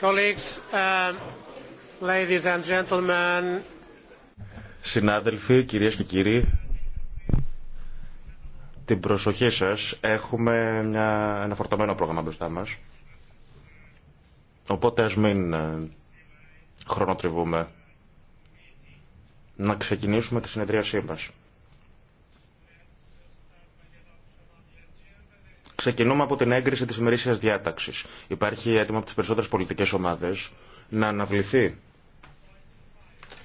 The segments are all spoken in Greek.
Um, Συνάδελφοι, κυρίες και κύριοι, την προσοχή σας. Έχουμε μια, ένα φορτωμένο πρόγραμμα μπροστά μας. Οπότε ας μην ε, χρονοτριβούμε. Να ξεκινήσουμε τη συνεδρίασή μας. Ξεκινούμε από την έγκριση της ημερήσιας διάταξης. Υπάρχει έτοιμο από τις περισσότερες πολιτικές ομάδες να αναβληθεί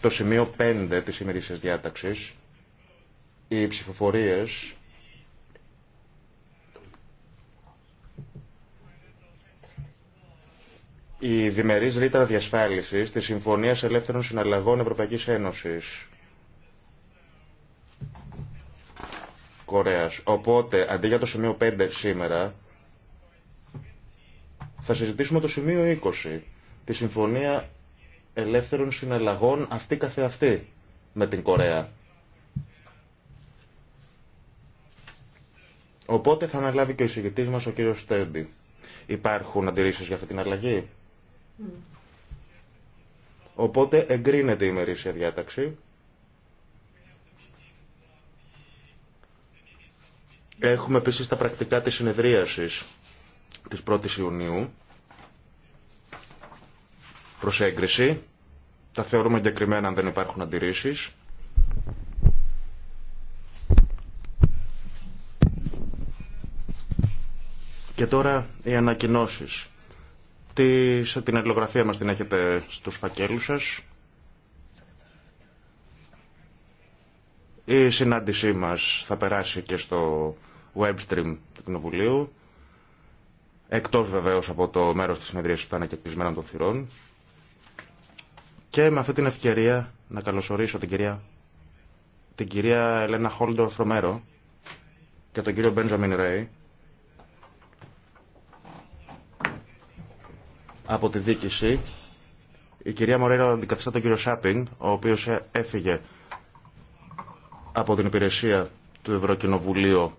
το σημείο 5 της ημερήσιας διάταξης. Οι ψηφοφορίες η διμερής ρήτρα διασφάλισης της Συμφωνίας Ελεύθερων Συναλλαγών Ευρωπαϊκής Ένωσης Κορέας. Οπότε, αντί για το σημείο 5 σήμερα, θα συζητήσουμε το σημείο 20, τη Συμφωνία Ελεύθερων Συναλλαγών αυτή καθεαυτή με την Κορέα. Οπότε θα αναλάβει και ο εισηγητής μας ο κύριος Στέρντι. Υπάρχουν αντιρρήσεις για αυτή την αλλαγή. Mm. Οπότε εγκρίνεται η ημερήσια διάταξη. Έχουμε επίσης τα πρακτικά της συνεδρίασης της 1 η Ιουνίου προς έγκριση. Τα θεωρούμε εγκεκριμένα αν δεν υπάρχουν αντιρρήσεις. Και τώρα οι ανακοινώσει Τι, την αλληλογραφία μας την έχετε στους φακέλους σας. Η συνάντησή μας θα περάσει και στο webstream του Κοινοβουλίου, εκτός βεβαίως από το μέρο τη συνεδρίας που ήταν και των θυρών. Και με αυτή την ευκαιρία να καλωσορίσω την κυρία, την κυρία Ελένα Χόλντορ Φρομέρο και τον κύριο Μπέντζαμιν Ρέι από τη δίκηση. Η κυρία Μωρέρα αντικαθιστά τον κύριο Σάπιν, ο οποίος έφυγε από την υπηρεσία του Ευρωκοινοβουλίου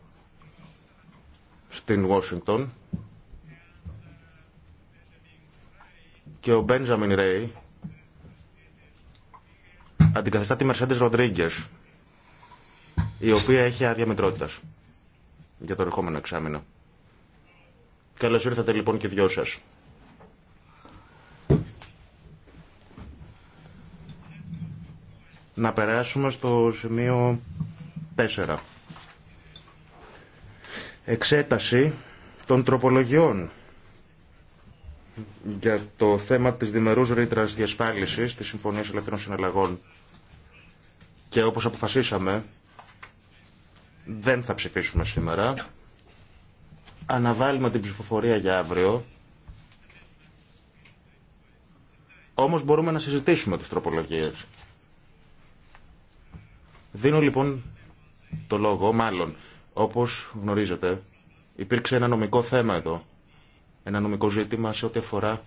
στην Ουάσιγκτον και ο Μπέντζαμιν Ρέι αντικαθιστά τη Μερσέντες Ροντρίγκε, η οποία έχει άδεια μητρότητα για το ερχόμενο εξάμεινο. Καλώ ήρθατε λοιπόν και δυο σα. Να περάσουμε στο σημείο 4 εξέταση των τροπολογιών για το θέμα της διμερούς ρήτρας διασφάλισης της Συμφωνίας Ελευθερών Συναλλαγών και όπως αποφασίσαμε δεν θα ψηφίσουμε σήμερα αναβάλουμε την ψηφοφορία για αύριο όμως μπορούμε να συζητήσουμε τις τροπολογίες δίνω λοιπόν το λόγο μάλλον όπως γνωρίζετε, υπήρξε ένα νομικό θέμα εδώ, ένα νομικό ζήτημα σε ό,τι αφορά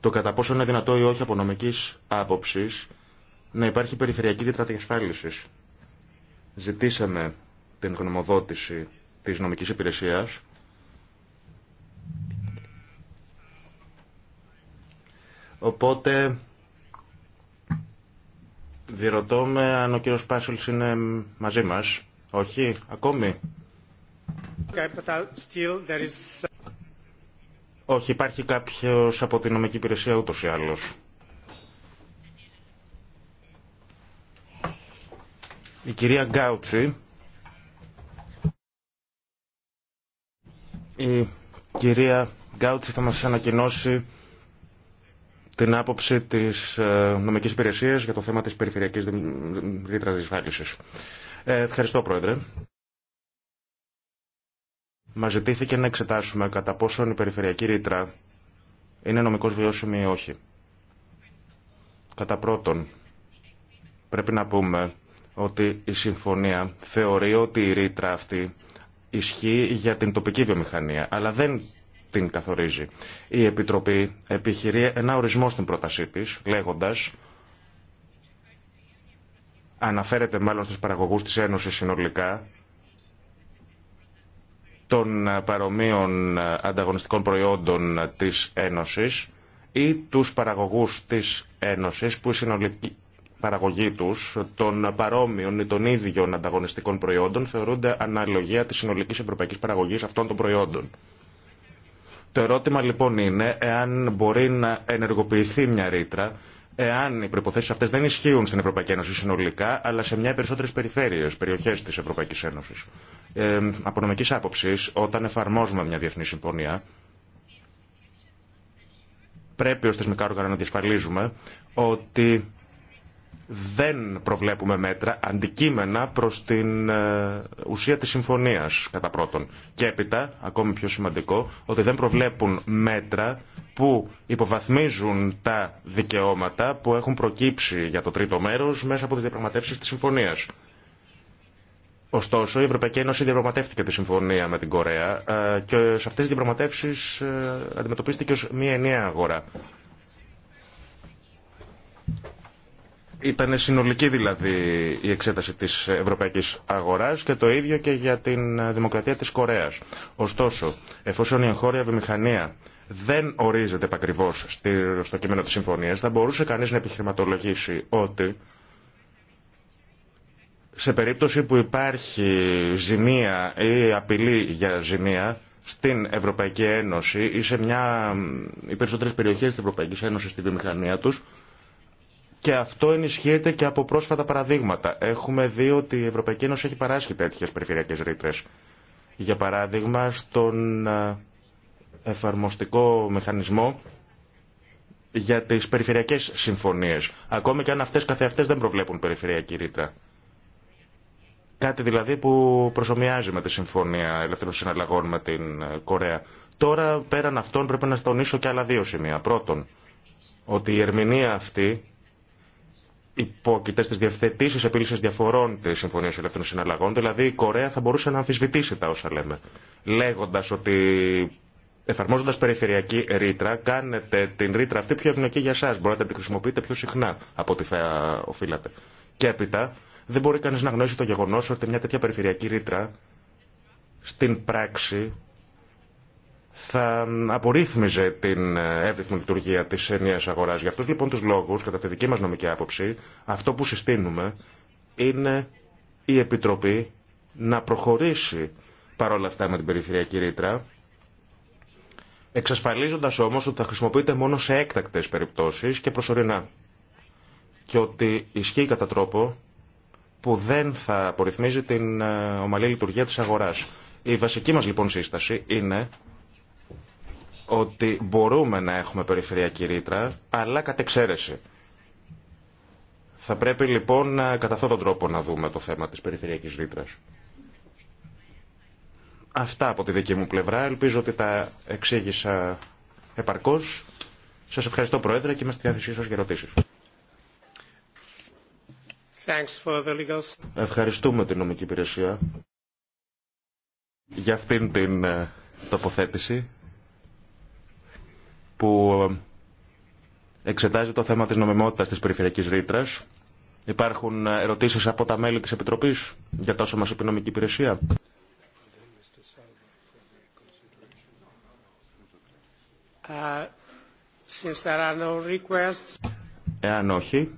το κατά πόσο είναι δυνατό ή όχι από νομική άποψη να υπάρχει περιφερειακή ρήτρα διασφάλιση. Ζητήσαμε την γνωμοδότηση της νομικής υπηρεσίας. Οπότε Διερωτώ με αν ο κύριος Πάσελς είναι μαζί μας. Όχι, ακόμη. still there is... Όχι, υπάρχει κάποιος από την νομική υπηρεσία ούτως ή άλλως. Η κυρία Γκάουτσι, η κυρία Γκάουτσι θα μας ανακοινώσει την άποψη της ε, νομικής υπηρεσίας για το θέμα της περιφερειακής ρήτρας Ε, Ευχαριστώ, Πρόεδρε. Μα ζητήθηκε να εξετάσουμε κατά πόσον η περιφερειακή ρήτρα είναι νομικώς βιώσιμη ή όχι. Κατά πρώτον, πρέπει να πούμε ότι η συμφωνία θεωρεί ότι η ρήτρα αυτή ισχύει για την τοπική βιομηχανία, αλλά δεν την καθορίζει. Η Επιτροπή επιχειρεί ένα ορισμό στην πρότασή τη, λέγοντας αναφέρεται μάλλον στους παραγωγούς της Ένωσης συνολικά των παρομοίων ανταγωνιστικών προϊόντων της Ένωσης ή τους παραγωγούς της Ένωσης που η συνολική παραγωγή τους των παρόμοιων ή των ίδιων ανταγωνιστικών προϊόντων θεωρούνται αναλογία της συνολικής ευρωπαϊκής παραγωγής αυτών των προϊόντων. Το ερώτημα λοιπόν είναι εάν μπορεί να ενεργοποιηθεί μια ρήτρα εάν οι προποθέσει αυτέ δεν ισχύουν στην Ευρωπαϊκή Ένωση συνολικά, αλλά σε μια περισσότερε περιφέρειε, περιοχέ τη Ευρωπαϊκή Ένωση. Ε, από νομική άποψη, όταν εφαρμόζουμε μια διεθνή συμφωνία, πρέπει ω θεσμικά όργανα να διασφαλίζουμε ότι δεν προβλέπουμε μέτρα, αντικείμενα προς την ε, ουσία της συμφωνίας κατά πρώτον. Και έπειτα, ακόμη πιο σημαντικό, ότι δεν προβλέπουν μέτρα που υποβαθμίζουν τα δικαιώματα που έχουν προκύψει για το τρίτο μέρος μέσα από τις διαπραγματεύσεις της συμφωνίας. Ωστόσο, η Ευρωπαϊκή Ένωση διαπραγματεύτηκε τη συμφωνία με την Κορέα ε, και σε αυτές τις διαπραγματεύσεις ε, αντιμετωπίστηκε ως μία ενιαία αγορά. Ήταν συνολική δηλαδή η εξέταση της ευρωπαϊκής αγοράς και το ίδιο και για την δημοκρατία της Κορέας. Ωστόσο, εφόσον η εγχώρια βιομηχανία δεν ορίζεται επακριβώ στο κείμενο της συμφωνίας, θα μπορούσε κανείς να επιχειρηματολογήσει ότι σε περίπτωση που υπάρχει ζημία ή απειλή για ζημία στην Ευρωπαϊκή Ένωση ή σε μια, οι περισσότερες περιοχές της Ευρωπαϊκής Ένωσης στη βιομηχανία τους, και αυτό ενισχύεται και από πρόσφατα παραδείγματα. Έχουμε δει ότι η Ευρωπαϊκή Ένωση έχει παράσχει τέτοιε περιφερειακέ ρήτρε. Για παράδειγμα, στον ε, εφαρμοστικό μηχανισμό για τι περιφερειακέ συμφωνίε. Ακόμη και αν αυτέ καθεαυτέ δεν προβλέπουν περιφερειακή ρήτρα. Κάτι δηλαδή που προσωμιάζει με τη Συμφωνία Ελεύθερων Συναλλαγών με την ε, Κορέα. Τώρα πέραν αυτών πρέπει να τονίσω και άλλα δύο σημεία. Πρώτον, ότι η ερμηνεία αυτή υπόκειται στι διευθετήσει επίλυση διαφορών τη Συμφωνία Ελεύθερων Συναλλαγών. Δηλαδή, η Κορέα θα μπορούσε να αμφισβητήσει τα όσα λέμε. Λέγοντα ότι εφαρμόζοντα περιφερειακή ρήτρα, κάνετε την ρήτρα αυτή πιο ευνοϊκή για εσά. Μπορείτε να την χρησιμοποιείτε πιο συχνά από ό,τι θα οφείλατε. Και έπειτα, δεν μπορεί κανεί να γνωρίσει το γεγονό ότι μια τέτοια περιφερειακή ρήτρα στην πράξη θα απορρίθμιζε την ε, εύρυθμη λειτουργία τη ενιαία αγορά. Για αυτού λοιπόν του λόγους, κατά τη δική μα νομική άποψη, αυτό που συστήνουμε είναι η Επιτροπή να προχωρήσει παρόλα αυτά με την περιφερειακή ρήτρα, εξασφαλίζοντας όμως ότι θα χρησιμοποιείται μόνο σε έκτακτες περιπτώσεις και προσωρινά. Και ότι ισχύει κατά τρόπο που δεν θα απορριθμίζει την ε, ομαλή λειτουργία της αγοράς. Η βασική μας λοιπόν σύσταση είναι ότι μπορούμε να έχουμε περιφερειακή ρήτρα, αλλά κατ' εξαίρεση. Θα πρέπει λοιπόν κατά αυτόν τον τρόπο να δούμε το θέμα της περιφερειακής ρήτρα. Αυτά από τη δική μου πλευρά. Ελπίζω ότι τα εξήγησα επαρκώς. Σας ευχαριστώ Πρόεδρε και είμαι στη διάθεσή σας για ερωτήσεις. Ευχαριστούμε την νομική υπηρεσία για αυτήν την ε, τοποθέτηση που εξετάζει το θέμα της νομιμότητας της περιφερειακής ρήτρα. Υπάρχουν ερωτήσεις από τα μέλη της Επιτροπής για τόσο μας επινομική υπηρεσία. Uh, Εάν όχι...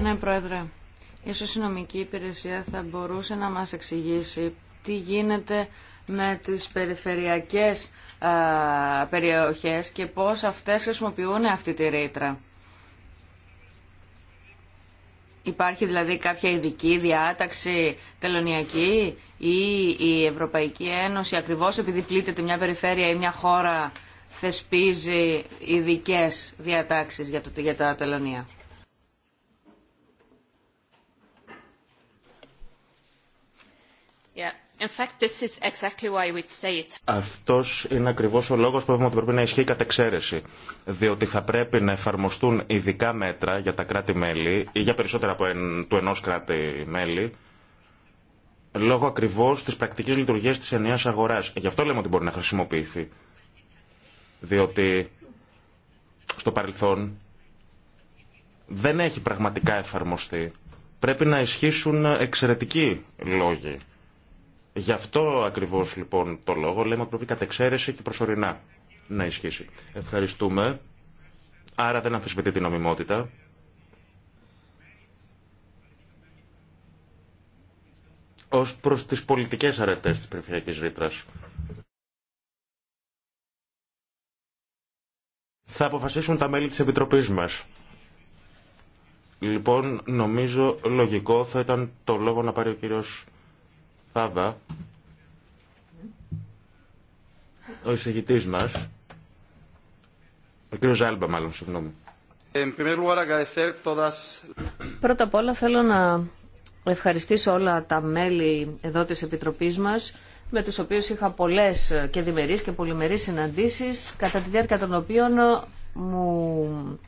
Ναι, Πρόεδρε. Ίσως η νομική υπηρεσία θα μπορούσε να μας εξηγήσει τι γίνεται με τις περιφερειακές περιοχές και πώς αυτές χρησιμοποιούν αυτή τη ρήτρα. Υπάρχει δηλαδή κάποια ειδική διάταξη τελωνιακή ή η Ευρωπαϊκή Ένωση ακριβώς επειδή πλήττεται μια περιφέρεια ή μια χώρα θεσπίζει ειδικέ διατάξεις για, το, για τα τελωνία. Αυτό Αυτός είναι ακριβώς ο λόγος που έχουμε ότι πρέπει να ισχύει κατ' εξαίρεση. Διότι θα πρέπει να εφαρμοστούν ειδικά μέτρα για τα κράτη-μέλη ή για περισσότερα από εν, του ενός κράτη-μέλη λόγω ακριβώς της πρακτικής λειτουργίας της ενιαίας αγοράς. Γι' αυτό λέμε ότι μπορεί να χρησιμοποιηθεί. Διότι στο παρελθόν δεν έχει πραγματικά εφαρμοστεί. Πρέπει να ισχύσουν εξαιρετικοί λόγοι Γι' αυτό ακριβώς λοιπόν το λόγο λέμε ότι πρέπει κατ' και προσωρινά να ισχύσει. Ευχαριστούμε. Άρα δεν αμφισβητεί την νομιμότητα. Ω προς τις πολιτικές αρετές της περιφερειακή Ρήτρα. Θα αποφασίσουν τα μέλη της Επιτροπής μας. Λοιπόν, νομίζω λογικό θα ήταν το λόγο να πάρει ο κύριος Φάβα, ο εισηγητή μας, ο κ. Ζάλμπα μάλλον, συγγνώμη. Πρώτα απ' όλα θέλω να ευχαριστήσω όλα τα μέλη εδώ της Επιτροπής μας με τους οποίους είχα πολλές και διμερείς και πολυμερείς συναντήσεις κατά τη διάρκεια των οποίων μου...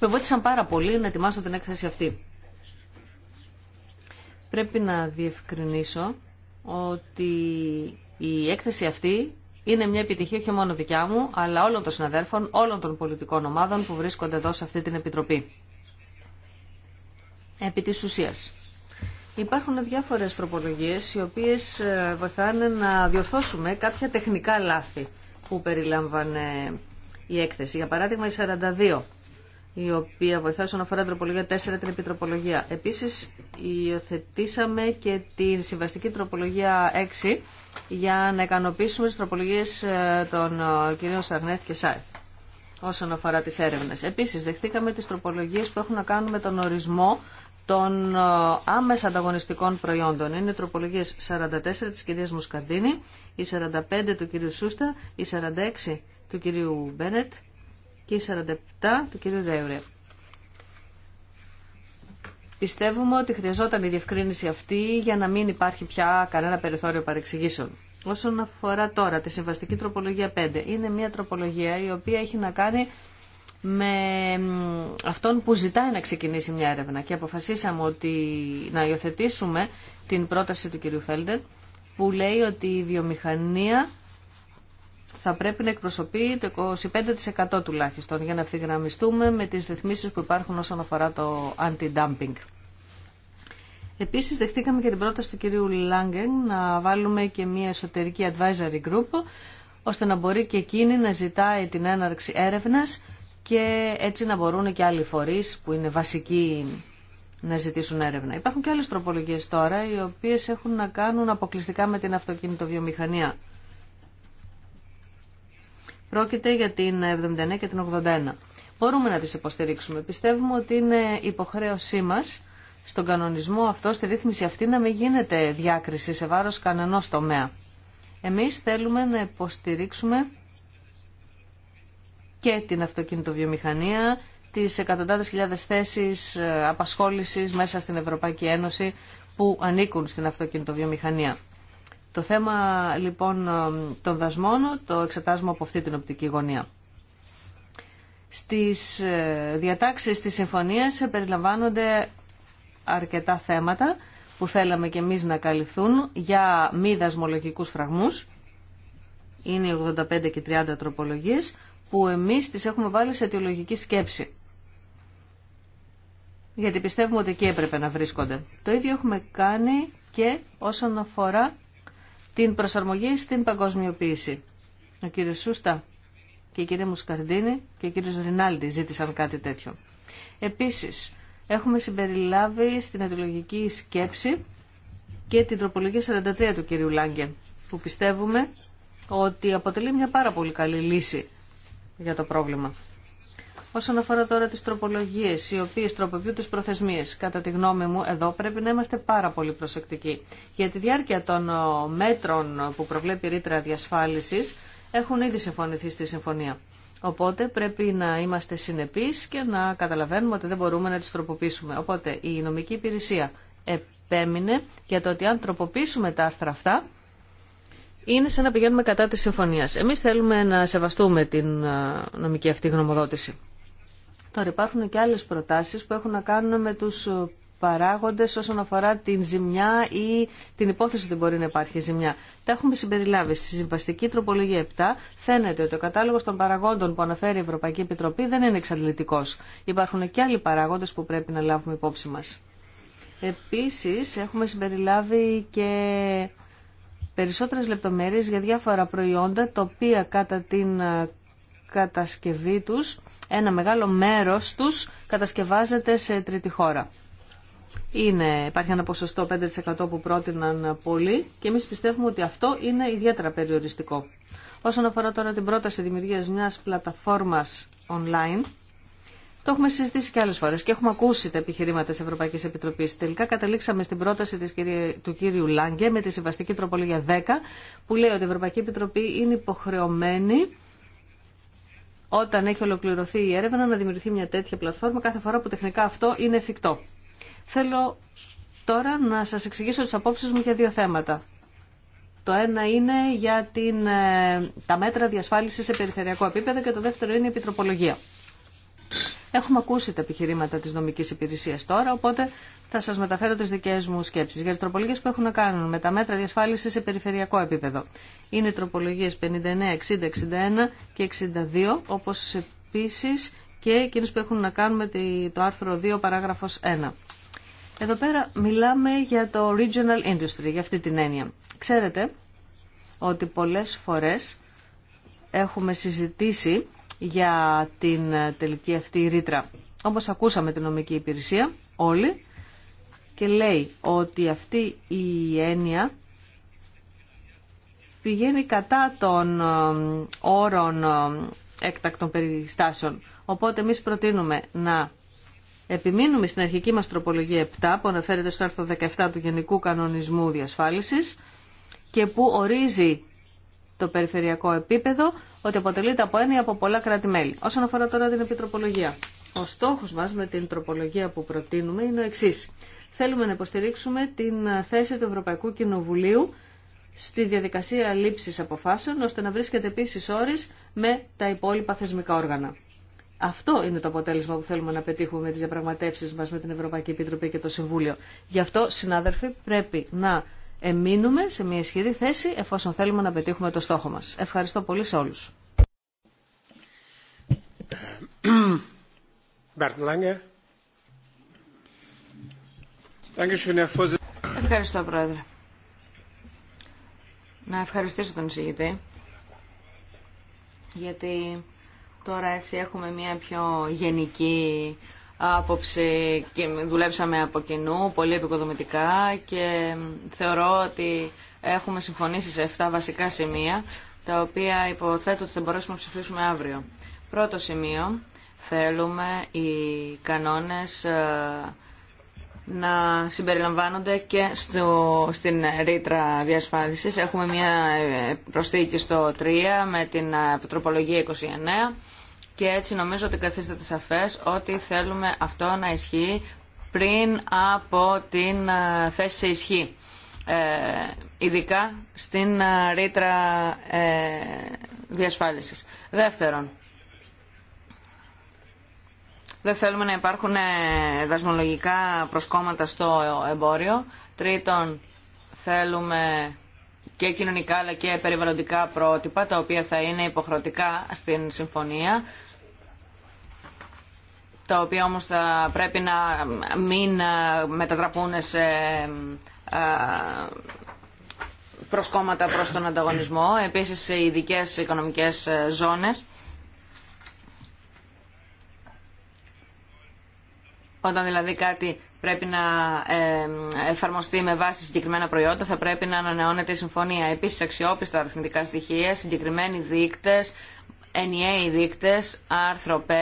με βοήθησαν πάρα πολύ να ετοιμάσω την έκθεση αυτή. Πρέπει να διευκρινίσω ότι η έκθεση αυτή είναι μια επιτυχία όχι μόνο δικιά μου, αλλά όλων των συναδέρφων, όλων των πολιτικών ομάδων που βρίσκονται εδώ σε αυτή την Επιτροπή. Επί της ουσίας. Υπάρχουν διάφορες τροπολογίες οι οποίες ε, βοηθάνε να διορθώσουμε κάποια τεχνικά λάθη που περιλάμβανε η έκθεση. Για παράδειγμα η 42 η οποία βοηθά όσον αφορά τροπολογία 4, την επιτροπολογία. Επίση, υιοθετήσαμε και την συμβαστική τροπολογία 6 για να ικανοποιήσουμε τι τροπολογίε ε, των ε, κ. Σαρνέθ και Σάιθ όσον αφορά τις έρευνες. Επίσης, δεχτήκαμε τις τροπολογίες που έχουν να κάνουν με τον ορισμό των ε, άμεσα ανταγωνιστικών προϊόντων. Είναι οι τροπολογίες 44 της κυρίας Μουσκαντίνη, η 45 του κυρίου Σούστα, η 46 του κυρίου Μπένετ, και 47 του κ. Δεύρε. Πιστεύουμε ότι χρειαζόταν η διευκρίνηση αυτή για να μην υπάρχει πια κανένα περιθώριο παρεξηγήσεων. Όσον αφορά τώρα τη συμβαστική τροπολογία 5, είναι μια τροπολογία η οποία έχει να κάνει με αυτόν που ζητάει να ξεκινήσει μια έρευνα και αποφασίσαμε ότι να υιοθετήσουμε την πρόταση του κ. Φέλντερ που λέει ότι η βιομηχανία θα πρέπει να εκπροσωπεί το 25% τουλάχιστον για να ευθυγραμμιστούμε με τις ρυθμίσεις που υπάρχουν όσον αφορά το anti-dumping. Επίσης δεχτήκαμε και την πρόταση του κυρίου Λάγκεν να βάλουμε και μια εσωτερική advisory group ώστε να μπορεί και εκείνη να ζητάει την έναρξη έρευνας και έτσι να μπορούν και άλλοι φορείς που είναι βασικοί να ζητήσουν έρευνα. Υπάρχουν και άλλες τροπολογίες τώρα οι οποίες έχουν να κάνουν αποκλειστικά με την αυτοκινητοβιομηχανία. Πρόκειται για την 79 και την 81. Μπορούμε να τις υποστηρίξουμε. Πιστεύουμε ότι είναι υποχρέωσή μας στον κανονισμό αυτό, στη ρύθμιση αυτή, να μην γίνεται διάκριση σε βάρος κανενός τομέα. Εμείς θέλουμε να υποστηρίξουμε και την αυτοκινητοβιομηχανία, τις εκατοντάδες χιλιάδες θέσεις ε, απασχόλησης μέσα στην Ευρωπαϊκή Ένωση που ανήκουν στην αυτοκινητοβιομηχανία. Το θέμα λοιπόν των δασμών το εξετάζουμε από αυτή την οπτική γωνία. Στις ε, διατάξεις της συμφωνίας περιλαμβάνονται αρκετά θέματα που θέλαμε και εμείς να καλυφθούν για μη δασμολογικούς φραγμούς. Είναι 85 και 30 τροπολογίες που εμείς τις έχουμε βάλει σε αιτιολογική σκέψη. Γιατί πιστεύουμε ότι εκεί έπρεπε να βρίσκονται. Το ίδιο έχουμε κάνει και όσον αφορά την προσαρμογή στην παγκοσμιοποίηση. Ο κύριος Σούστα και η κυρία Μουσκαρδίνη και ο κύριος Ρινάλντι ζήτησαν κάτι τέτοιο. Επίσης, έχουμε συμπεριλάβει στην αντιλογική σκέψη και την τροπολογία 43 του κυρίου Λάγκε, που πιστεύουμε ότι αποτελεί μια πάρα πολύ καλή λύση για το πρόβλημα. Όσον αφορά τώρα τι τροπολογίε, οι οποίε τροποποιούν τι προθεσμίε, κατά τη γνώμη μου εδώ πρέπει να είμαστε πάρα πολύ προσεκτικοί. Γιατί τη διάρκεια των ε, μέτρων που προβλέπει η ρήτρα διασφάλισης έχουν ήδη συμφωνηθεί στη συμφωνία. Οπότε πρέπει να είμαστε συνεπείς και να καταλαβαίνουμε ότι δεν μπορούμε να τις τροποποιήσουμε. Οπότε η νομική υπηρεσία επέμεινε για το ότι αν τροποποιήσουμε τα άρθρα αυτά, είναι σαν να πηγαίνουμε κατά της συμφωνίας. Εμείς θέλουμε να σεβαστούμε την ε, νομική αυτή γνωμοδότηση. Τώρα υπάρχουν και άλλες προτάσεις που έχουν να κάνουν με τους παράγοντες όσον αφορά την ζημιά ή την υπόθεση ότι μπορεί να υπάρχει ζημιά. Τα έχουμε συμπεριλάβει. Στη συμβαστική τροπολογία 7 φαίνεται ότι ο κατάλογο των παραγόντων που αναφέρει η Ευρωπαϊκή Επιτροπή δεν είναι εξαντλητικό. Υπάρχουν και άλλοι παράγοντε που πρέπει να λάβουμε υπόψη μα. Επίση, έχουμε συμπεριλάβει και περισσότερες λεπτομέρειες για διάφορα προϊόντα τα οποία κατά την κατασκευή τους ένα μεγάλο μέρος τους κατασκευάζεται σε τρίτη χώρα. Είναι, υπάρχει ένα ποσοστό 5% που πρότειναν πολλοί και εμείς πιστεύουμε ότι αυτό είναι ιδιαίτερα περιοριστικό. Όσον αφορά τώρα την πρόταση δημιουργίας μιας πλαταφόρμας online, το έχουμε συζητήσει και άλλες φορές και έχουμε ακούσει τα επιχειρήματα της Ευρωπαϊκής Επιτροπής. Τελικά καταλήξαμε στην πρόταση της του κύριου Λάγκε με τη συμβαστική τροπολογία 10 που λέει ότι η Ευρωπαϊκή Επιτροπή είναι υποχρεωμένη όταν έχει ολοκληρωθεί η έρευνα να δημιουργηθεί μια τέτοια πλατφόρμα κάθε φορά που τεχνικά αυτό είναι εφικτό. Θέλω τώρα να σας εξηγήσω τις απόψεις μου για δύο θέματα. Το ένα είναι για την, ε, τα μέτρα διασφάλισης σε περιφερειακό επίπεδο και το δεύτερο είναι η επιτροπολογία. Έχουμε ακούσει τα επιχειρήματα τη νομική υπηρεσία τώρα, οπότε θα σα μεταφέρω τι δικέ μου σκέψει για τι τροπολογίε που έχουν να κάνουν με τα μέτρα διασφάλιση σε περιφερειακό επίπεδο. Είναι οι 59, 60, 61 και 62, όπω επίση και εκείνες που έχουν να κάνουν με το άρθρο 2 παράγραφος 1. Εδώ πέρα μιλάμε για το regional industry, για αυτή την έννοια. Ξέρετε ότι πολλές φορές έχουμε συζητήσει για την τελική αυτή ρήτρα. Όπως ακούσαμε την νομική υπηρεσία, όλοι, και λέει ότι αυτή η έννοια πηγαίνει κατά των όρων έκτακτων περιστάσεων. Οπότε εμείς προτείνουμε να επιμείνουμε στην αρχική μας τροπολογία 7 που αναφέρεται στο άρθρο 17 του Γενικού Κανονισμού Διασφάλισης και που ορίζει το περιφερειακό επίπεδο, ότι αποτελείται από ή από πολλά κράτη-μέλη. Όσον αφορά τώρα την επιτροπολογία. Ο στόχο μα με την τροπολογία που προτείνουμε είναι ο εξή. Θέλουμε να υποστηρίξουμε την θέση του Ευρωπαϊκού Κοινοβουλίου στη διαδικασία λήψη αποφάσεων, ώστε να βρίσκεται επίση όρις με τα υπόλοιπα θεσμικά όργανα. Αυτό είναι το αποτέλεσμα που θέλουμε να πετύχουμε με τι διαπραγματεύσει μα με την Ευρωπαϊκή Επιτροπή και το Συμβούλιο. Γι' αυτό, συνάδελφοι, πρέπει να εμείνουμε σε μια ισχυρή θέση εφόσον θέλουμε να πετύχουμε το στόχο μας. Ευχαριστώ πολύ σε όλους. Ευχαριστώ, Πρόεδρε. Να ευχαριστήσω τον εισηγητή, γιατί τώρα έτσι έχουμε μια πιο γενική άποψη και δουλέψαμε από κοινού πολύ επικοδομητικά και θεωρώ ότι έχουμε συμφωνήσει σε 7 βασικά σημεία τα οποία υποθέτω ότι θα μπορέσουμε να ψηφίσουμε αύριο. Πρώτο σημείο, θέλουμε οι κανόνες ε, να συμπεριλαμβάνονται και στο, στην ρήτρα διασφάλισης. Έχουμε μια ε, προσθήκη στο 3 με την ε, τροπολογία 29 και έτσι νομίζω ότι καθίσταται σαφές ότι θέλουμε αυτό να ισχύει πριν από την ε, θέση σε ισχύ. Ε, ειδικά στην ε, ρήτρα διασφάλισης. Δεύτερον, δεν θέλουμε να υπάρχουν δασμολογικά προσκόμματα στο εμπόριο. Τρίτον, θέλουμε και κοινωνικά αλλά και περιβαλλοντικά πρότυπα, τα οποία θα είναι υποχρεωτικά στην συμφωνία τα οποία όμως θα πρέπει να μην ε, μετατραπούν σε ε, προσκόμματα προς τον ανταγωνισμό, επίσης σε ειδικέ οικονομικές ε, ζώνες. Όταν δηλαδή κάτι πρέπει να εφαρμοστεί με βάση συγκεκριμένα προϊόντα, θα πρέπει να ανανεώνεται η συμφωνία. Επίσης αξιόπιστα αριθμητικά στοιχεία, συγκεκριμένοι δείκτες, ενιαίοι δείκτες, άρθρο 5,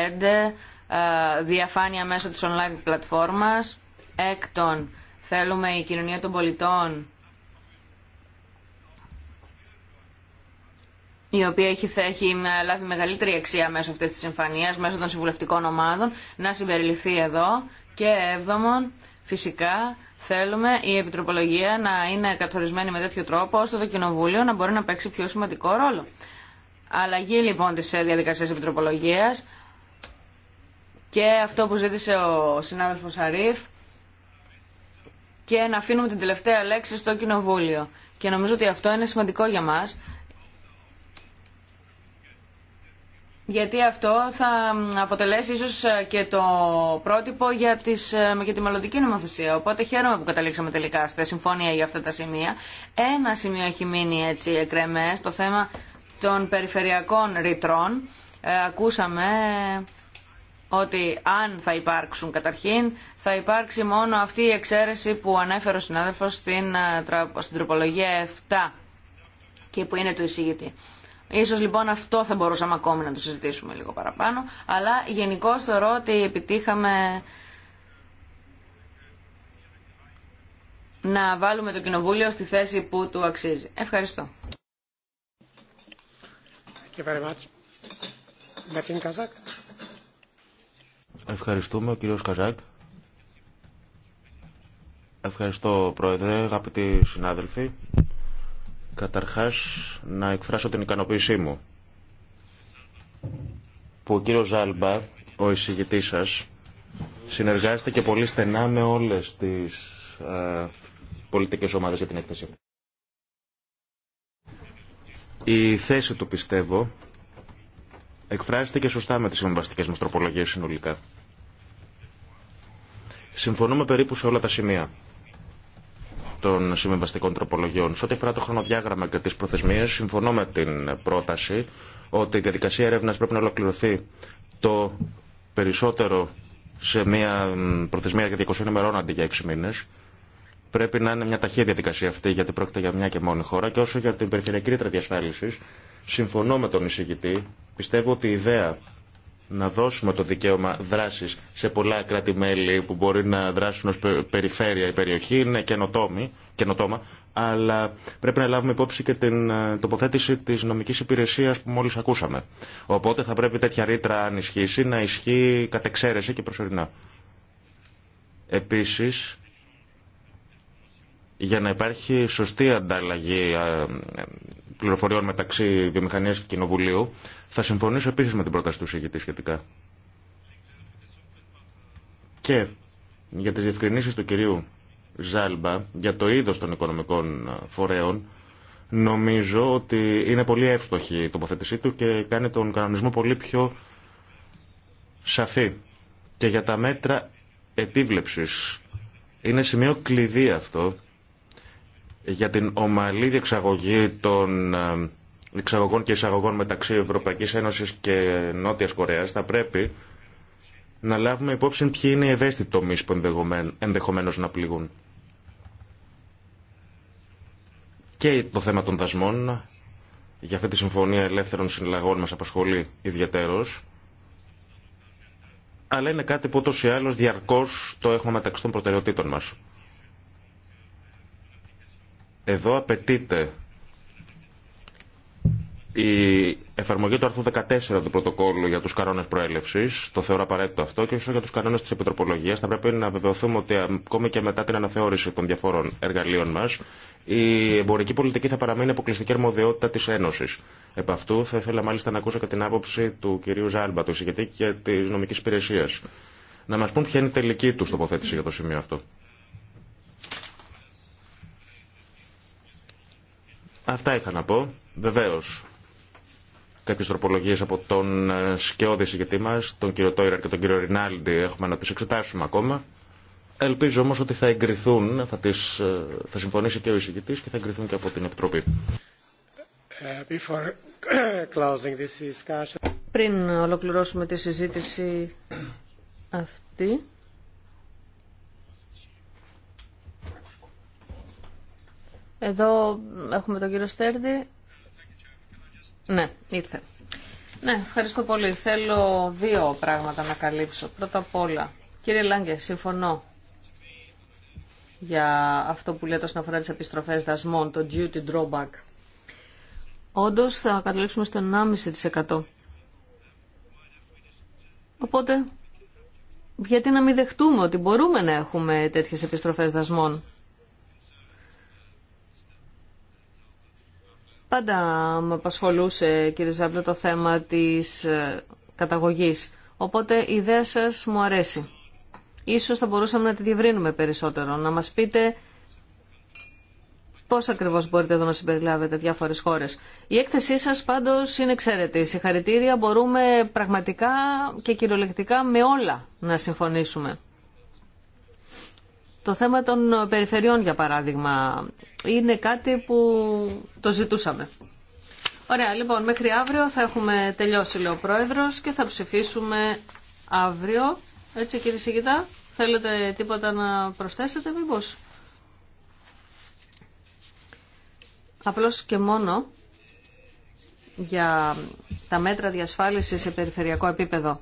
ε, διαφάνεια μέσω της online πλατφόρμας. Έκτον, θέλουμε η κοινωνία των πολιτών η οποία έχει, έχει ε, λάβει μεγαλύτερη αξία μέσω αυτής της συμφανίας, μέσω των συμβουλευτικών ομάδων, να συμπεριληφθεί εδώ. Και έβδομον, φυσικά, θέλουμε η επιτροπολογία να είναι καθορισμένη με τέτοιο τρόπο, ώστε το Κοινοβούλιο να μπορεί να παίξει πιο σημαντικό ρόλο. Αλλαγή λοιπόν της ε, διαδικασίας επιτροπολογίας, και αυτό που ζήτησε ο συνάδελφος Αρίφ και να αφήνουμε την τελευταία λέξη στο κοινοβούλιο. Και νομίζω ότι αυτό είναι σημαντικό για μας, γιατί αυτό θα αποτελέσει ίσως ε, και το πρότυπο για, τις, ε, για τη μελλοντική νομοθεσία. Οπότε χαίρομαι που καταλήξαμε τελικά στη συμφωνία για αυτά τα σημεία. Ένα σημείο έχει μείνει έτσι εκρεμές, το θέμα των περιφερειακών ρητρών. Ε, ακούσαμε ότι αν θα υπάρξουν καταρχήν θα υπάρξει μόνο αυτή η εξαίρεση που ανέφερε ο συνάδελφος στην, ε, στην τροπολογία 7 και που είναι του εισηγητή. Ίσως λοιπόν αυτό θα μπορούσαμε ακόμη να το συζητήσουμε λίγο παραπάνω, αλλά γενικώ θεωρώ ότι επιτύχαμε να βάλουμε το Κοινοβούλιο στη θέση που του αξίζει. Ευχαριστώ. Thank you very Ευχαριστούμε, ο κύριος Καζάκ. Ευχαριστώ, Πρόεδρε, αγαπητοί συνάδελφοι. Καταρχάς, να εκφράσω την ικανοποίησή μου που ο κύριος Ζάλμπα, ο εισηγητής σας, και πολύ στενά με όλες τις πολιτικέ ε, πολιτικές ομάδες για την έκθεση Η θέση του, πιστεύω, εκφράστηκε σωστά με τις συμβαστικές μας τροπολογίες συνολικά. Συμφωνούμε περίπου σε όλα τα σημεία των συμβιβαστικών τροπολογιών. Σε ό,τι αφορά το χρονοδιάγραμμα και τι προθεσμίε, συμφωνώ με την πρόταση ότι η διαδικασία έρευνα πρέπει να ολοκληρωθεί το περισσότερο σε μια προθεσμία για 200 ημερών αντί για 6 μήνε. Πρέπει να είναι μια ταχεία διαδικασία αυτή, γιατί πρόκειται για μια και μόνη χώρα. Και όσο για την περιφερειακή ρήτρα διασφάλιση, συμφωνώ με τον εισηγητή. Πιστεύω ότι η ιδέα να δώσουμε το δικαίωμα δράσης σε πολλά κράτη-μέλη που μπορεί να δράσουν ω περιφέρεια η περιοχή, είναι καινοτόμη, καινοτόμα, αλλά πρέπει να λάβουμε υπόψη και την ε, τοποθέτηση της νομικής υπηρεσία που μόλις ακούσαμε. Οπότε θα πρέπει τέτοια ρήτρα αν ισχύσει να ισχύει κατ' εξαίρεση και προσωρινά. Επίσης, για να υπάρχει σωστή ανταλλαγή ε, ε, πληροφοριών μεταξύ βιομηχανία και κοινοβουλίου. Θα συμφωνήσω επίση με την πρόταση του εισηγητή σχετικά. Και για τι διευκρινήσει του κυρίου Ζάλμπα για το είδο των οικονομικών φορέων νομίζω ότι είναι πολύ εύστοχη η τοποθέτησή του και κάνει τον κανονισμό πολύ πιο σαφή. Και για τα μέτρα επίβλεψης είναι σημείο κλειδί αυτό για την ομαλή διεξαγωγή των ε, εξαγωγών και εισαγωγών μεταξύ Ευρωπαϊκής Ένωσης και Νότιας Κορέας θα πρέπει να λάβουμε υπόψη ποιοι είναι οι ευαίσθητοι τομείς που ενδεχομένως να πληγούν. Και το θέμα των δασμών για αυτή τη Συμφωνία Ελεύθερων Συλλαγών μας απασχολεί ιδιαίτερος αλλά είναι κάτι που ούτως ή άλλως διαρκώς το έχουμε μεταξύ των προτεραιοτήτων μας. Εδώ απαιτείται η εφαρμογή του άρθρου 14 του πρωτοκόλλου για του κανόνε προέλευση, το θεωρώ απαραίτητο αυτό, και όσο για του κανόνε τη επιτροπολογία, θα πρέπει να βεβαιωθούμε ότι ακόμη και μετά την αναθεώρηση των διαφόρων εργαλείων μα, η εμπορική πολιτική θα παραμείνει αποκλειστική αρμοδιότητα τη Ένωση. Επ' αυτού θα ήθελα μάλιστα να ακούσω και την άποψη του κυρίου Ζάλμπα, του εισηγητή και τη νομική υπηρεσία. Να μα πούν ποια είναι η τελική του τοποθέτηση για το σημείο αυτό. Αυτά είχα να πω. Βεβαίω, κάποιε τροπολογίε από τον ε, σκιώδη συγκεκριτή μα, τον κύριο Τόιρα και τον κύριο Ρινάλντι, έχουμε να τι εξετάσουμε ακόμα. Ελπίζω όμω ότι θα εγκριθούν, θα, τις, ε, θα συμφωνήσει και ο εισηγητή και θα εγκριθούν και από την Επιτροπή. Πριν ολοκληρώσουμε τη συζήτηση αυτή, Εδώ έχουμε τον κύριο Στέρντι. Ναι, ήρθε. Ναι, ευχαριστώ πολύ. Θέλω δύο πράγματα να καλύψω. Πρώτα απ' όλα, κύριε Λάγκε, συμφωνώ για αυτό που λέτε όσον αφορά τις επιστροφές δασμών, το duty drawback. Όντως θα καταλήξουμε στο 1,5%. Οπότε, γιατί να μην δεχτούμε ότι μπορούμε να έχουμε τέτοιες επιστροφές δασμών. Πάντα με απασχολούσε, κύριε Ζάμπλο, το θέμα της ε, καταγωγής. Οπότε η ιδέα σας μου αρέσει. Ίσως θα μπορούσαμε να τη διευρύνουμε περισσότερο. Να μας πείτε πώς ακριβώς μπορείτε εδώ να συμπεριλάβετε διάφορες χώρες. Η έκθεσή σας πάντως είναι εξαίρετη. Συγχαρητήρια μπορούμε πραγματικά και κυριολεκτικά με όλα να συμφωνήσουμε. Το θέμα των περιφερειών, για παράδειγμα, είναι κάτι που το ζητούσαμε. Ωραία, λοιπόν, μέχρι αύριο θα έχουμε τελειώσει, λέει ο Πρόεδρος, και θα ψηφίσουμε αύριο. Έτσι, κύριε Σιγητά, θέλετε τίποτα να προσθέσετε, μήπως. Απλώς και μόνο για τα μέτρα διασφάλισης σε περιφερειακό επίπεδο.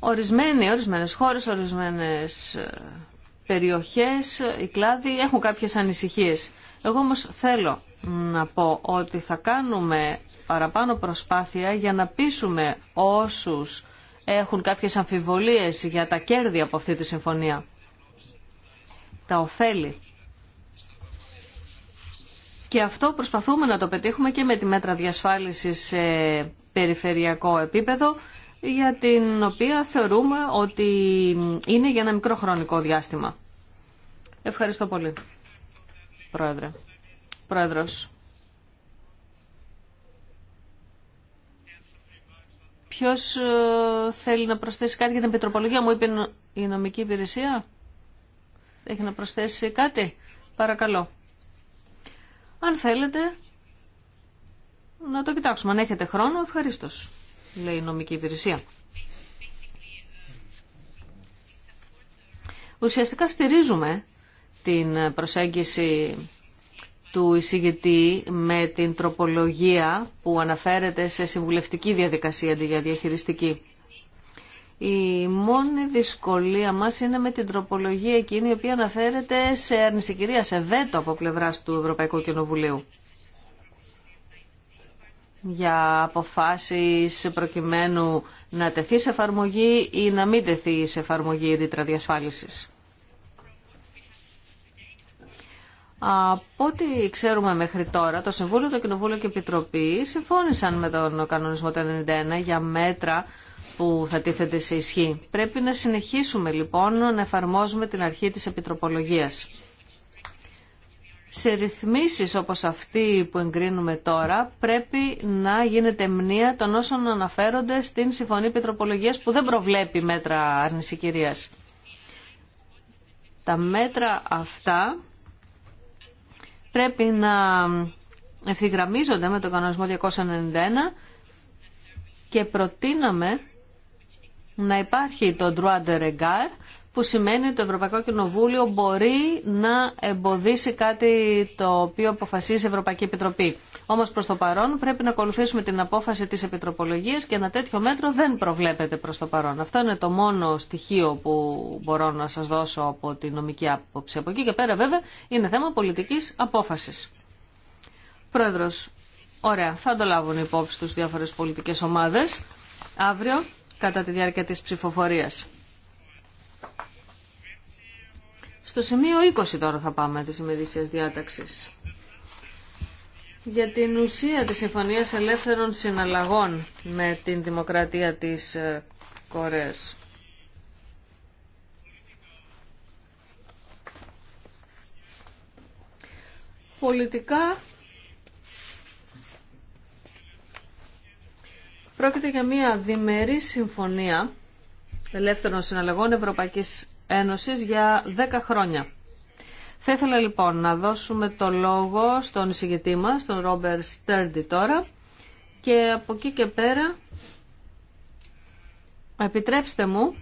Ορισμένοι, ορισμένες χώρες, ορισμένες ε, περιοχές, οι κλάδοι έχουν κάποιες ανησυχίες. Εγώ όμως θέλω να πω ότι θα κάνουμε παραπάνω προσπάθεια για να πείσουμε όσους έχουν κάποιες αμφιβολίες για τα κέρδη από αυτή τη συμφωνία. Τα ωφέλη. Και αυτό προσπαθούμε να το πετύχουμε και με τη μέτρα διασφάλισης σε περιφερειακό επίπεδο για την οποία θεωρούμε ότι είναι για ένα μικρό χρονικό διάστημα. Ευχαριστώ πολύ, Πρόεδρε. Πρόεδρος. Ποιος ε, θέλει να προσθέσει κάτι για την Πετροπολογία, μου είπε η νομική υπηρεσία. Έχει να προσθέσει κάτι. Παρακαλώ. Αν θέλετε, να το κοιτάξουμε. Αν έχετε χρόνο, ευχαρίστως λέει η νομική υπηρεσία. Ουσιαστικά στηρίζουμε την προσέγγιση του εισηγητή με την τροπολογία που αναφέρεται σε συμβουλευτική διαδικασία αντί για διαχειριστική. Η μόνη δυσκολία μας είναι με την τροπολογία εκείνη η οποία αναφέρεται σε αρνησικυρία, σε βέτο από πλευράς του Ευρωπαϊκού Κοινοβουλίου για αποφάσεις προκειμένου να τεθεί σε εφαρμογή ή να μην τεθεί σε εφαρμογή η ρήτρα διασφάλισης. Από ό,τι ξέρουμε μέχρι τώρα, το Συμβούλιο, το Κοινοβούλιο και η Επιτροπή συμφώνησαν με τον κανονισμό 91 για μέτρα που θα τίθεται σε ισχύ. Πρέπει να συνεχίσουμε λοιπόν να εφαρμόζουμε την αρχή της επιτροπολογίας σε ρυθμίσεις όπως αυτή που εγκρίνουμε τώρα πρέπει να γίνεται μνήα των όσων αναφέρονται στην Συμφωνία Πετροπολογίας που δεν προβλέπει μέτρα άρνηση κυρίας. Τα μέτρα αυτά πρέπει να ευθυγραμμίζονται με το κανονισμό 291 και προτείναμε να υπάρχει το droit de regard που σημαίνει ότι το Ευρωπαϊκό Κοινοβούλιο μπορεί να εμποδίσει κάτι το οποίο αποφασίζει η Ευρωπαϊκή Επιτροπή. Όμω προ το παρόν πρέπει να ακολουθήσουμε την απόφαση τη Επιτροπολογία και ένα τέτοιο μέτρο δεν προβλέπεται προ το παρόν. Αυτό είναι το μόνο στοιχείο που μπορώ να σα δώσω από τη νομική άποψη. Από εκεί και πέρα βέβαια είναι θέμα πολιτική απόφαση. Πρόεδρο, ωραία, θα το λάβουν υπόψη του διάφορε πολιτικέ ομάδε αύριο κατά τη διάρκεια τη ψηφοφορία. Στο σημείο 20 τώρα θα πάμε τη ημερήσιας διάταξη. Για την ουσία της Συμφωνίας Ελεύθερων Συναλλαγών με την Δημοκρατία της ε, Κορέας. Πολιτικά πρόκειται για μια διμερή συμφωνία ελεύθερων συναλλαγών Ευρωπαϊκής Ένωσης για 10 χρόνια. Θα ήθελα λοιπόν να δώσουμε το λόγο στον εισηγητή μας, τον Ρόμπερ Στέρντι τώρα και από εκεί και πέρα επιτρέψτε μου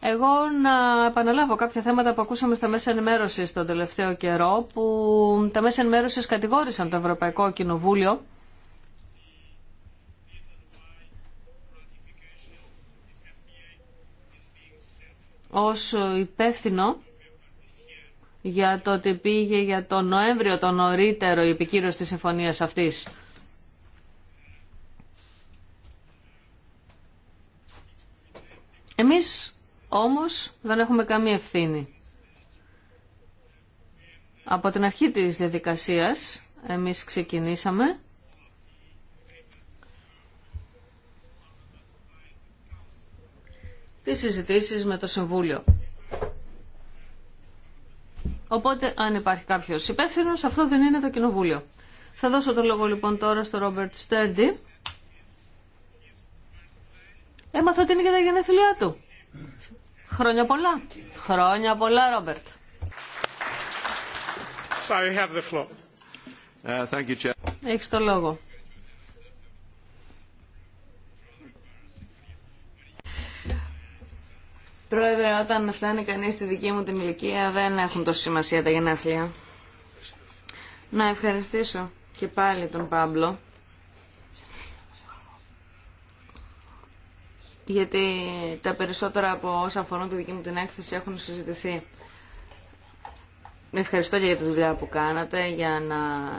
Εγώ να επαναλάβω κάποια θέματα που ακούσαμε στα μέσα ενημέρωση τον τελευταίο καιρό, που τα μέσα ενημέρωση κατηγόρησαν το Ευρωπαϊκό Κοινοβούλιο ως υπεύθυνο για το ότι πήγε για τον Νοέμβριο τον νωρίτερο η επικύρωση της συμφωνίας αυτής. Εμείς όμως δεν έχουμε καμία ευθύνη. Από την αρχή της διαδικασίας εμείς ξεκινήσαμε τις συζητήσεις με το Συμβούλιο. Οπότε, αν υπάρχει κάποιος υπεύθυνο, αυτό δεν είναι το Κοινοβούλιο. Θα δώσω το λόγο λοιπόν τώρα στο Ρόμπερτ Στέρντι. Έμαθα ότι είναι για τα γενέθλιά του. Χρόνια πολλά. Χρόνια πολλά, Ρόμπερτ. Uh, Έχεις το λόγο. Πρόεδρε, όταν φτάνει κανείς στη δική μου την ηλικία δεν έχουν τόση σημασία τα γενέθλια. Να ευχαριστήσω και πάλι τον Πάμπλο. Γιατί τα περισσότερα από όσα αφορούν τη δική μου την έκθεση έχουν συζητηθεί. Ευχαριστώ και για τη δουλειά που κάνατε για να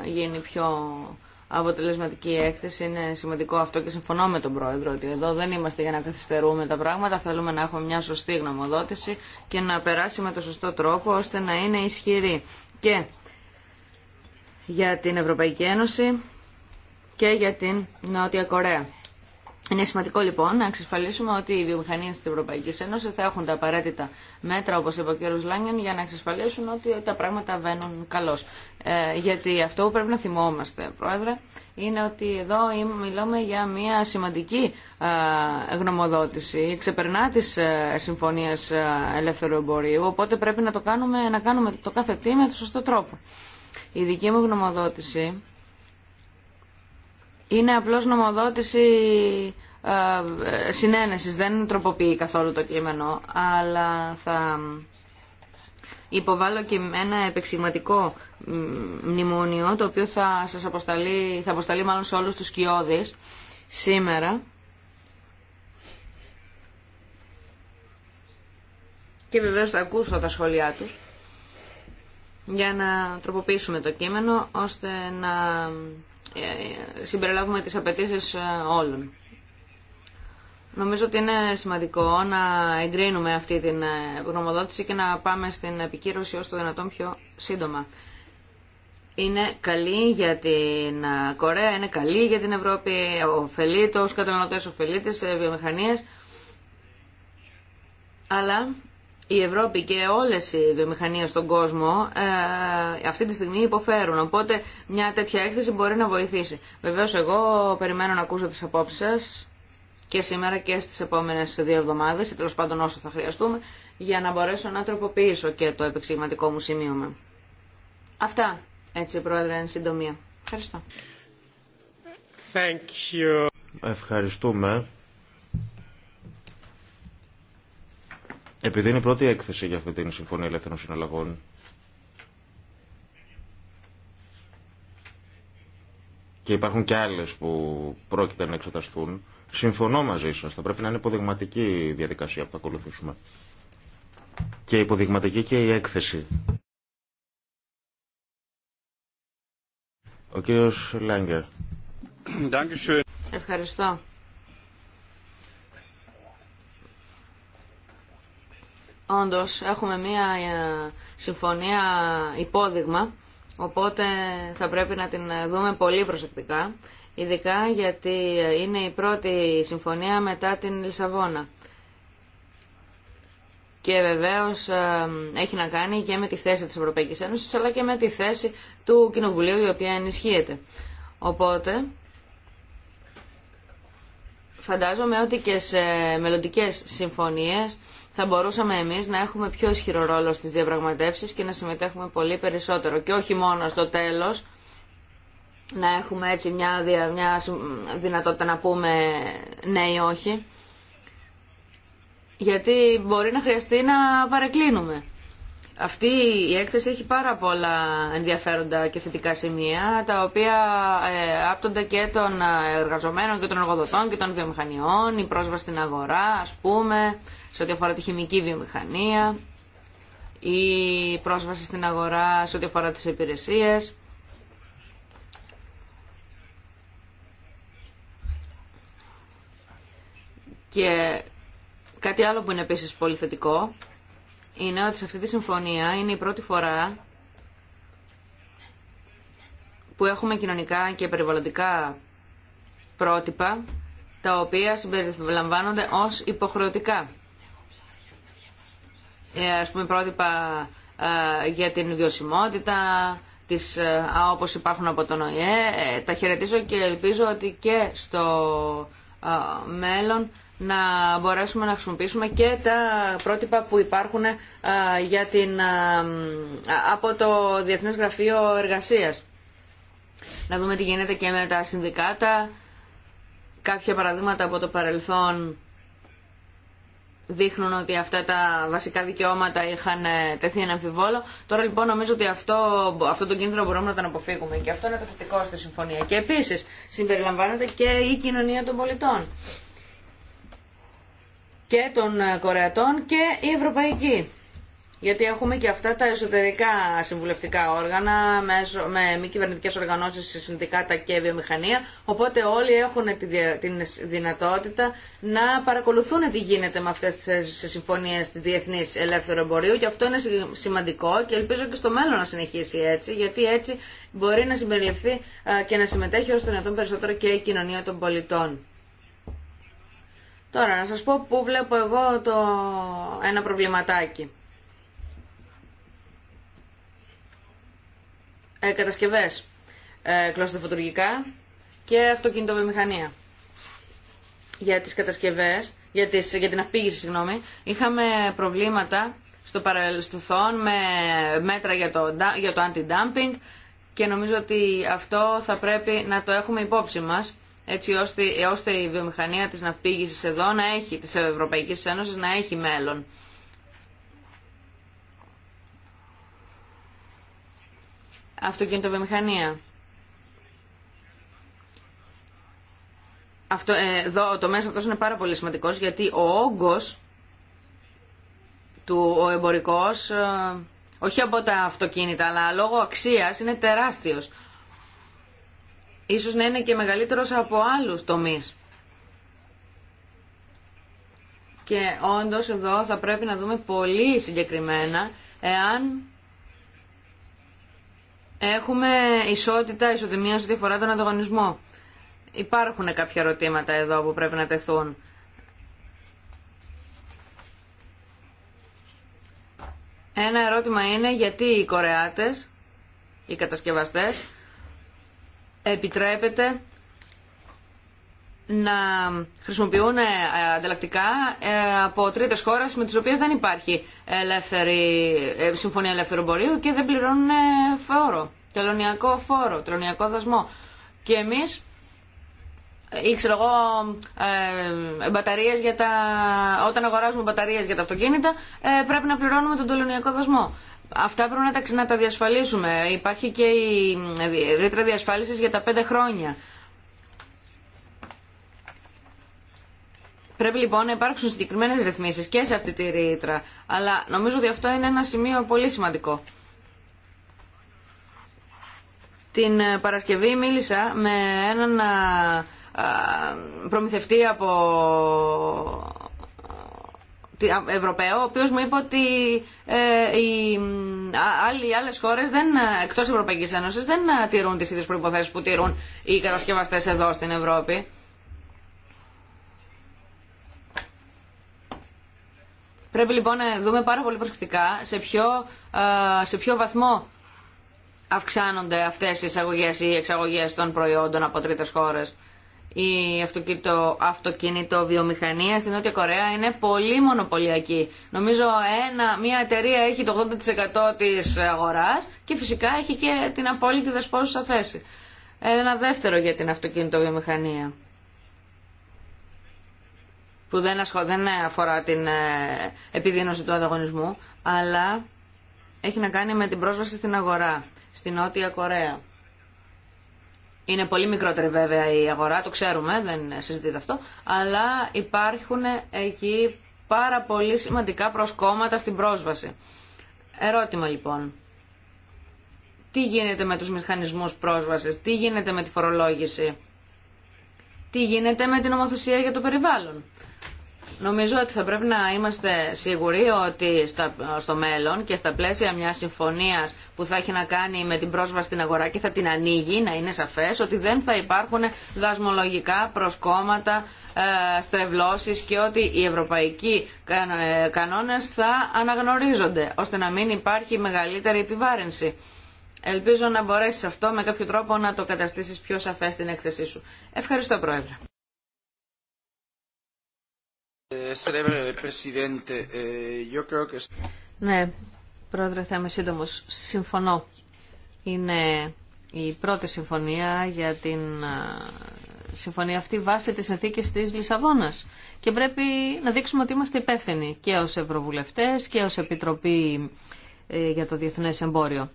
γίνει πιο αποτελεσματική έκθεση. Είναι σημαντικό αυτό και συμφωνώ με τον Πρόεδρο ότι εδώ δεν είμαστε για να καθυστερούμε τα πράγματα. Θέλουμε να έχουμε μια σωστή γνωμοδότηση και να περάσει με το σωστό τρόπο ώστε να είναι ισχυρή και για την Ευρωπαϊκή Ένωση και για την Νότια Κορέα. Είναι σημαντικό λοιπόν να εξασφαλίσουμε ότι οι βιομηχανίε τη Ευρωπαϊκή Ένωση θα έχουν τα απαραίτητα μέτρα, όπω είπε ο κ. Λάγκεν, για να εξασφαλίσουν ότι τα πράγματα βαίνουν καλώ. Ε, γιατί αυτό που πρέπει να θυμόμαστε, Πρόεδρε, είναι ότι εδώ μιλάμε για μια σημαντική ε, γνωμοδότηση. Ξεπερνά τι ε, συμφωνίε ε, ελεύθερου εμπορίου, οπότε πρέπει να το κάνουμε, να κάνουμε το κάθε τι με το σωστό τρόπο. Η δική μου γνωμοδότηση είναι απλώς νομοδότηση ε, ε, συνένεσης, δεν τροποποιεί καθόλου το κείμενο, αλλά θα υποβάλω και ένα επεξηγματικό μνημόνιο, το οποίο θα σας αποσταλεί, θα αποσταλεί μάλλον σε όλους τους κοιόδης σήμερα. Και βεβαίως θα ακούσω τα σχόλιά τους για να τροποποιήσουμε το κείμενο ώστε να ε, συμπεριλάβουμε τις απαιτήσει ε, όλων. Νομίζω ότι είναι σημαντικό να εγκρίνουμε αυτή την ε, γνωμοδότηση και να πάμε στην επικύρωση όσο το δυνατόν πιο σύντομα. Είναι καλή για την Κορέα, είναι καλή για την Ευρώπη, ωφελεί τους καταναλωτές, ωφελεί τις βιομηχανίες, αλλά η Ευρώπη και όλες οι βιομηχανίες στον κόσμο ε, αυτή τη στιγμή υποφέρουν. Οπότε μια τέτοια έκθεση μπορεί να βοηθήσει. Βεβαίως εγώ περιμένω να ακούσω τις απόψεις σας και σήμερα και στις επόμενες δύο εβδομάδες, ή τέλος πάντων όσο θα χρειαστούμε, για να μπορέσω να τροποποιήσω και το επεξηγηματικό μου σημείωμα. Αυτά, έτσι, Πρόεδρε, εν συντομία. Ευχαριστώ. Ευχαριστούμε. Επειδή είναι η πρώτη έκθεση για αυτή την Συμφωνία Ελεύθερων Συναλλαγών, και υπάρχουν και άλλες που πρόκειται να εξεταστούν, συμφωνώ μαζί σας. Θα πρέπει να είναι υποδειγματική η διαδικασία που θα ακολουθήσουμε. Και υποδειγματική και η έκθεση. Ο κύριος Λάγκερ. Ευχαριστώ. Όντως, έχουμε μία ε, συμφωνία υπόδειγμα, οπότε θα πρέπει να την ε, δούμε πολύ προσεκτικά, ειδικά γιατί ε, είναι η πρώτη συμφωνία μετά την Λισαβόνα. Και βεβαίως έχει να κάνει και με τη θέση της Ευρωπαϊκής Ένωσης, αλλά και με τη θέση του Κοινοβουλίου, η οποία ενισχύεται. Οπότε, φαντάζομαι ότι και σε μελλοντικές συμφωνίες θα μπορούσαμε εμείς να έχουμε πιο ισχυρό ρόλο στις διαπραγματεύσεις και να συμμετέχουμε πολύ περισσότερο και όχι μόνο στο τέλος να έχουμε έτσι μια, μια δυνατότητα να πούμε ναι ή όχι γιατί μπορεί να χρειαστεί να παρεκκλίνουμε. Αυτή η έκθεση έχει πάρα πολλά ενδιαφέροντα και θετικά σημεία, τα οποία ε, άπτονται και των εργαζομένων και των εργοδοτών και των βιομηχανιών, η πρόσβαση στην αγορά, ας πούμε, σε ό,τι αφορά τη χημική βιομηχανία ή πρόσβαση στην αγορά σε ό,τι αφορά τις υπηρεσίες. Και κάτι άλλο που είναι επίσης πολύ θετικό είναι ότι σε αυτή τη συμφωνία είναι η πρώτη φορά που έχουμε κοινωνικά και περιβαλλοντικά πρότυπα τα οποία συμπεριλαμβάνονται ως υποχρεωτικά. Ε, ας πούμε πρότυπα ε, για την βιωσιμότητα, τις, ε, όπως υπάρχουν από τον ΟΗΕ. Τα χαιρετίζω και ελπίζω ότι και στο μέλλον να μπορέσουμε να χρησιμοποιήσουμε και τα πρότυπα που υπάρχουν για την, από το Διεθνές Γραφείο Εργασίας. Να δούμε τι γίνεται και με τα συνδικάτα. Κάποια παραδείγματα από το παρελθόν δείχνουν ότι αυτά τα βασικά δικαιώματα είχαν ε, τεθεί ένα αμφιβόλο. Τώρα λοιπόν νομίζω ότι αυτό, αυτό το κίνδυνο μπορούμε να τον αποφύγουμε και αυτό είναι το θετικό στη συμφωνία. Και επίσης συμπεριλαμβάνεται και η κοινωνία των πολιτών και των ε, Κορεατών και η Ευρωπαϊκή. Γιατί έχουμε και αυτά τα εσωτερικά συμβουλευτικά όργανα με μη κυβερνητικέ οργανώσει, συνδικάτα και βιομηχανία. Οπότε όλοι έχουν τη δυνατότητα να παρακολουθούν τι γίνεται με αυτέ τι συμφωνίε τη Διεθνή Ελεύθερου Εμπορίου. Και αυτό είναι σημαντικό και ελπίζω και στο μέλλον να συνεχίσει έτσι, γιατί έτσι μπορεί να συμπεριληφθεί και να συμμετέχει ω το δυνατόν περισσότερο και η κοινωνία των πολιτών. Τώρα, να σας πω πού βλέπω εγώ το ένα προβληματάκι. Ε, κατασκευές, ε, κλωστοφωτουργικά και αυτοκινητοβιομηχανία. Για τις κατασκευές, για, για την αυπήγηση, συγγνώμη, είχαμε προβλήματα στο παρελθόν με μέτρα για το, για το anti-dumping και νομίζω ότι αυτό θα πρέπει να το έχουμε υπόψη μας έτσι ώστε, η βιομηχανία της ναυπήγησης εδώ να έχει, της Ευρωπαϊκής Ένωσης να έχει μέλλον. αυτοκινητοβιομηχανία. Αυτό, ε, εδώ, ο τομέας αυτός είναι πάρα πολύ σημαντικός γιατί ο όγκος του ο εμπορικός, ε, όχι από τα αυτοκίνητα, αλλά λόγω αξίας είναι τεράστιος. Ίσως να είναι και μεγαλύτερος από άλλους τομείς. Και όντως εδώ θα πρέπει να δούμε πολύ συγκεκριμένα εάν Έχουμε ισότητα, ισοτιμία ό,τι αφορά τον ανταγωνισμό. Υπάρχουν κάποια ερωτήματα εδώ που πρέπει να τεθούν. Ένα ερώτημα είναι γιατί οι Κορεάτες, οι κατασκευαστές, επιτρέπεται να χρησιμοποιούν ε, ανταλλακτικά ε, από τρίτες χώρε με τις οποίες δεν υπάρχει ελεύθερη, ε, συμφωνία ελεύθερου εμπορίου και δεν πληρώνουν φόρο, τελωνιακό φόρο, τελωνιακό δασμό. Και εμείς ή ξέρω εγώ μπαταρίες για τα... όταν αγοράζουμε μπαταρίες για τα αυτοκίνητα πρέπει να πληρώνουμε τον τελωνιακό δασμό. Αυτά πρέπει να τα, να τα διασφαλίσουμε. Υπάρχει και η ρήτρα διασφάλισης για τα πέντε χρόνια. Πρέπει λοιπόν να υπάρξουν συγκεκριμένε ρυθμίσει και σε αυτή τη ρήτρα. Αλλά νομίζω ότι αυτό είναι ένα σημείο πολύ σημαντικό. Την ε, Παρασκευή μίλησα με έναν ε, ε, προμηθευτή από Ευρωπαίο, ο οποίος μου είπε ότι οι άλλες χώρες δεν, εκτός Ευρωπαϊκής Ένωσης δεν τηρούν τις ίδιες προϋποθέσεις που τηρούν οι κατασκευαστές εδώ στην Ευρώπη. Πρέπει λοιπόν να δούμε πάρα πολύ προσεκτικά σε ποιο, ε, σε ποιο βαθμό αυξάνονται αυτές οι εισαγωγές ή εξαγωγές των προϊόντων από τρίτες χώρες. Η αυτοκίνητο, αυτοκίνητο βιομηχανία στην Νότια Κορέα είναι πολύ μονοπωλιακή. Νομίζω ένα, μια εταιρεία έχει το 80% της αγοράς και φυσικά έχει και την απόλυτη δεσπόζουσα θέση. Ένα δεύτερο για την αυτοκίνητο βιομηχανία που δεν, δεν ε, αφορά την ε, επιδείνωση του ανταγωνισμού, αλλά έχει να κάνει με την πρόσβαση στην αγορά, στην Νότια Κορέα. Είναι πολύ μικρότερη βέβαια η αγορά, το ξέρουμε, δεν συζητείται αυτό, αλλά υπάρχουν εκεί πάρα πολύ σημαντικά προσκόμματα στην πρόσβαση. Ερώτημα λοιπόν. Τι γίνεται με τους μηχανισμούς πρόσβασης, τι γίνεται με τη φορολόγηση τι γίνεται με την νομοθεσία για το περιβάλλον. Νομίζω ότι θα πρέπει να είμαστε σίγουροι ότι στο μέλλον και στα πλαίσια μιας συμφωνίας που θα έχει να κάνει με την πρόσβαση στην αγορά και θα την ανοίγει, να είναι σαφές, ότι δεν θα υπάρχουν δασμολογικά προσκόμματα, ε, στρεβλώσεις και ότι οι ευρωπαϊκοί ε, κανόνες θα αναγνωρίζονται, ώστε να μην υπάρχει μεγαλύτερη επιβάρυνση Ελπίζω να μπορέσει αυτό με κάποιο τρόπο να το καταστήσει πιο σαφέ στην έκθεσή σου. Ευχαριστώ Πρόεδρε. Ε, ε, ναι, Πρόεδρε, θα είμαι σύντομο. Συμφωνώ. Είναι η πρώτη συμφωνία για την ε, συμφωνία αυτή βάσει τη συνθήκη της Λισαβόνας. Και πρέπει να δείξουμε ότι είμαστε υπεύθυνοι και ω Ευρωβουλευτές και ω Επιτροπή για το διεθνέ Εμπόριο.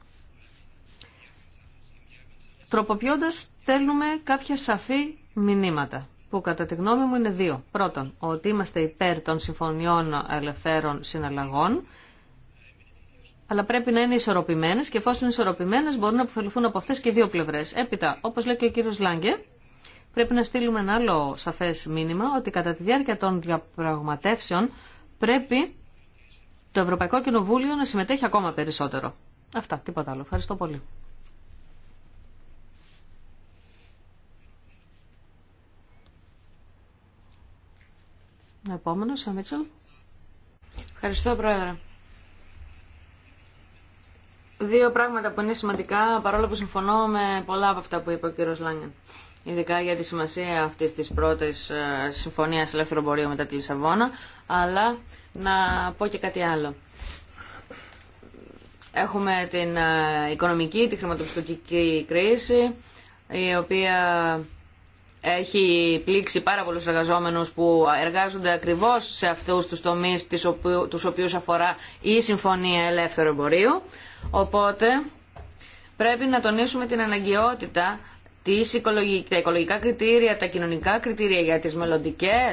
Τροποποιώντας στέλνουμε κάποια σαφή μηνύματα που κατά τη γνώμη μου είναι δύο. Πρώτον, ότι είμαστε υπέρ των συμφωνιών ελευθέρων συναλλαγών, αλλά πρέπει να είναι ισορροπημένες και εφόσον είναι ισορροπημένες μπορούν να αποφελθούν από αυτές και δύο πλευρές. Έπειτα, όπως λέει και ο κύριος Λάγκε, πρέπει να στείλουμε ένα άλλο σαφές μήνυμα ότι κατά τη διάρκεια των διαπραγματεύσεων πρέπει το Ευρωπαϊκό Κοινοβούλιο να συμμετέχει ακόμα περισσότερο. Αυτά, τίποτα άλλο. Ευχαριστώ πολύ. επόμενος, ο Μίτσελ. Ευχαριστώ, Πρόεδρε. Δύο πράγματα που είναι σημαντικά, παρόλο που συμφωνώ με πολλά από αυτά που είπε ο κύριο Λάνια. Ειδικά για τη σημασία αυτή τη πρώτη ε, συμφωνία ελεύθερου εμπορίου μετά τη Λισαβόνα. Αλλά να πω και κάτι άλλο. Έχουμε την ε, οικονομική, τη χρηματοπιστωτική κρίση, η οποία έχει πλήξει πάρα πολλούς εργαζόμενους που εργάζονται ακριβώς σε αυτούς τους τομείς τους οποίους αφορά η Συμφωνία Ελεύθερου Εμπορίου. Οπότε πρέπει να τονίσουμε την αναγκαιότητα της τα οικολογικά κριτήρια, τα κοινωνικά κριτήρια για τις μελλοντικέ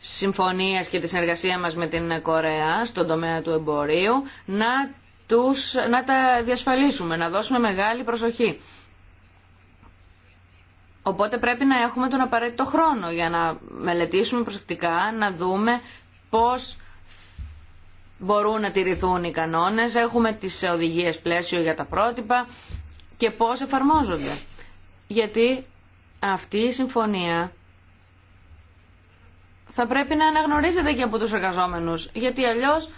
συμφωνίες και τη συνεργασία μας με την Κορέα στον τομέα του εμπορίου να, τους, να τα διασφαλίσουμε, να δώσουμε μεγάλη προσοχή. Οπότε πρέπει να έχουμε τον απαραίτητο χρόνο για να μελετήσουμε προσεκτικά, να δούμε πώς μπορούν να τηρηθούν οι κανόνες, έχουμε τις οδηγίες πλαίσιο για τα πρότυπα και πώς εφαρμόζονται. Γιατί αυτή η συμφωνία θα πρέπει να αναγνωρίζεται και από τους εργαζόμενους, γιατί αλλιώς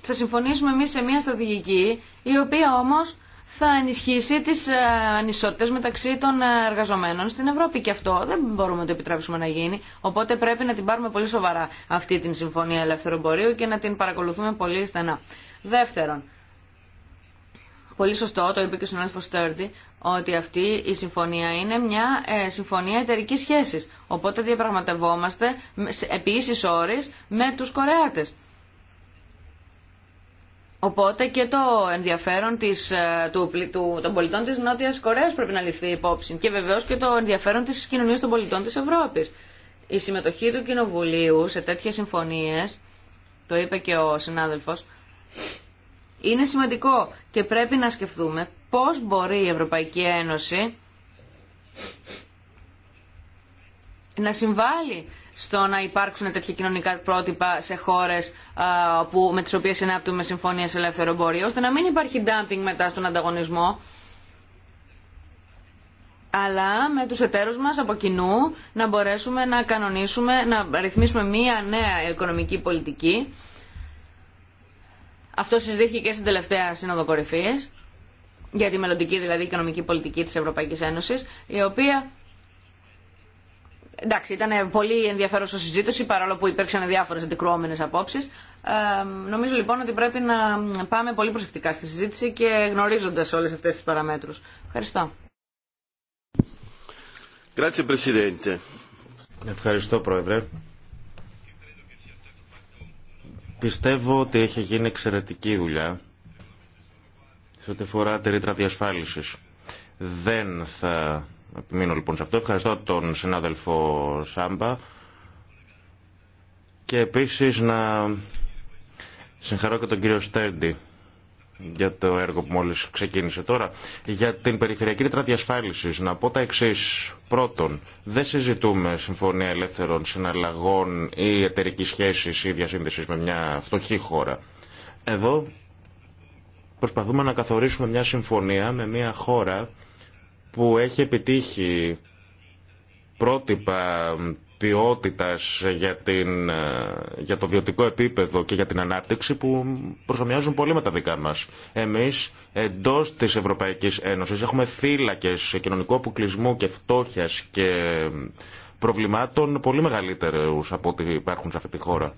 θα συμφωνήσουμε εμείς σε μια στρατηγική, η οποία όμως θα ενισχύσει τις ε, ανισότητες μεταξύ των ε, εργαζομένων στην Ευρώπη και αυτό δεν μπορούμε να το επιτρέψουμε να γίνει. Οπότε πρέπει να την πάρουμε πολύ σοβαρά αυτή την Συμφωνία Ελεύθερου Μπορείου και να την παρακολουθούμε πολύ στενά. Δεύτερον, πολύ σωστό, το είπε και ο συνάδελφος Στέρντι, ότι αυτή η συμφωνία είναι μια ε, συμφωνία εταιρική σχέσης. Οπότε διαπραγματευόμαστε επίσης όρις με τους Κορεάτες. Οπότε και το ενδιαφέρον της, ε, του, του, των πολιτών της Νότιας Κορέας πρέπει να ληφθεί υπόψη και βεβαίως και το ενδιαφέρον της κοινωνίας των πολιτών της Ευρώπης. Η συμμετοχή του Κοινοβουλίου σε τέτοιες συμφωνίες, το είπε και ο συνάδελφος, είναι σημαντικό και πρέπει να σκεφτούμε πώς μπορεί η Ευρωπαϊκή Ένωση να συμβάλλει στο να υπάρξουν τέτοια κοινωνικά πρότυπα σε χώρε με τι οποίε συνάπτουμε συμφωνίε ελεύθερου εμπορίου, ώστε να μην υπάρχει dumping μετά στον ανταγωνισμό, αλλά με τους εταίρου μας από κοινού να μπορέσουμε να κανονίσουμε, να ρυθμίσουμε μία νέα οικονομική πολιτική. Αυτό συζητήθηκε και στην τελευταία Σύνοδο Κορυφής, για τη μελλοντική δηλαδή οικονομική πολιτική τη Ευρωπαϊκή Ένωση, η οποία Εντάξει, ήταν πολύ ενδιαφέρουσα συζήτηση, παρόλο που υπήρξαν διάφορε αντικρουόμενε απόψει. Ε, νομίζω λοιπόν ότι πρέπει να πάμε πολύ προσεκτικά στη συζήτηση και γνωρίζοντα όλε αυτέ τι παραμέτρου. Ευχαριστώ. Ευχαριστώ, Πρόεδρε. Πιστεύω ότι έχει γίνει εξαιρετική δουλειά σε ό,τι αφορά τη ρήτρα διασφάλισης. Δεν θα επιμείνω λοιπόν σε αυτό. Ευχαριστώ τον συνάδελφο Σάμπα και επίσης να συγχαρώ και τον κύριο Στέρντι για το έργο που μόλις ξεκίνησε τώρα. Για την περιφερειακή ρήτρα διασφάλισης, να πω τα εξή. Πρώτον, δεν συζητούμε συμφωνία ελεύθερων συναλλαγών ή εταιρική σχέση ή διασύνδεση με μια φτωχή χώρα. Εδώ προσπαθούμε να καθορίσουμε μια συμφωνία με μια χώρα που έχει επιτύχει πρότυπα ποιότητας για, για το βιωτικό επίπεδο και για την ανάπτυξη που προσωμιάζουν πολύ με τα δικά μας. Εμείς εντός της Ευρωπαϊκής Ένωσης έχουμε θύλακες κοινωνικού αποκλεισμού και φτώχειας και προβλημάτων πολύ μεγαλύτερους από ό,τι υπάρχουν σε αυτή τη χώρα.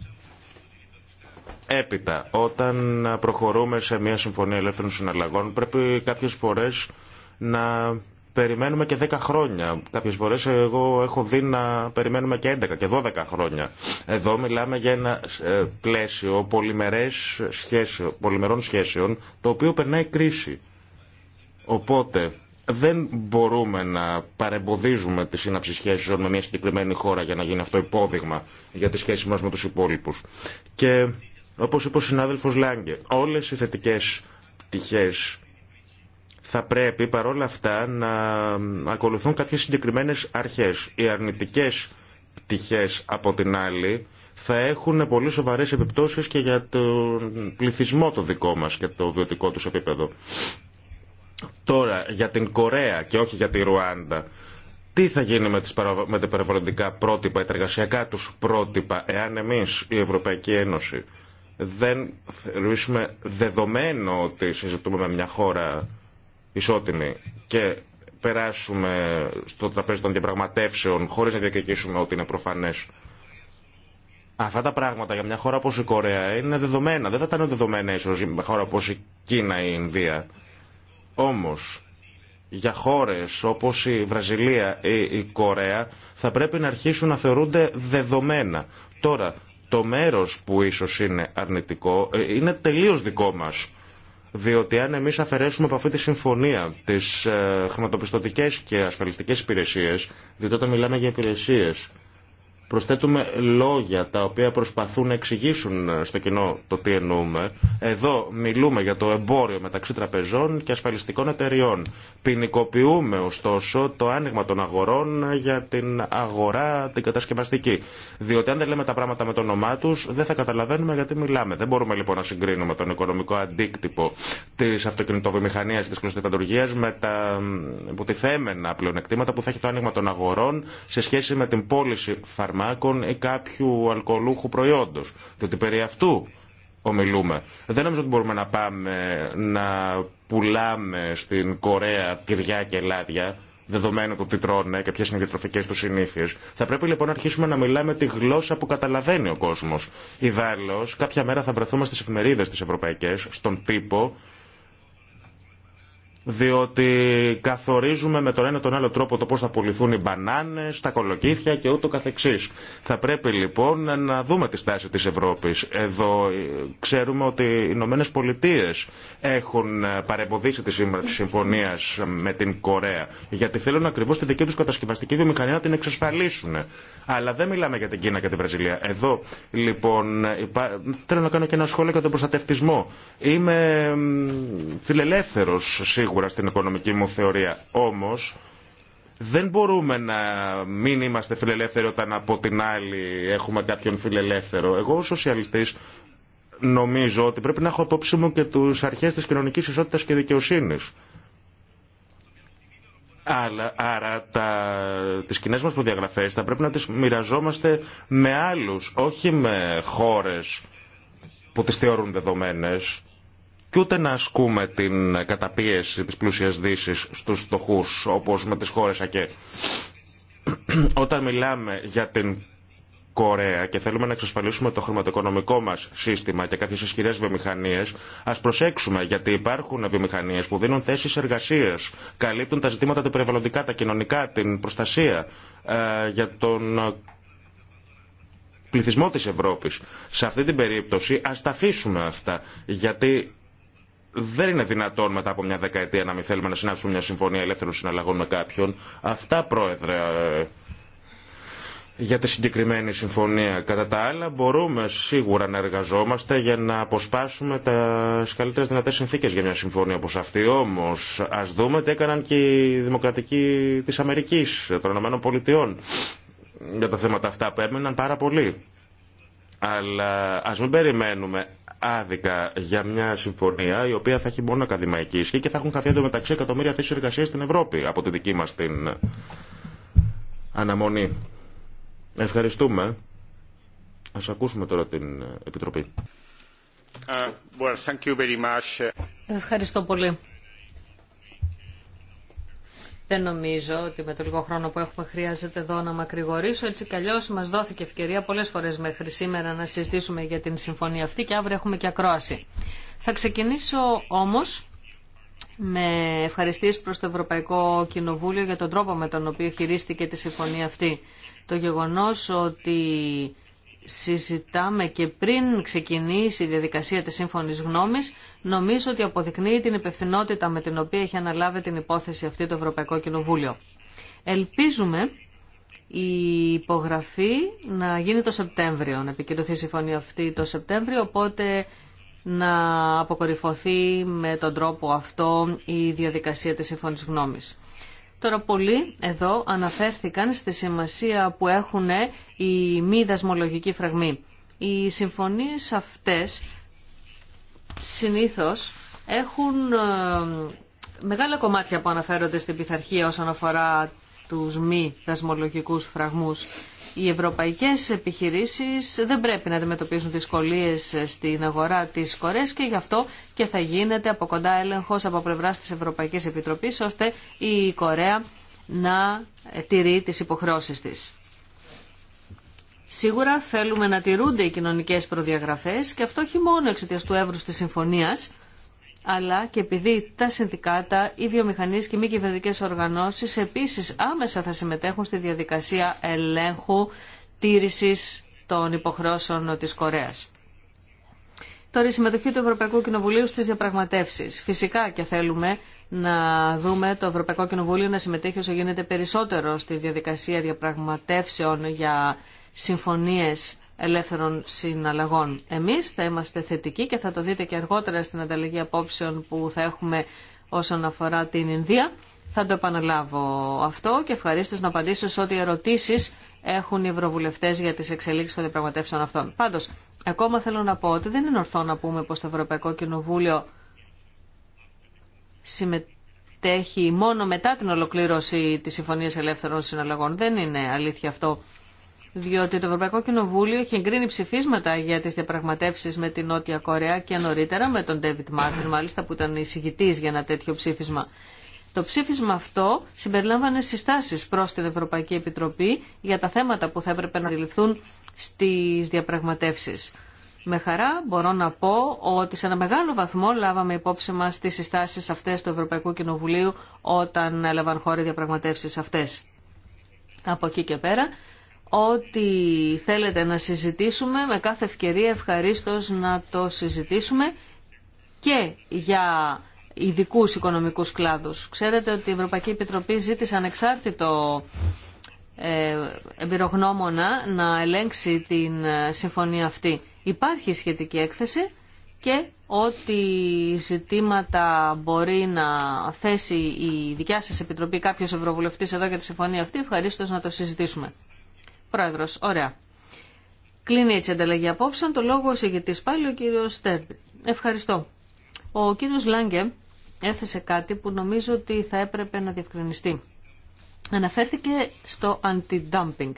Έπειτα, όταν προχωρούμε σε μια συμφωνία ελεύθερων συναλλαγών πρέπει κάποιες φορές να περιμένουμε και 10 χρόνια. Κάποιες φορές εγώ έχω δει να περιμένουμε και 11 και 12 χρόνια. Εδώ μιλάμε για ένα ε, πλαίσιο πολυμερές σχέσεων, πολυμερών σχέσεων, το οποίο περνάει κρίση. Οπότε δεν μπορούμε να παρεμποδίζουμε τη σύναψη σχέσεων με μια συγκεκριμένη χώρα για να γίνει αυτό υπόδειγμα για τη σχέση μας με τους υπόλοιπους. Και όπως είπε ο συνάδελφος Λάγκε, όλες οι θετικές πτυχές θα πρέπει παρόλα αυτά να ακολουθούν κάποιες συγκεκριμένες αρχές. Οι αρνητικές πτυχές από την άλλη θα έχουν πολύ σοβαρές επιπτώσεις και για τον πληθυσμό το δικό μας και το βιωτικό τους επίπεδο. Τώρα, για την Κορέα και όχι για τη Ρουάντα, τι θα γίνει με, τις, τα περιβαλλοντικά πρότυπα, τα εργασιακά τους πρότυπα, εάν εμείς, η Ευρωπαϊκή Ένωση, δεν θεωρήσουμε δεδομένο ότι συζητούμε με μια χώρα ισότιμη και περάσουμε στο τραπέζι των διαπραγματεύσεων χωρίς να διακριτήσουμε ότι είναι προφανές. Αυτά τα πράγματα για μια χώρα όπως η Κορέα είναι δεδομένα. Δεν θα ήταν δεδομένα ίσως για μια χώρα όπως η Κίνα ή η Ινδία. Όμως για χώρες όπως η Βραζιλία ή η Κορέα θα πρέπει να αρχίσουν να θεωρούνται δεδομένα. Τώρα, το μέρος που ίσως είναι αρνητικό ε, είναι τελείως δικό μας. Διότι αν εμείς αφαιρέσουμε από αυτή τη συμφωνία τις ε, χρηματοπιστωτικές και ασφαλιστικές υπηρεσίες, διότι όταν μιλάμε για υπηρεσίες προσθέτουμε λόγια τα οποία προσπαθούν να εξηγήσουν στο κοινό το τι εννοούμε. Εδώ μιλούμε για το εμπόριο μεταξύ τραπεζών και ασφαλιστικών εταιριών. Ποινικοποιούμε ωστόσο το άνοιγμα των αγορών για την αγορά την κατασκευαστική. Διότι αν δεν λέμε τα πράγματα με το όνομά του, δεν θα καταλαβαίνουμε γιατί μιλάμε. Δεν μπορούμε λοιπόν να συγκρίνουμε τον οικονομικό αντίκτυπο τη αυτοκινητοβιομηχανία και τη κλωστοφαντουργία με τα υποτιθέμενα πλεονεκτήματα που θα έχει το άνοιγμα των αγορών σε σχέση με την πώληση φαρμακών φαρμάκων ή κάποιου αλκοολούχου προϊόντο. Διότι περί αυτού ομιλούμε. Δεν νομίζω ότι μπορούμε να πάμε να πουλάμε στην Κορέα τυριά και λάδια δεδομένου του τι τρώνε και ποιε είναι οι διατροφικέ του συνήθειε. Θα πρέπει λοιπόν να αρχίσουμε να μιλάμε τη γλώσσα που καταλαβαίνει ο κόσμο. Ιδάλω, κάποια μέρα θα βρεθούμε στι εφημερίδε τι Ευρωπαϊκή στον τύπο, διότι καθορίζουμε με τον ένα τον άλλο τρόπο το πώς θα πουληθούν οι μπανάνες, τα κολοκύθια και ούτω καθεξής. Θα πρέπει λοιπόν να δούμε τη στάση της Ευρώπης. Εδώ ε, ξέρουμε ότι οι Ηνωμένε Πολιτείε έχουν ε, παρεμποδίσει τη συμφωνία με την Κορέα, γιατί θέλουν ακριβώς τη δική τους κατασκευαστική βιομηχανία να την εξασφαλίσουν. Αλλά δεν μιλάμε για την Κίνα και την Βραζιλία. Εδώ λοιπόν υπά... θέλω να κάνω και ένα σχόλιο για τον προστατευτισμό. Είμαι φιλελεύθερος σίγουρα σίγουρα στην οικονομική μου θεωρία. Όμω, δεν μπορούμε να μην είμαστε φιλελεύθεροι όταν από την άλλη έχουμε κάποιον φιλελεύθερο. Εγώ ως σοσιαλιστή νομίζω ότι πρέπει να έχω το μου και τους αρχέ τη κοινωνική ισότητα και δικαιοσύνη. Αλλά, άρα τα, τις κοινέ μας προδιαγραφές θα πρέπει να τις μοιραζόμαστε με άλλους, όχι με χώρες που τις θεωρούν δεδομένες και ούτε να ασκούμε την καταπίεση της πλούσιας δύσης στους φτωχούς όπως με τις χώρες ΑΚΕ. Όταν μιλάμε για την Κορέα και θέλουμε να εξασφαλίσουμε το χρηματοοικονομικό μας σύστημα και κάποιε ισχυρές βιομηχανίε, ας προσέξουμε γιατί υπάρχουν βιομηχανίε που δίνουν θέσεις εργασία, καλύπτουν τα ζητήματα τα περιβαλλοντικά, τα κοινωνικά, την προστασία ε, για τον πληθυσμό της Ευρώπης. Σε αυτή την περίπτωση ας τα αφήσουμε αυτά, γιατί δεν είναι δυνατόν μετά από μια δεκαετία να μην θέλουμε να συνάψουμε μια συμφωνία ελεύθερων συναλλαγών με κάποιον. Αυτά, Πρόεδρε, ε, για τη συγκεκριμένη συμφωνία. Κατά τα άλλα, μπορούμε σίγουρα να εργαζόμαστε για να αποσπάσουμε τι καλύτερε δυνατέ συνθήκε για μια συμφωνία όπω αυτή. Όμω, α δούμε τι έκαναν και οι δημοκρατικοί τη Αμερική, των Ηνωμένων Πολιτειών για τα θέματα αυτά που έμειναν πάρα πολύ. Αλλά α μην περιμένουμε άδικα για μια συμφωνία η οποία θα έχει μόνο ακαδημαϊκή ισχύ και θα έχουν χαθεί μεταξύ εκατομμύρια θέσει εργασία στην Ευρώπη από τη δική μα την αναμονή. Ευχαριστούμε. Ας ακούσουμε τώρα την Επιτροπή. Ε, Ευχαριστώ πολύ. Δεν νομίζω ότι με το λίγο χρόνο που έχουμε χρειάζεται εδώ να μακρηγορήσω. Έτσι κι αλλιώ μα δόθηκε ευκαιρία πολλέ φορέ μέχρι σήμερα να συζητήσουμε για την συμφωνία αυτή και αύριο έχουμε και ακρόαση. Θα ξεκινήσω όμω με ευχαριστήσει προ το Ευρωπαϊκό Κοινοβούλιο για τον τρόπο με τον οποίο χειρίστηκε τη συμφωνία αυτή. Το γεγονό ότι συζητάμε και πριν ξεκινήσει η διαδικασία της σύμφωνης γνώμης, νομίζω ότι αποδεικνύει την υπευθυνότητα με την οποία έχει αναλάβει την υπόθεση αυτή το Ευρωπαϊκό Κοινοβούλιο. Ελπίζουμε η υπογραφή να γίνει το Σεπτέμβριο, να επικυρωθεί η συμφωνία αυτή το Σεπτέμβριο, οπότε να αποκορυφωθεί με τον τρόπο αυτό η διαδικασία της σύμφωνης γνώμης. Τώρα πολλοί εδώ αναφέρθηκαν στη σημασία που έχουν οι μη δασμολογικοί φραγμοί. Οι συμφωνίες αυτές συνήθως έχουν ε, μεγάλα κομμάτια που αναφέρονται στην πειθαρχία όσον αφορά τους μη δασμολογικούς φραγμούς οι ευρωπαϊκές επιχειρήσεις δεν πρέπει να αντιμετωπίζουν δυσκολίες στην αγορά της Κορέας και γι' αυτό και θα γίνεται από κοντά έλεγχος από πλευράς της Ευρωπαϊκής Επιτροπής ώστε η Κορέα να τηρεί τις υποχρεώσεις της. Σίγουρα θέλουμε να τηρούνται οι κοινωνικές προδιαγραφές και αυτό όχι μόνο εξαιτίας του εύρους της συμφωνίας, αλλά και επειδή τα συνδικάτα, οι βιομηχανίες και οι μη κυβερνητικέ οργανώσεις επίσης άμεσα θα συμμετέχουν στη διαδικασία ελέγχου τήρησης των υποχρεώσεων της Κορέας. Τώρα η συμμετοχή του Ευρωπαϊκού Κοινοβουλίου στις διαπραγματεύσεις. Φυσικά και θέλουμε να δούμε το Ευρωπαϊκό Κοινοβούλιο να συμμετέχει όσο γίνεται περισσότερο στη διαδικασία διαπραγματεύσεων για συμφωνίες ελεύθερων συναλλαγών. Εμείς θα είμαστε θετικοί και θα το δείτε και αργότερα στην ανταλλαγή απόψεων που θα έχουμε όσον αφορά την Ινδία. Θα το επαναλάβω αυτό και ευχαρίστω να απαντήσω σε ό,τι ερωτήσεις έχουν οι ευρωβουλευτέ για τι εξελίξει των διαπραγματεύσεων αυτών. Πάντω, ακόμα θέλω να πω ότι δεν είναι ορθό να πούμε πω το Ευρωπαϊκό Κοινοβούλιο συμμετέχει μόνο μετά την ολοκλήρωση τη Συμφωνία Ελεύθερων Συναλλαγών. Δεν είναι αλήθεια αυτό διότι το Ευρωπαϊκό Κοινοβούλιο είχε εγκρίνει ψηφίσματα για τις διαπραγματεύσεις με την Νότια Κορέα και νωρίτερα με τον Ντέβιτ Μάρτιν, μάλιστα που ήταν εισηγητή για ένα τέτοιο ψήφισμα. Το ψήφισμα αυτό συμπεριλάμβανε συστάσεις προς την Ευρωπαϊκή Επιτροπή για τα θέματα που θα έπρεπε να ληφθούν στις διαπραγματεύσεις. Με χαρά μπορώ να πω ότι σε ένα μεγάλο βαθμό λάβαμε υπόψη μας τις συστάσεις αυτές του Ευρωπαϊκού Κοινοβουλίου όταν έλαβαν χώρα διαπραγματεύσεις αυτές. Από εκεί και πέρα Ό,τι θέλετε να συζητήσουμε, με κάθε ευκαιρία ευχαρίστως να το συζητήσουμε και για ειδικού οικονομικούς κλάδους. Ξέρετε ότι η Ευρωπαϊκή Επιτροπή ζήτησε ανεξάρτητο ε, εμπειρογνώμονα να ελέγξει την ε, συμφωνία αυτή. Υπάρχει σχετική έκθεση και ό,τι ζητήματα μπορεί να θέσει η δικιά σας Επιτροπή κάποιος Ευρωβουλευτής εδώ για τη συμφωνία αυτή, ευχαρίστως να το συζητήσουμε. Πρόεδρο, ωραία. Κλείνει έτσι η ανταλλαγή απόψε. Το λόγο εισηγητή πάλι ο κύριο Στέρμπι. Ευχαριστώ. Ο κύριο Λάγκε έθεσε κάτι που νομίζω ότι θα έπρεπε να διευκρινιστεί. Αναφέρθηκε στο αντι dumping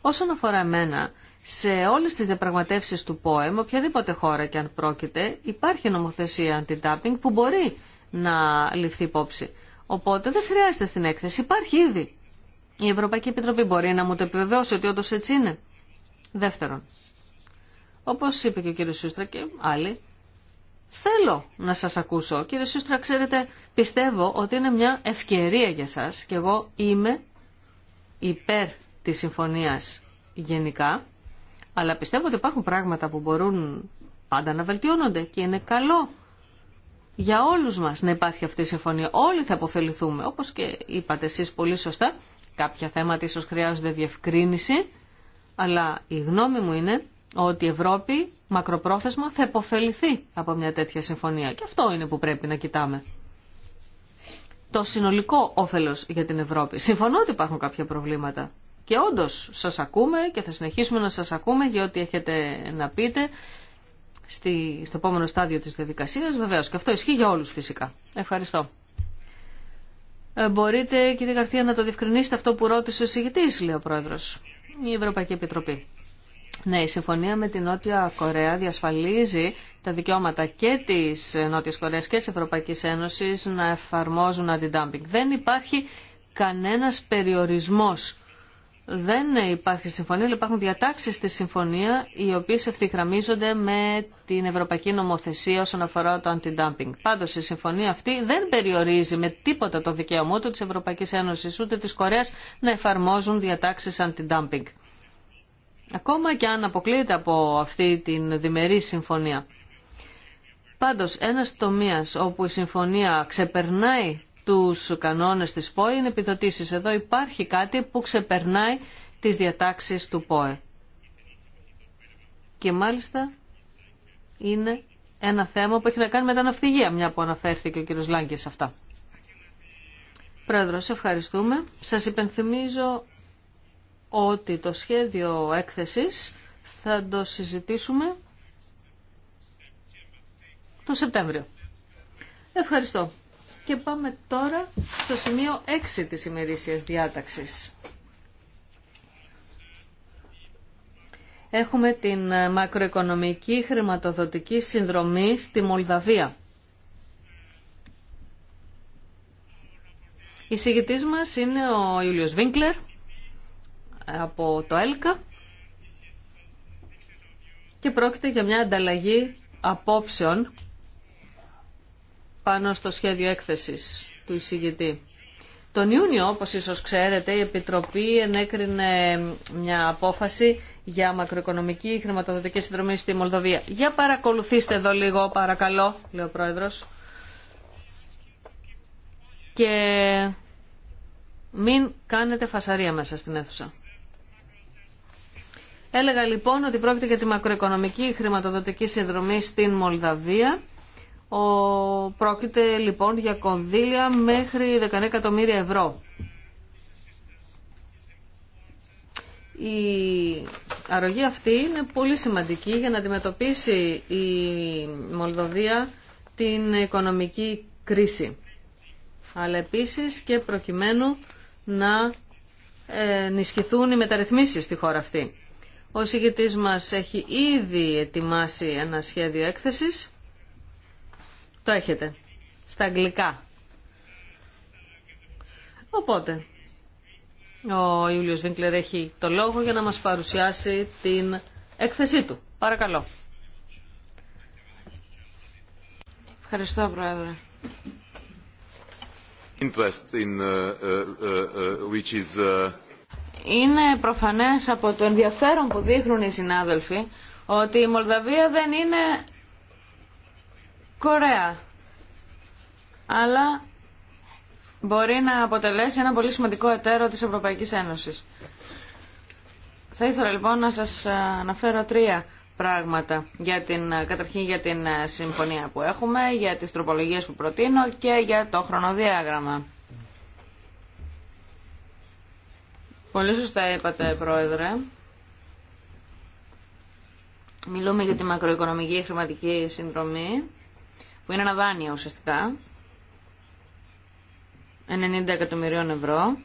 Όσον αφορά εμένα, σε όλες τις διαπραγματεύσεις του ΠΟΕΜ, οποιαδήποτε χώρα και αν πρόκειται, υπάρχει νομοθεσία anti-dumping που μπορεί να ληφθεί υπόψη. Οπότε δεν χρειάζεται στην έκθεση, υπάρχει ήδη. Η Ευρωπαϊκή Επιτροπή μπορεί να μου το επιβεβαιώσει ότι όντω έτσι είναι. Δεύτερον, όπως είπε και ο κύριο Σούστρα και άλλοι, θέλω να σα ακούσω. Κύριε Σούστρα, ξέρετε, πιστεύω ότι είναι μια ευκαιρία για σας και εγώ είμαι υπέρ τη συμφωνία γενικά, αλλά πιστεύω ότι υπάρχουν πράγματα που μπορούν πάντα να βελτιώνονται και είναι καλό για όλους μας να υπάρχει αυτή η συμφωνία. Όλοι θα αποφεληθούμε, όπως και είπατε εσείς πολύ σωστά, κάποια θέματα ίσως χρειάζονται διευκρίνηση, αλλά η γνώμη μου είναι ότι η Ευρώπη μακροπρόθεσμα θα υποφεληθεί από μια τέτοια συμφωνία. Και αυτό είναι που πρέπει να κοιτάμε. Το συνολικό όφελος για την Ευρώπη. Συμφωνώ ότι υπάρχουν κάποια προβλήματα. Και όντως σας ακούμε και θα συνεχίσουμε να σας ακούμε για ό,τι έχετε να πείτε στη, στο επόμενο στάδιο της διαδικασίας. Βεβαίως και αυτό ισχύει για όλους φυσικά. Ευχαριστώ. Ε, μπορείτε, κύριε Γαρθία, να το διευκρινίσετε αυτό που ρώτησε ο συγητής, λέει ο Πρόεδρος, η Ευρωπαϊκή Επιτροπή. Ναι, η συμφωνία με την Νότια Κορέα διασφαλίζει τα δικαιώματα και της Νότιας Κορέας και της Ευρωπαϊκής Ένωσης να εφαρμόζουν αντι-dumping. Δεν υπάρχει κανένας περιορισμός δεν υπάρχει συμφωνία, αλλά υπάρχουν διατάξει στη συμφωνία οι οποίες ευθυγραμμίζονται με την Ευρωπαϊκή Νομοθεσία όσον αφορά το αντι-dumping. Πάντως η συμφωνία αυτή δεν περιορίζει με τίποτα το δικαίωμα ούτε τη Ευρωπαϊκής Ένωσης ούτε τη Κορέας να εφαρμόζουν διατάξεις αντι-dumping. Ακόμα και αν αποκλείεται από αυτή την διμερή συμφωνία. Πάντως ένας τομέας όπου η συμφωνία ξεπερνάει τους κανόνες της ΠΟΕ είναι επιδοτήσεις. Εδώ υπάρχει κάτι που ξεπερνάει τις διατάξεις του ΠΟΕ. Και μάλιστα είναι ένα θέμα που έχει να κάνει με τα ναυπηγεία, μια που αναφέρθηκε ο κύριος Λάγκη σε αυτά. Πρόεδρος, ευχαριστούμε. Σας υπενθυμίζω ότι το σχέδιο έκθεσης θα το συζητήσουμε το Σεπτέμβριο. Ευχαριστώ. Και πάμε τώρα στο σημείο 6 της ημερήσιας διάταξης. Έχουμε την ε, μακροοικονομική χρηματοδοτική συνδρομή στη Μολδαβία. Η συγητής μας είναι ο Ιούλιος Βίνκλερ από το ΕΛΚΑ και πρόκειται για μια ανταλλαγή απόψεων πάνω στο σχέδιο έκθεσης του εισηγητή. Τον Ιούνιο, όπως ίσως ξέρετε, η Επιτροπή ενέκρινε μια απόφαση για μακροοικονομική χρηματοδοτική συνδρομή στη Μολδοβία. Για παρακολουθήστε εδώ λίγο, παρακαλώ, λέει ο Πρόεδρος. Και μην κάνετε φασαρία μέσα στην αίθουσα. Έλεγα λοιπόν ότι πρόκειται για τη μακροοικονομική χρηματοδοτική συνδρομή στην Μολδαβία ο, πρόκειται λοιπόν για κονδύλια μέχρι 19 εκατομμύρια ευρώ. Η αρρωγή αυτή είναι πολύ σημαντική για να αντιμετωπίσει η Μολδοβία την οικονομική κρίση. Αλλά επίσης και προκειμένου να ε, ενισχυθούν οι μεταρρυθμίσεις στη χώρα αυτή. Ο συγκεκριτής μας έχει ήδη ετοιμάσει ένα σχέδιο έκθεσης το έχετε. Στα αγγλικά. Οπότε, ο Ιούλιος Βίνκλερ έχει το λόγο για να μας παρουσιάσει την έκθεσή του. Παρακαλώ. Ευχαριστώ, Πρόεδρε. Uh, uh, uh, είναι προφανές από το ενδιαφέρον που δείχνουν οι συνάδελφοι ότι η Μολδαβία δεν είναι Κορέα. Αλλά μπορεί να αποτελέσει ένα πολύ σημαντικό εταίρο της Ευρωπαϊκής Ένωσης. Θα ήθελα λοιπόν να σας ε, αναφέρω τρία πράγματα για την, ε, καταρχήν για την ε, συμφωνία που έχουμε, για τις τροπολογίες που προτείνω και για το χρονοδιάγραμμα. Πολύ σωστά είπατε, Πρόεδρε. Μιλούμε για τη μακροοικονομική χρηματική συνδρομή που είναι ένα δάνειο ουσιαστικά, 90 εκατομμυρίων ευρώ,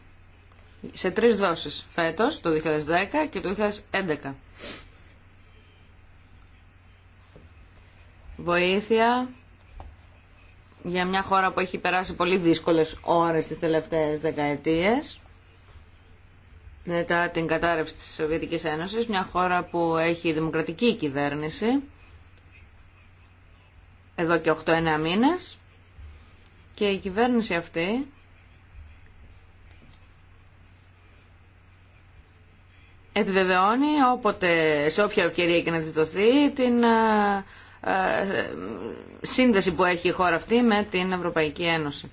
σε τρεις δόσεις, φέτος, το 2010 και το 2011. Βοήθεια για μια χώρα που έχει περάσει πολύ δύσκολες ώρες τις τελευταίες δεκαετίες μετά την κατάρρευση της Σοβιετικής Ένωσης, μια χώρα που έχει δημοκρατική κυβέρνηση εδώ και 8-9 μήνες και η κυβέρνηση αυτή επιβεβαιώνει όποτε, σε όποια ευκαιρία και να της δοθεί την ε, ε, σύνδεση που έχει η χώρα αυτή με την Ευρωπαϊκή Ένωση.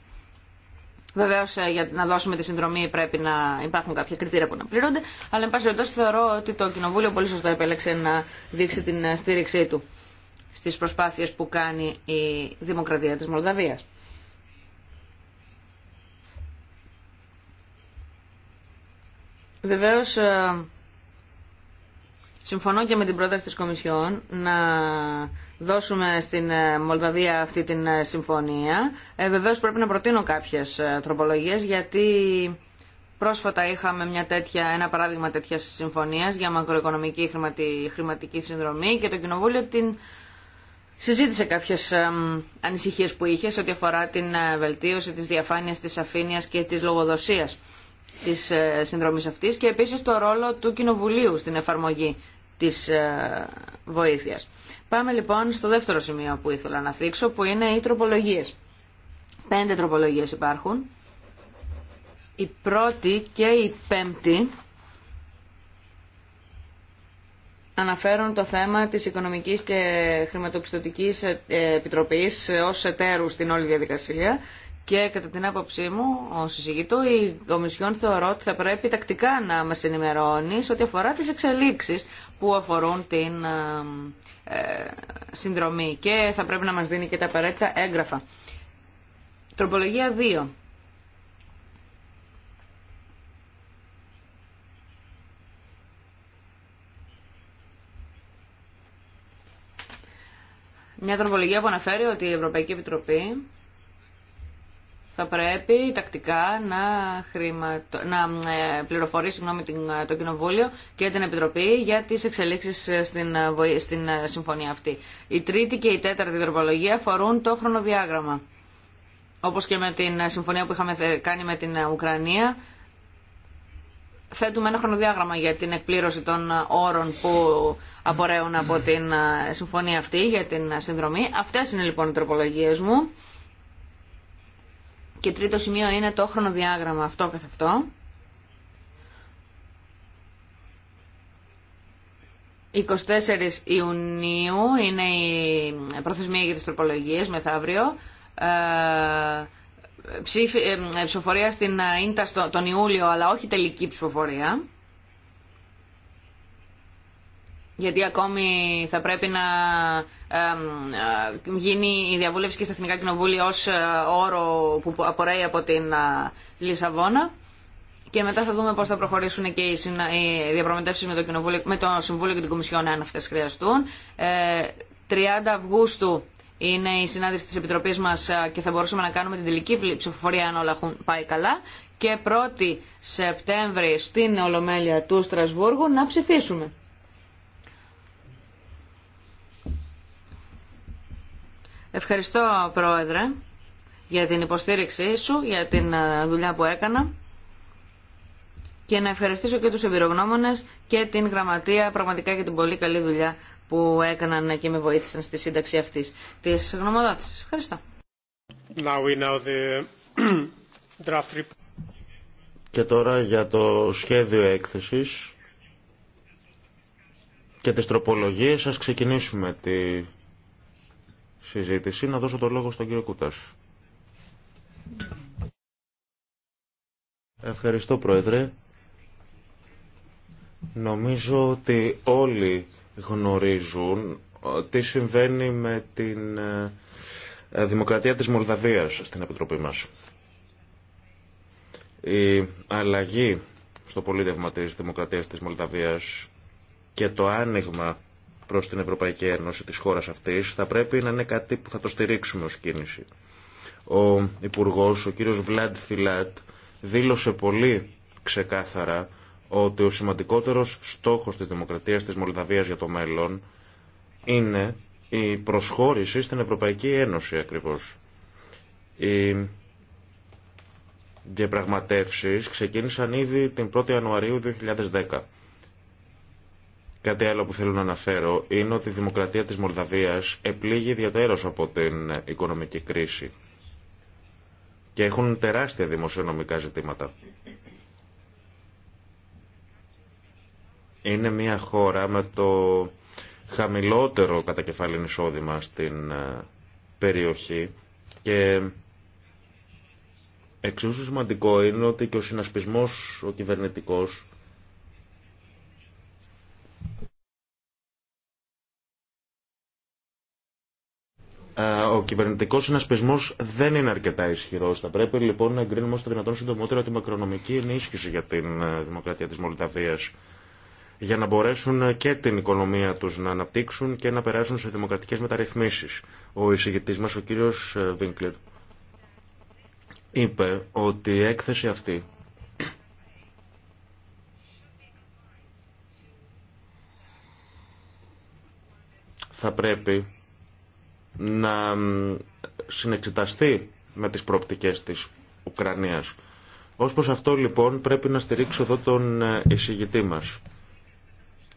Βεβαίω, ε, για να δώσουμε τη συνδρομή πρέπει να υπάρχουν κάποια κριτήρια που να πληρώνται αλλά εν πάση περιπτώσει θεωρώ ότι το Κοινοβούλιο πολύ σωστά επέλεξε να δείξει την στήριξή του στις προσπάθειες που κάνει η Δημοκρατία της Μολδαβίας. Βεβαίως, ε, συμφωνώ και με την πρόταση της Κομισιόν να δώσουμε στην ε, Μολδαβία αυτή την ε, συμφωνία. Ε, βεβαίως πρέπει να προτείνω κάποιες τροπολογίες γιατί πρόσφατα είχαμε μια τέτοια, ένα παράδειγμα τέτοιας συμφωνίας για μακροοικονομική χρηματική, χρηματική συνδρομή και το Κοινοβούλιο την συζήτησε κάποιε ανησυχίε που είχε σε ό,τι αφορά την ε, βελτίωση της διαφάνεια, τη αφήνεια και της λογοδοσία της ε, συνδρομής αυτή και επίσης το ρόλο του Κοινοβουλίου στην εφαρμογή της ε, βοήθειας. Πάμε λοιπόν στο δεύτερο σημείο που ήθελα να θίξω που είναι οι τροπολογίε. Πέντε τροπολογίες υπάρχουν. Η πρώτη και η πέμπτη αναφέρουν το θέμα της Οικονομικής και Χρηματοπιστωτικής ε, Επιτροπής ως εταίρου στην όλη διαδικασία και κατά την άποψή μου, ω συζητητού, η Κομισιόν θεωρώ ότι θα πρέπει τακτικά να μας ενημερώνει σε ό,τι αφορά τις εξελίξεις που αφορούν την ε, ε, συνδρομή και θα πρέπει να μας δίνει και τα απαραίτητα έγγραφα. Τροπολογία 2. Μια τροπολογία που αναφέρει ότι η Ευρωπαϊκή Επιτροπή θα πρέπει τακτικά να, χρηματο... να ε, πληροφορεί συγγνώμη, ε, το Κοινοβούλιο και την Επιτροπή για τις εξελίξεις ε, στην, στην συμφωνία αυτή. Η τρίτη και η τέταρτη τροπολογία αφορούν το χρονοδιάγραμμα. Όπως και με την συμφωνία που είχαμε κάνει με την Ουκρανία, θέτουμε ένα χρονοδιάγραμμα για την εκπλήρωση των όρων που απορρέουν από την συμφωνία αυτή για την συνδρομή. Αυτές είναι λοιπόν οι τροπολογίες μου. Και τρίτο σημείο είναι το χρονοδιάγραμμα αυτό καθ' αυτό. 24 Ιουνίου είναι η προθεσμία για τις τροπολογίες μεθαύριο. Ε, ε ψηφοφορία στην ΙΝΤΑ τον Ιούλιο, αλλά όχι τελική ψηφοφορία γιατί ακόμη θα πρέπει να γίνει η διαβούλευση και στα Εθνικά Κοινοβούλια ως ε, όρο που απορρέει από την Λισαβόνα και μετά θα δούμε πώς θα προχωρήσουν και οι διαπραγματεύσεις με το, Κοινοβούλιο, με το Συμβούλιο και την Κομισιόν αν αυτές χρειαστούν. 30 ε, Αυγούστου είναι η συνάντηση της Επιτροπής μας και θα μπορούσαμε να κάνουμε την τελική ψηφοφορία αν όλα έχουν πάει καλά και 1η Σεπτέμβρη στην Ολομέλεια του Στρασβούργου να ψηφίσουμε. Ευχαριστώ, Πρόεδρε, για την υποστήριξή σου, για την ε, δουλειά που έκανα και να ευχαριστήσω και τους εμπειρογνώμονες και την γραμματεία πραγματικά για την πολύ καλή δουλειά που έκαναν και με βοήθησαν στη σύνταξη αυτής της γνωμοδότησης. Ευχαριστώ. και τώρα για το σχέδιο έκθεσης και τις τροπολογίες σας ξεκινήσουμε τη συζήτηση να δώσω το λόγο στον κύριο Κούτας. Ευχαριστώ Πρόεδρε. Νομίζω ότι όλοι γνωρίζουν τι συμβαίνει με την ε, δημοκρατία της Μολδαβίας στην Επιτροπή μας. Η αλλαγή στο πολίτευμα της δημοκρατίας της Μολδαβίας και το άνοιγμα Προ την Ευρωπαϊκή Ένωση τη χώρα αυτή θα πρέπει να είναι κάτι που θα το στηρίξουμε ω κίνηση. Ο υπουργό, ο κύριος Βλάντ Φιλάτ, δήλωσε πολύ ξεκάθαρα ότι ο σημαντικότερος στόχος της δημοκρατίας της μολδαβία για το μέλλον είναι η προσχώρηση στην Ευρωπαϊκή Ένωση ακριβώς. Οι διαπραγματεύσει ξεκίνησαν ήδη την 1η Ιανουαρίου 2010 Κάτι άλλο που θέλω να αναφέρω είναι ότι η δημοκρατία της Μολδαβίας επλήγει ιδιαίτερως από την οικονομική κρίση και έχουν τεράστια δημοσιονομικά ζητήματα. Είναι μια χώρα με το χαμηλότερο κατά εισόδημα στην ε, περιοχή και εξίσου σημαντικό είναι ότι και ο συνασπισμός ο κυβερνητικός Ε, ο κυβερνητικό συνασπισμό δεν είναι αρκετά ισχυρό. Θα πρέπει λοιπόν να εγκρίνουμε όσο το δυνατόν συντομότερα τη μακρονομική ενίσχυση για την ε, δημοκρατία τη Μολδαβία. Για να μπορέσουν και την οικονομία του να αναπτύξουν και να περάσουν σε δημοκρατικέ μεταρρυθμίσει. Ο εισηγητή μα, ο κύριο ε, Βίνκλερ, είπε ότι η έκθεση αυτή θα πρέπει να συνεξεταστεί με τις προοπτικές της Ουκρανίας. Ως προς αυτό λοιπόν πρέπει να στηρίξω εδώ τον ε, εισηγητή μας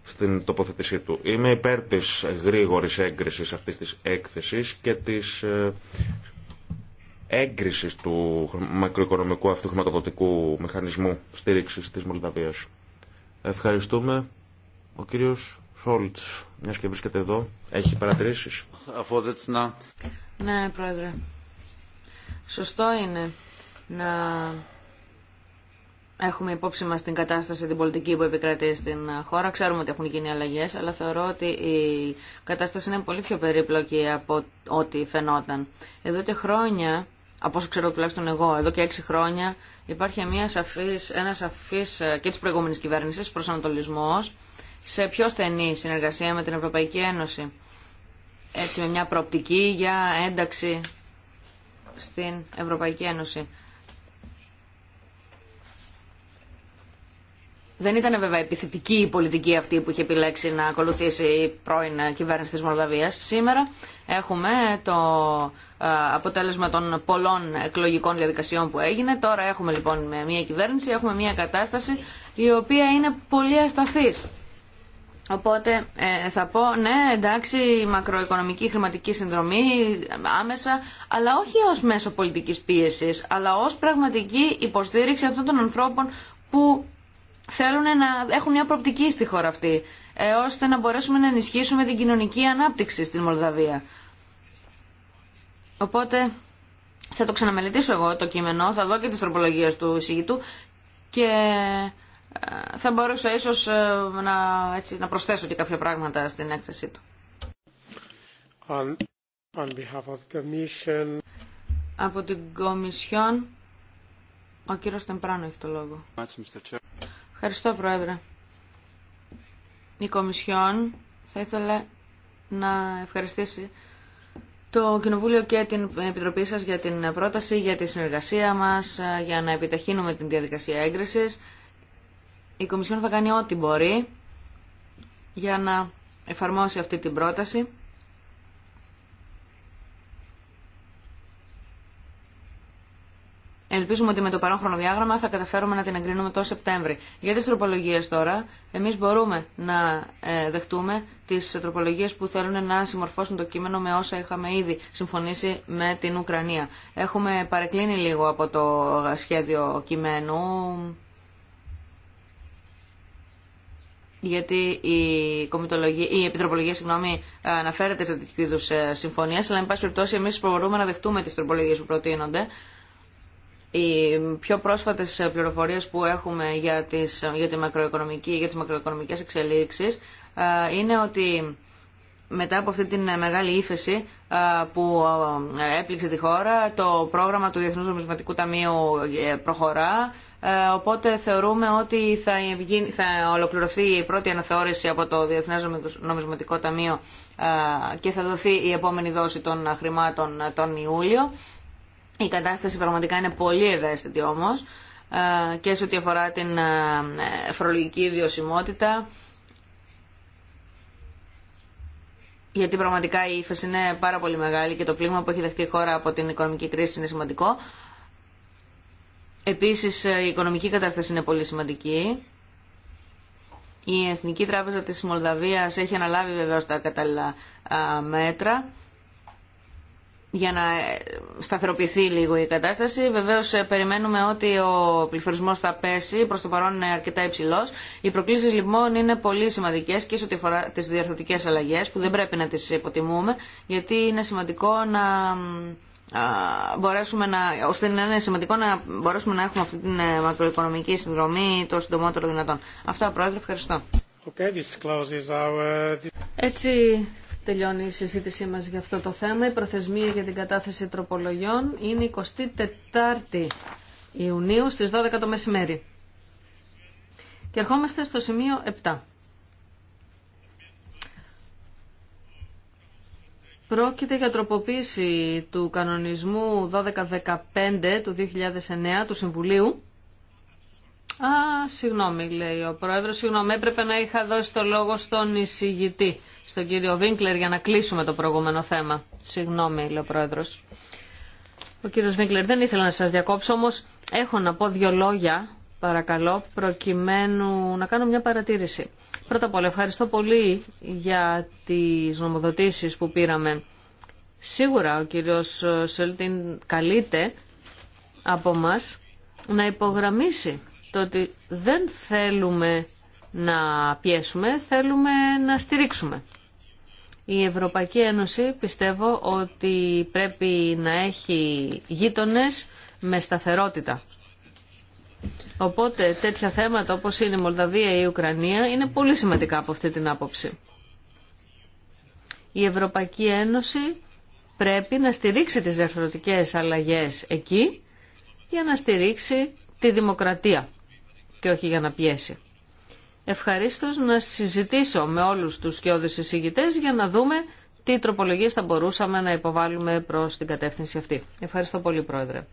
στην τοποθετησή του. Είμαι υπέρ της γρήγορης έγκρισης αυτής της έκθεσης και της ε, έγκρισης του μακροοικονομικού αυτού μηχανισμού στήριξης της Μολδαβίας. Ευχαριστούμε. Ο κύριος Σόλτς, μιας και βρίσκεται εδώ, έχει παρατηρήσεις. Ναι, Πρόεδρε. Σωστό είναι να έχουμε υπόψη μας την κατάσταση, την πολιτική που επικρατεί στην χώρα. Ξέρουμε ότι έχουν γίνει αλλαγές, αλλά θεωρώ ότι η κατάσταση είναι πολύ πιο περίπλοκη από ό,τι φαινόταν. Εδώ και χρόνια, από όσο ξέρω τουλάχιστον εγώ, εδώ και έξι χρόνια, υπάρχει ένα σαφής ε, και της προηγούμενης κυβέρνησης προσανατολισμός σε πιο στενή συνεργασία με την Ευρωπαϊκή Ένωση. Έτσι με μια προοπτική για ένταξη στην Ευρωπαϊκή Ένωση. Δεν ήταν βέβαια επιθετική η πολιτική αυτή που είχε επιλέξει να ακολουθήσει η πρώην κυβέρνηση της Μολδαβίας. Σήμερα έχουμε το ε, αποτέλεσμα των πολλών εκλογικών διαδικασιών που έγινε. Τώρα έχουμε λοιπόν μια κυβέρνηση, έχουμε μια κατάσταση η οποία είναι πολύ ασταθής. Οπότε ε, θα πω, ναι, εντάξει, η μακροοικονομική χρηματική συνδρομή άμεσα, αλλά όχι ως μέσο πολιτικής πίεσης, αλλά ως πραγματική υποστήριξη αυτών των ανθρώπων που θέλουν να έχουν μια προοπτική στη χώρα αυτή, ε, ώστε να μπορέσουμε να ενισχύσουμε την κοινωνική ανάπτυξη στην Μολδαβία. Οπότε θα το ξαναμελετήσω εγώ το κείμενο, θα δω και τις τροπολογίες του εισηγητού και θα μπορούσα ίσως ε, να, έτσι, να προσθέσω και κάποια πράγματα στην έκθεσή του. Από την Κομισιόν, ο κύριος Τεμπράνο έχει το λόγο. Ευχαριστώ, Πρόεδρε. Η Κομισιόν θα ήθελε να ευχαριστήσει το Κοινοβούλιο και την Επιτροπή σας για την πρόταση, για τη συνεργασία μας, ε, για να επιταχύνουμε την διαδικασία έγκρισης. Η Κομισιόν θα κάνει ό,τι μπορεί για να εφαρμόσει αυτή την πρόταση. Ελπίζουμε ότι με το παρόν χρονοδιάγραμμα θα καταφέρουμε να την εγκρίνουμε το Σεπτέμβρη. Για τις τροπολογίες τώρα, εμείς μπορούμε να ε, δεχτούμε τις τροπολογίες που θέλουν να συμμορφώσουν το κείμενο με όσα είχαμε ήδη συμφωνήσει με την Ουκρανία. Έχουμε παρεκκλίνει λίγο από το σχέδιο κειμένου γιατί η, η Επιτροπολογία συγγνώμη, αναφέρεται σε τέτοιου είδου ε, συμφωνίε, αλλά, εν πάση περιπτώσει, εμεί προχωρούμε να δεχτούμε τι τροπολογίε που προτείνονται. Οι πιο πρόσφατε πληροφορίε που έχουμε για, τις, για, τη μακροοικονομική, για τις μακροοικονομικές εξελίξεις ε, είναι ότι μετά από αυτή την μεγάλη ύφεση ε, που έπληξε τη χώρα, το πρόγραμμα του Διεθνούς Νομισματικού Ταμείου προχωρά, ε, οπότε θεωρούμε ότι θα, θα ολοκληρωθεί η πρώτη αναθεώρηση από το Διεθνές Νομισματικό Ταμείο ε, και θα δοθεί η επόμενη δόση των χρημάτων ε, τον Ιούλιο. Η κατάσταση πραγματικά είναι πολύ ευαίσθητη όμως και σε ό,τι αφορά την φορολογική βιωσιμότητα γιατί πραγματικά η ύφεση είναι πάρα πολύ μεγάλη και το πλήγμα που έχει δεχτεί η χώρα από την οικονομική κρίση είναι σημαντικό. Επίσης ε, η οικονομική κατάσταση είναι πολύ σημαντική. Η Εθνική Τράπεζα της Μολδαβίας έχει αναλάβει βεβαίω τα κατάλληλα μέτρα για να ε, σταθεροποιηθεί λίγο η κατάσταση. Βεβαίως ε, περιμένουμε ότι ο πληθωρισμός θα πέσει, προς το παρόν είναι αρκετά υψηλός. Οι προκλήσεις λοιπόν είναι πολύ σημαντικές και σε ό,τι αφορά τις διορθωτικές αλλαγές που δεν πρέπει να τις υποτιμούμε γιατί είναι σημαντικό να μπορέσουμε να, ώστε να είναι σημαντικό να μπορέσουμε να έχουμε αυτή την ε, μακροοικονομική συνδρομή το συντομότερο δυνατόν. Αυτά, Πρόεδρε, ευχαριστώ. Okay, this our... Uh, Έτσι τελειώνει η συζήτησή μας για αυτό το θέμα. Η προθεσμία για την κατάθεση τροπολογιών είναι 24 24η Ιουνίου στις 12 το μεσημέρι. Και ερχόμαστε στο σημείο 7. Πρόκειται για τροποποίηση του κανονισμού 1215 του 2009 του Συμβουλίου. Α, συγγνώμη, λέει ο πρόεδρο, συγγνώμη, έπρεπε να είχα δώσει το λόγο στον εισηγητή, στον κύριο Βίνκλερ, για να κλείσουμε το προηγούμενο θέμα. Συγγνώμη, λέει ο Πρόεδρο. Ο κύριος Βίνκλερ δεν ήθελα να σας διακόψω, όμω, έχω να πω δύο λόγια παρακαλώ, προκειμένου να κάνω μια παρατήρηση. Πρώτα απ' όλα, ευχαριστώ πολύ για τις νομοδοτήσεις που πήραμε. Σίγουρα ο κύριος Σελτίν καλείται από μας να υπογραμμίσει το ότι δεν θέλουμε να πιέσουμε, θέλουμε να στηρίξουμε. Η Ευρωπαϊκή Ένωση πιστεύω ότι πρέπει να έχει γείτονες με σταθερότητα. Οπότε τέτοια θέματα όπως είναι η Μολδαβία ή η Ουκρανία είναι πολύ σημαντικά από αυτή την άποψη. Η Ευρωπαϊκή Ένωση πρέπει να στηρίξει τις διαφορετικές αλλαγές εκεί για να στηρίξει τη δημοκρατία και όχι για να πιέσει. Ευχαρίστω να συζητήσω με όλους τους σκιώδους εισηγητές για να δούμε τι τροπολογίες θα μπορούσαμε να υποβάλουμε προς την κατεύθυνση αυτή. Ευχαριστώ πολύ Πρόεδρε.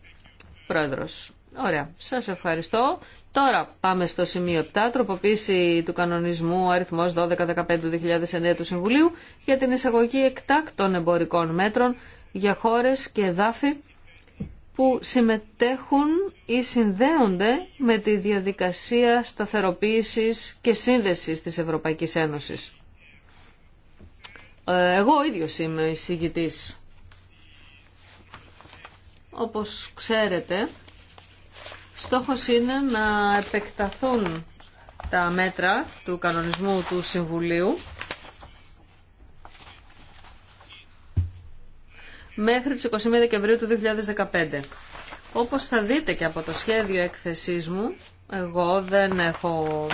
Πρόεδρος. Ωραία, σας ευχαριστώ. Τώρα πάμε στο σημείο 7, τροποποίηση του κανονισμού αριθμός 1215 2009 του Συμβουλίου για την εισαγωγή εκτάκτων εμπορικών μέτρων για χώρες και εδάφη που συμμετέχουν ή συνδέονται με τη διαδικασία σταθεροποίησης και σύνδεσης τη Ευρωπαϊκή Ένωσης. Ε, εγώ ίδιος είμαι εισηγητής. Όπως ξέρετε, Στόχος είναι να επεκταθούν τα μέτρα του κανονισμού του Συμβουλίου μέχρι τις 21 Δεκεμβρίου του 2015. Όπως θα δείτε και από το σχέδιο έκθεσής μου, εγώ δεν έχω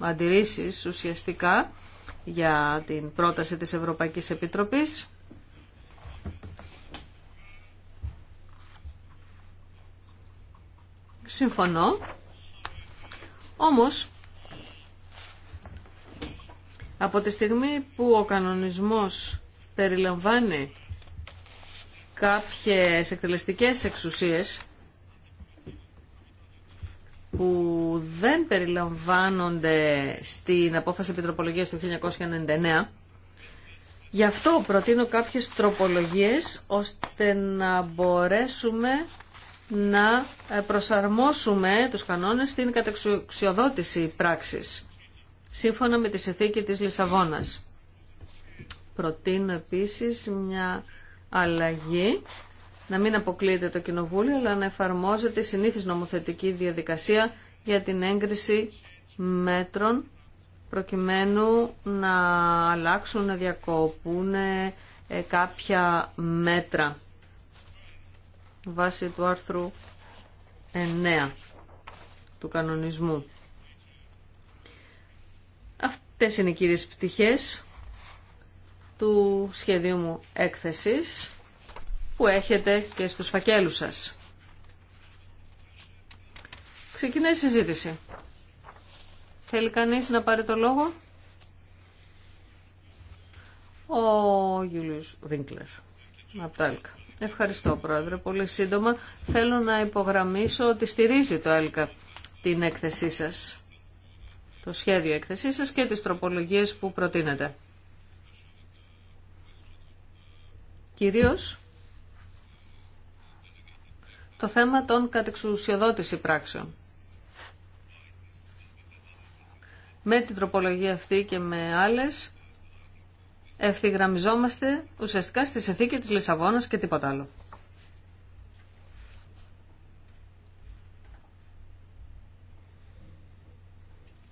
αντιρρήσεις ουσιαστικά για την πρόταση της Ευρωπαϊκής Επιτροπής. συμφωνώ. Όμως, από τη στιγμή που ο κανονισμός περιλαμβάνει κάποιες εκτελεστικές εξουσίες που δεν περιλαμβάνονται στην απόφαση επιτροπολογίας του 1999, γι' αυτό προτείνω κάποιες τροπολογίες ώστε να μπορέσουμε να ε, προσαρμόσουμε τους κανόνες στην κατεξοδότηση πράξης, σύμφωνα με τη συνθήκη της Λισαβόνας. Προτείνω επίσης μια αλλαγή, να μην αποκλείεται το Κοινοβούλιο, αλλά να εφαρμόζεται η συνήθις νομοθετική διαδικασία για την έγκριση μέτρων προκειμένου να αλλάξουν, να διακόπουν ε, κάποια μέτρα βάσει του άρθρου 9 του κανονισμού. Αυτές είναι οι κύριες πτυχές του σχεδίου μου έκθεσης που έχετε και στους φακέλους σας. Ξεκινάει η συζήτηση. Θέλει κανείς να πάρει το λόγο. Ο Γιούλιος Βίνκλερ Να τα Ευχαριστώ Πρόεδρε. Πολύ σύντομα θέλω να υπογραμμίσω ότι στηρίζει το ΕΛΚΑ την έκθεσή σας, το σχέδιο έκθεσή σας και τις τροπολογίες που προτείνετε. Κυρίως το θέμα των κατεξουσιοδότηση πράξεων. Με την τροπολογία αυτή και με άλλες ευθυγραμμιζόμαστε ουσιαστικά στη συνθήκη της Λισαβόνας και τίποτα άλλο.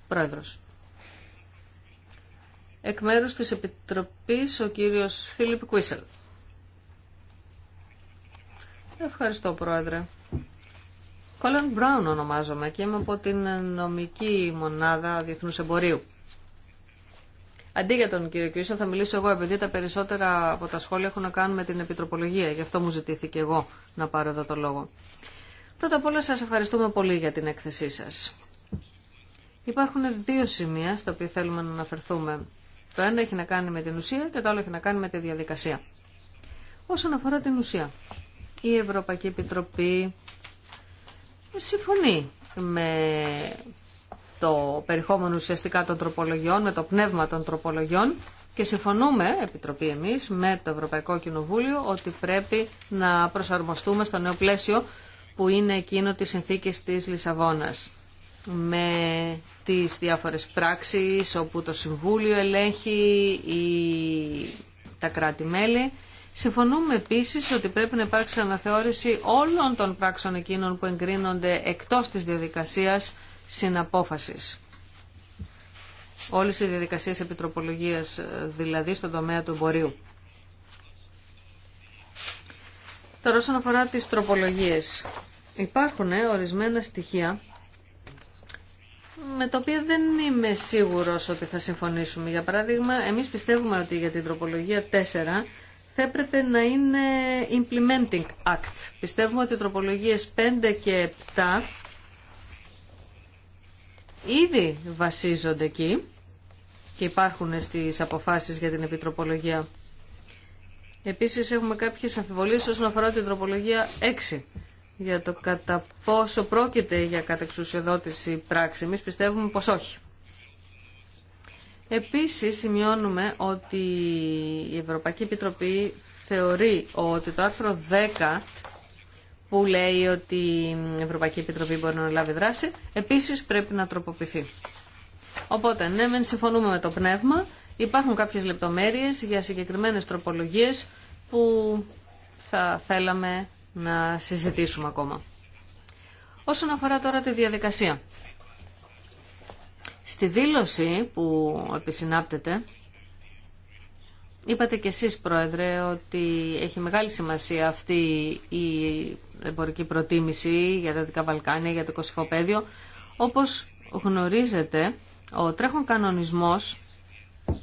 Πρόεδρος. Εκ μέρους της Επιτροπής, ο κύριος Φίλιπ Κουίσελ. Ευχαριστώ, Πρόεδρε. Κόλεν Μπράουν ονομάζομαι και είμαι από την νομική μονάδα Διεθνούς Εμπορίου. Αντί για τον κύριο Κιούσο θα μιλήσω εγώ επειδή τα περισσότερα από τα σχόλια έχουν να κάνουν με την επιτροπολογία. Γι' αυτό μου ζητήθηκε εγώ να πάρω εδώ το λόγο. Πρώτα απ' όλα σας ευχαριστούμε πολύ για την έκθεσή σας. Υπάρχουν δύο σημεία στα οποία θέλουμε να αναφερθούμε. Το ένα έχει να κάνει με την ουσία και το άλλο έχει να κάνει με τη διαδικασία. Όσον αφορά την ουσία, η Ευρωπαϊκή Επιτροπή συμφωνεί με το περιεχόμενο ουσιαστικά των τροπολογιών, με το πνεύμα των τροπολογιών και συμφωνούμε, Επιτροπή εμείς, με το Ευρωπαϊκό Κοινοβούλιο ότι πρέπει να προσαρμοστούμε στο νέο πλαίσιο που είναι εκείνο της συνθήκης της Λισαβόνας με τις διάφορες πράξεις όπου το Συμβούλιο ελέγχει η... τα κράτη-μέλη. Συμφωνούμε επίσης ότι πρέπει να υπάρξει αναθεώρηση όλων των πράξεων εκείνων που εγκρίνονται εκτός της διαδικασίας συναπόφασης. Όλες οι διαδικασίες επιτροπολογίας, ε, δηλαδή στον τομέα του εμπορίου. Τώρα όσον αφορά τις τροπολογίες, υπάρχουν ε, ορισμένα στοιχεία με τα οποία δεν είμαι σίγουρος ότι θα συμφωνήσουμε. Για παράδειγμα, εμείς πιστεύουμε ότι για την τροπολογία 4 θα έπρεπε να είναι implementing act. Πιστεύουμε ότι οι τροπολογίες 5 και 7 ήδη βασίζονται εκεί και υπάρχουν στις αποφάσεις για την επιτροπολογία. Επίσης έχουμε κάποιες αμφιβολίες όσον αφορά την τροπολογία 6 για το κατά πόσο πρόκειται για κατεξουσιοδότηση πράξη. Εμείς πιστεύουμε πως όχι. Επίσης σημειώνουμε ότι η Ευρωπαϊκή Επιτροπή θεωρεί ότι το άρθρο 10 που λέει ότι η Ευρωπαϊκή Επιτροπή μπορεί να λάβει δράση, επίσης πρέπει να τροποποιηθεί. Οπότε, ναι, μεν συμφωνούμε με το πνεύμα, υπάρχουν κάποιες λεπτομέρειες για συγκεκριμένες τροπολογίες που θα θέλαμε να συζητήσουμε ακόμα. Όσον αφορά τώρα τη διαδικασία. Στη δήλωση που επισυνάπτεται, είπατε κι εσείς Πρόεδρε ότι έχει μεγάλη σημασία αυτή η εμπορική προτίμηση για τα Δυτικά Βαλκάνια, για το Κωσυφοπαίδιο. Όπως γνωρίζετε, ο τρέχον κανονισμός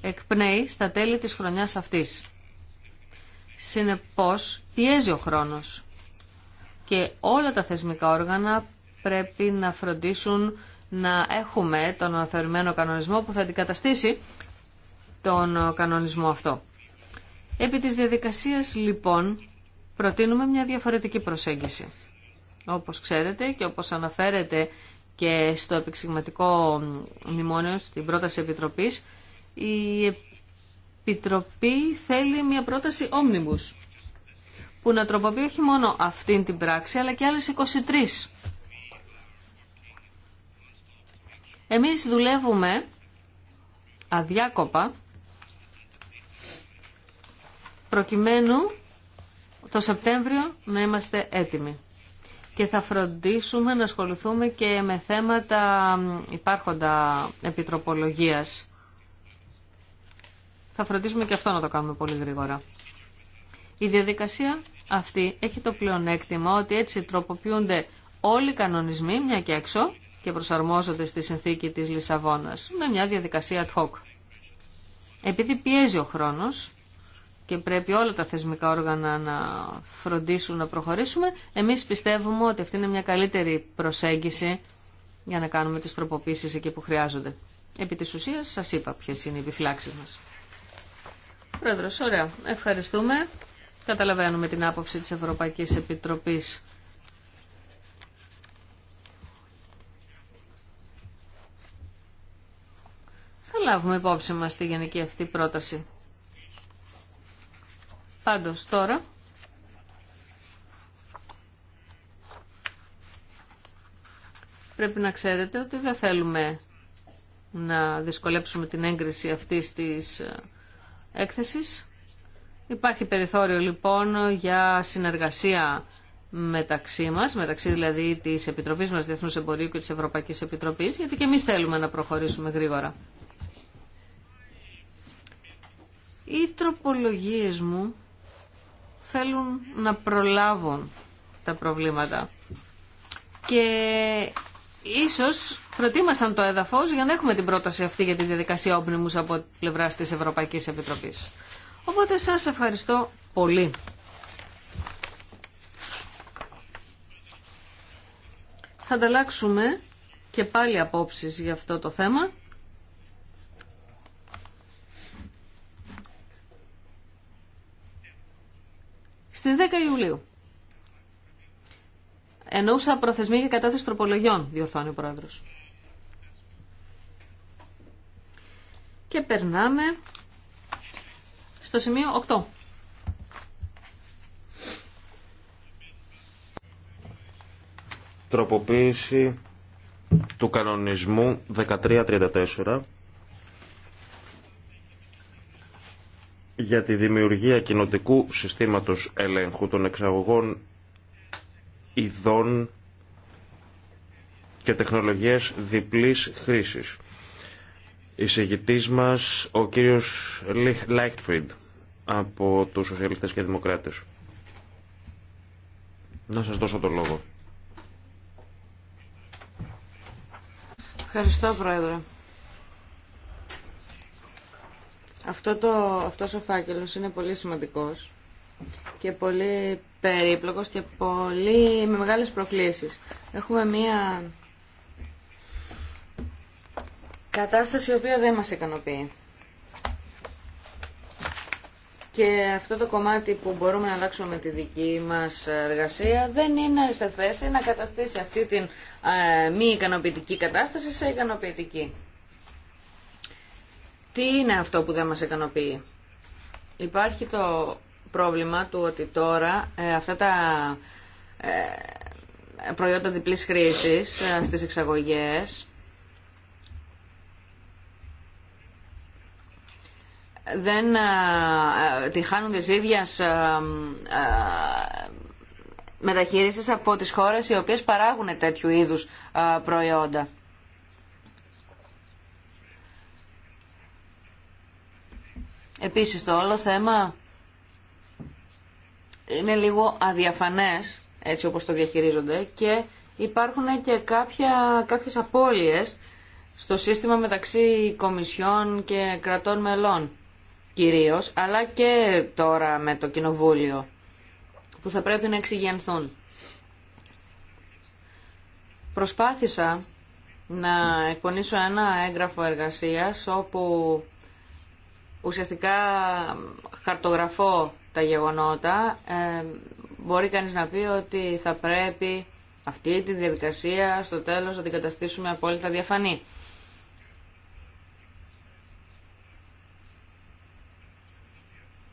εκπνέει στα τέλη της χρονιάς αυτής. Συνεπώς, πιέζει ο χρόνος και όλα τα θεσμικά όργανα πρέπει να φροντίσουν να έχουμε τον αναθεωρημένο κανονισμό που θα αντικαταστήσει τον κανονισμό αυτό. Επί της διαδικασίας λοιπόν προτείνουμε μια διαφορετική προσέγγιση. Όπως ξέρετε και όπως αναφέρεται και στο επεξηγηματικό μνημόνιο στην πρόταση Επιτροπής, η Επιτροπή θέλει μια πρόταση όμνιμους που να τροποποιεί όχι μόνο αυτήν την πράξη αλλά και άλλες 23. Εμείς δουλεύουμε αδιάκοπα προκειμένου το Σεπτέμβριο να είμαστε έτοιμοι. Και θα φροντίσουμε να ασχοληθούμε και με θέματα υπάρχοντα επιτροπολογίας. Θα φροντίσουμε και αυτό να το κάνουμε πολύ γρήγορα. Η διαδικασία αυτή έχει το πλεονέκτημα ότι έτσι τροποποιούνται όλοι οι κανονισμοί, μια και έξω, και προσαρμόζονται στη συνθήκη της Λισαβόνας, με μια διαδικασία ad hoc. Επειδή πιέζει ο χρόνος, και πρέπει όλα τα θεσμικά όργανα να φροντίσουν να προχωρήσουμε, εμείς πιστεύουμε ότι αυτή είναι μια καλύτερη προσέγγιση για να κάνουμε τις τροποποίησεις εκεί που χρειάζονται. Επί της ουσίας σας είπα ποιες είναι οι επιφυλάξεις μας. Πρόεδρος, ωραία. Ευχαριστούμε. Καταλαβαίνουμε την άποψη της Ευρωπαϊκής Επιτροπής. Θα λάβουμε υπόψη μας τη γενική αυτή πρόταση. Πάντως τώρα πρέπει να ξέρετε ότι δεν θέλουμε να δυσκολέψουμε την έγκριση αυτής της ε, έκθεσης. Υπάρχει περιθώριο λοιπόν για συνεργασία μεταξύ μας, μεταξύ δηλαδή της Επιτροπής μας Διεθνούς Εμπορίου και της Ευρωπαϊκής Επιτροπής, γιατί και εμείς θέλουμε να προχωρήσουμε γρήγορα. Οι τροπολογίες μου θέλουν να προλάβουν τα προβλήματα. Και ίσως προτίμασαν το έδαφος για να έχουμε την πρόταση αυτή για τη διαδικασία όμπνιμους από πλευρά της Ευρωπαϊκής Επιτροπής. Οπότε σας ευχαριστώ πολύ. Θα ανταλλάξουμε και πάλι απόψεις για αυτό το θέμα. Στι 10 Ιουλίου. Εννοούσα προθεσμία για κατάθεση τροπολογιών, διορθώνει ο Πρόεδρος. Και περνάμε στο σημείο 8. Τροποποίηση του κανονισμού 1334 για τη δημιουργία κοινοτικού συστήματος ελέγχου των εξαγωγών ειδών και τεχνολογίες διπλής χρήσης. Εισηγητής μας ο κύριος Λάιχτφριντ από τους Σοσιαλιστές και Δημοκράτες. Να σας δώσω το λόγο. Ευχαριστώ Πρόεδρε. Αυτό το, αυτός ο φάκελος είναι πολύ σημαντικός και πολύ περίπλοκος και πολύ, με μεγάλες προκλήσεις. Έχουμε μία κατάσταση η οποία δεν μας ικανοποιεί. Και αυτό το κομμάτι που μπορούμε να αλλάξουμε με τη δική μας εργασία δεν είναι σε θέση να καταστήσει αυτή την ε, μη ικανοποιητική κατάσταση σε ικανοποιητική. Τι είναι αυτό που δεν μας ικανοποιεί. Υπάρχει το πρόβλημα του ότι τώρα ε, αυτά τα ε, προϊόντα διπλής χρήσης ε, στις εξαγωγές δεν ε, τη χάνουν της ίδιας μεταχείρισης από τις χώρες οι οποίες παράγουν τέτοιου είδους προϊόντα. Επίσης το όλο θέμα είναι λίγο αδιαφανές έτσι όπως το διαχειρίζονται και υπάρχουν και κάποια, κάποιες απώλειες στο σύστημα μεταξύ κομισιών και κρατών μελών κυρίως, αλλά και τώρα με το Κοινοβούλιο που θα πρέπει να εξηγενθούν. Προσπάθησα να εκπονήσω ένα έγγραφο εργασίας όπου ουσιαστικά χαρτογραφώ τα γεγονότα, ε, μπορεί κανείς να πει ότι θα πρέπει αυτή τη διαδικασία στο τέλος να την καταστήσουμε απόλυτα διαφανή.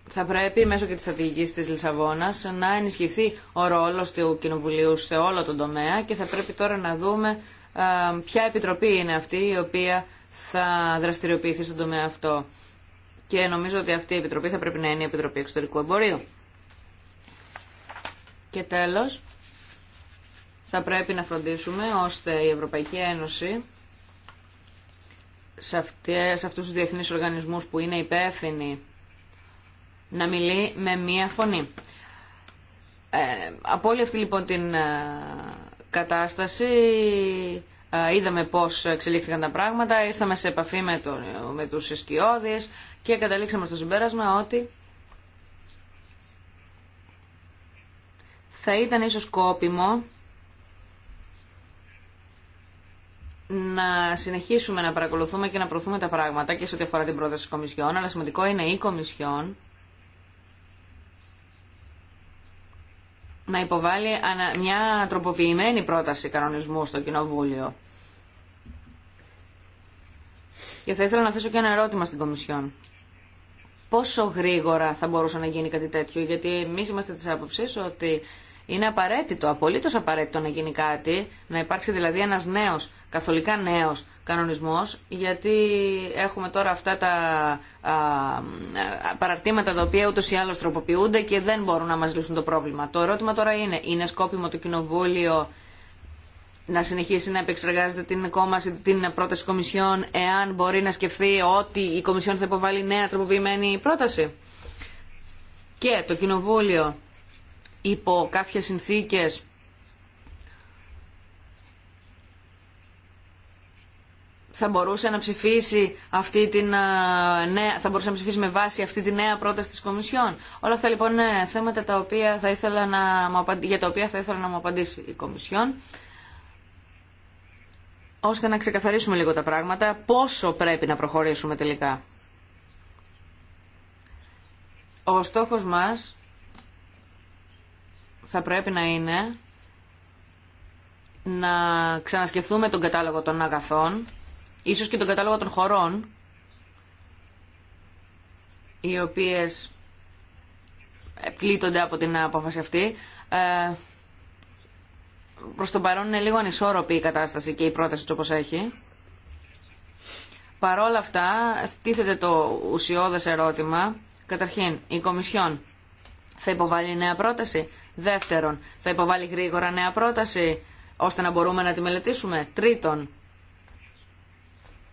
Θα πρέπει μέσω και της στρατηγικής της Λισαβόνας να ενισχυθεί ο ρόλος του Κοινοβουλίου σε όλο τον τομέα και θα πρέπει τώρα να δούμε ε, ποια επιτροπή είναι αυτή η οποία θα δραστηριοποιηθεί στον τομέα αυτό και νομίζω ότι αυτή η Επιτροπή θα πρέπει να είναι η Επιτροπή Εξωτερικού Εμπορίου. Και τέλος, θα πρέπει να φροντίσουμε ώστε η Ευρωπαϊκή Ένωση σε, αυτές, σε αυτούς τους διεθνείς οργανισμούς που είναι υπεύθυνοι να μιλεί με μία φωνή. Ε, από όλη αυτή λοιπόν την ε, κατάσταση ε, είδαμε πώς εξελίχθηκαν τα πράγματα, ήρθαμε σε επαφή με, το, με τους σκιώδεις και καταλήξαμε στο συμπέρασμα ότι θα ήταν ίσως κόπιμο να συνεχίσουμε να παρακολουθούμε και να προωθούμε τα πράγματα και σε ό,τι αφορά την πρόταση της Κομισιόν, αλλά σημαντικό είναι η Κομισιόν να υποβάλει μια τροποποιημένη πρόταση κανονισμού στο Κοινοβούλιο. Και θα ήθελα να θέσω και ένα ερώτημα στην Κομισιόν. Πόσο γρήγορα θα μπορούσε να γίνει κάτι τέτοιο, γιατί εμεί είμαστε τη άποψη ότι είναι απαραίτητο, απολύτω απαραίτητο να γίνει κάτι, να υπάρξει δηλαδή ένα νέο καθολικά νέος κανονισμός γιατί έχουμε τώρα αυτά τα α, παραρτήματα τα οποία ούτως ή άλλως τροποποιούνται και δεν μπορούν να μας λύσουν το πρόβλημα. Το ερώτημα τώρα είναι, είναι σκόπιμο το Κοινοβούλιο να συνεχίσει να επεξεργάζεται την, κόμαση, την πρόταση Κομισιόν εάν μπορεί να σκεφτεί ότι η Κομισιόν θα υποβάλει νέα τροποποιημένη πρόταση. Και το Κοινοβούλιο υπό κάποιες συνθήκες θα μπορούσε να ψηφίσει, αυτή την, ε, νέα, θα μπορούσε να ψηφίσει με βάση αυτή τη νέα πρόταση της Κομισιόν. Όλα αυτά λοιπόν είναι θέματα τα οποία θα ήθελα να για τα οποία θα ήθελα να μου απαντήσει η Κομισιόν ώστε να ξεκαθαρίσουμε λίγο τα πράγματα, πόσο πρέπει να προχωρήσουμε τελικά. Ο στόχος μας θα πρέπει να είναι να ξανασκεφτούμε τον κατάλογο των αγαθών ίσως και τον κατάλογο των χωρών, οι οποίες ε, πλήττονται από την απόφαση αυτή. Ε, προς τον παρόν είναι λίγο ανισόρροπη η κατάσταση και η πρόταση όπως έχει. Παρόλα αυτά, τίθεται το ουσιώδες ερώτημα. Καταρχήν, η Κομισιόν θα υποβάλει νέα πρόταση. Δεύτερον, θα υποβάλει γρήγορα νέα πρόταση, ώστε να μπορούμε να τη μελετήσουμε. Τρίτον,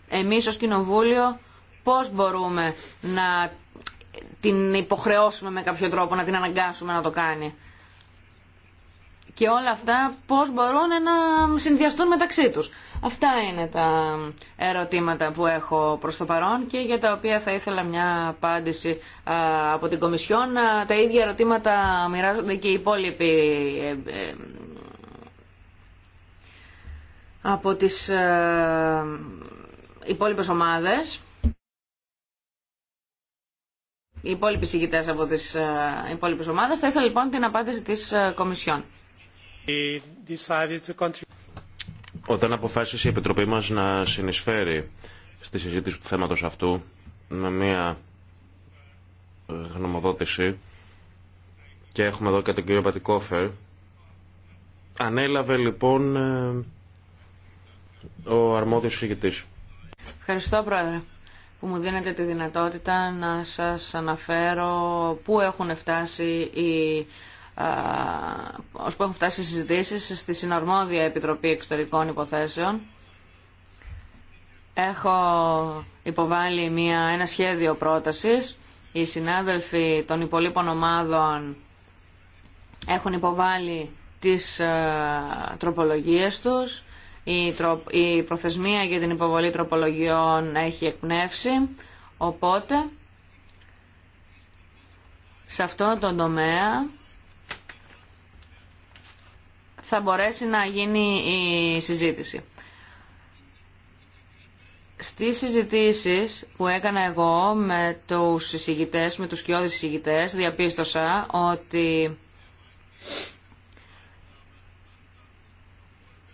εμείς ως Κοινοβούλιο πώς μπορούμε να την υποχρεώσουμε με κάποιο τρόπο, να την αναγκάσουμε να το κάνει. Και όλα αυτά πώς μπορούν να συνδυαστούν μεταξύ τους. Αυτά είναι τα ερωτήματα που έχω προς το παρόν και για τα οποία θα ήθελα μια απάντηση από την Κομισιόν. Τα ίδια ερωτήματα μοιράζονται και οι υπόλοιποι ε, ε, από τις ε, υπόλοιπε ομάδε. Οι υπόλοιποι συγκητές από τις ε, υπόλοιπες ομάδες. Θα ήθελα λοιπόν την απάντηση της ε, Κομισιόν. Όταν αποφάσισε η Επιτροπή μας να συνεισφέρει στη συζήτηση του θέματος αυτού με μια ε, γνωμοδότηση και έχουμε εδώ και τον κύριο Πατικόφερ ανέλαβε λοιπόν ο αρμόδιος συγκητής. Ευχαριστώ, Πρόεδρε, που μου δίνετε τη δυνατότητα να σας αναφέρω πού έχουν φτάσει οι ως που έχουν φτάσει οι συζητήσεις στη Συναρμόδια Επιτροπή Εξωτερικών Υποθέσεων. Έχω υποβάλει μια, ένα σχέδιο πρότασης. Οι συνάδελφοι των υπολείπων ομάδων έχουν υποβάλει τις τροπολογίες τους η προθεσμία για την υποβολή τροπολογιών έχει εκπνεύσει, οπότε σε αυτό τον τομέα θα μπορέσει να γίνει η συζήτηση. Στις συζητήσεις που έκανα εγώ με τους συζητητές, με τους κοιόδης συζητητές, διαπίστωσα ότι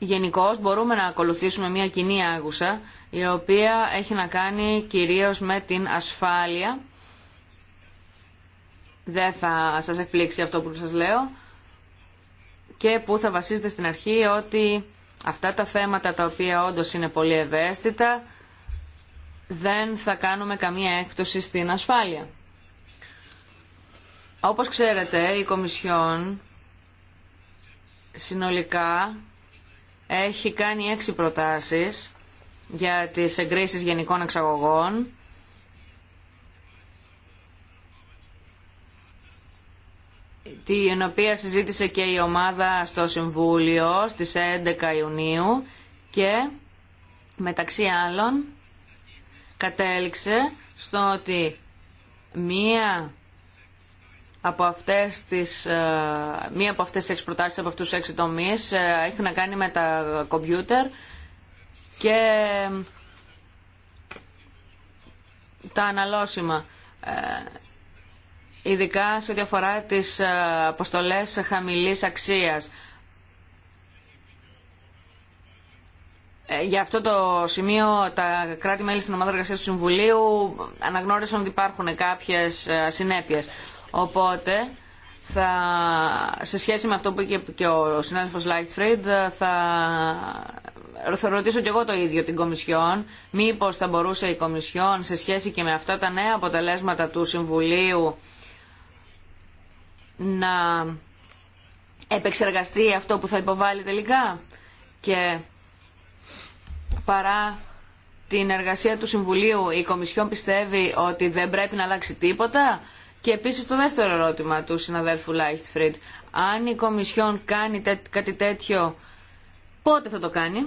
γενικώ μπορούμε να ακολουθήσουμε μια κοινή άγουσα η οποία έχει να κάνει κυρίως με την ασφάλεια. Δεν θα σας εκπλήξει αυτό που σας λέω και που θα βασίζεται στην αρχή ότι αυτά τα θέματα τα οποία όντως είναι πολύ ευαίσθητα δεν θα κάνουμε καμία έκπτωση στην ασφάλεια. Όπως ξέρετε, η Κομισιόν συνολικά έχει κάνει έξι προτάσεις για τις εγκρίσεις γενικών εξαγωγών την οποία συζήτησε και η ομάδα στο Συμβούλιο στις 11 Ιουνίου και μεταξύ άλλων κατέληξε στο ότι μία από αυτές τις, ε, μία από αυτές τις έξι προτάσεις από αυτούς τους έξι τομείς ε, έχει να κάνει με τα κομπιούτερ και ε, τα αναλώσιμα. Ειδικά σε ό,τι αφορά τις αποστολές χαμηλής αξίας. Για αυτό το σημείο τα κράτη-μέλη στην ομάδα εργασίας του Συμβουλίου αναγνώρισαν ότι υπάρχουν κάποιες συνέπειες. Οπότε, θα, σε σχέση με αυτό που είπε και ο συνάδελφος Λάιτφριντ, θα, θα ρωτήσω και εγώ το ίδιο την Κομισιόν. Μήπως θα μπορούσε η Κομισιόν σε σχέση και με αυτά τα νέα αποτελέσματα του Συμβουλίου να επεξεργαστεί αυτό που θα υποβάλει τελικά και παρά την εργασία του Συμβουλίου η Κομισιόν πιστεύει ότι δεν πρέπει να αλλάξει τίποτα και επίση το δεύτερο ερώτημα του συναδέλφου Λάιχτφριντ. Αν η Κομισιόν κάνει κάτι τέτοιο, πότε θα το κάνει.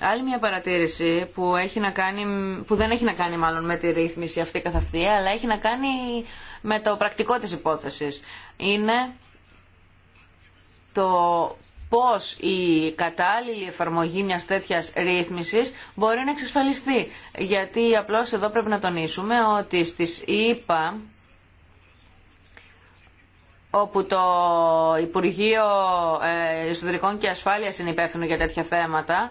Άλλη μια παρατήρηση που, έχει να κάνει, που δεν έχει να κάνει μάλλον με τη ρύθμιση αυτή καθ' αυτή, αλλά έχει να κάνει με το πρακτικό της υπόθεσης. Είναι το πώς η κατάλληλη εφαρμογή μιας τέτοιας ρύθμισης μπορεί να εξασφαλιστεί. Γιατί απλώς εδώ πρέπει να τονίσουμε ότι στις ΕΠΑ όπου το Υπουργείο ε, Εσωτερικών και Ασφάλειας είναι υπεύθυνο για τέτοια θέματα,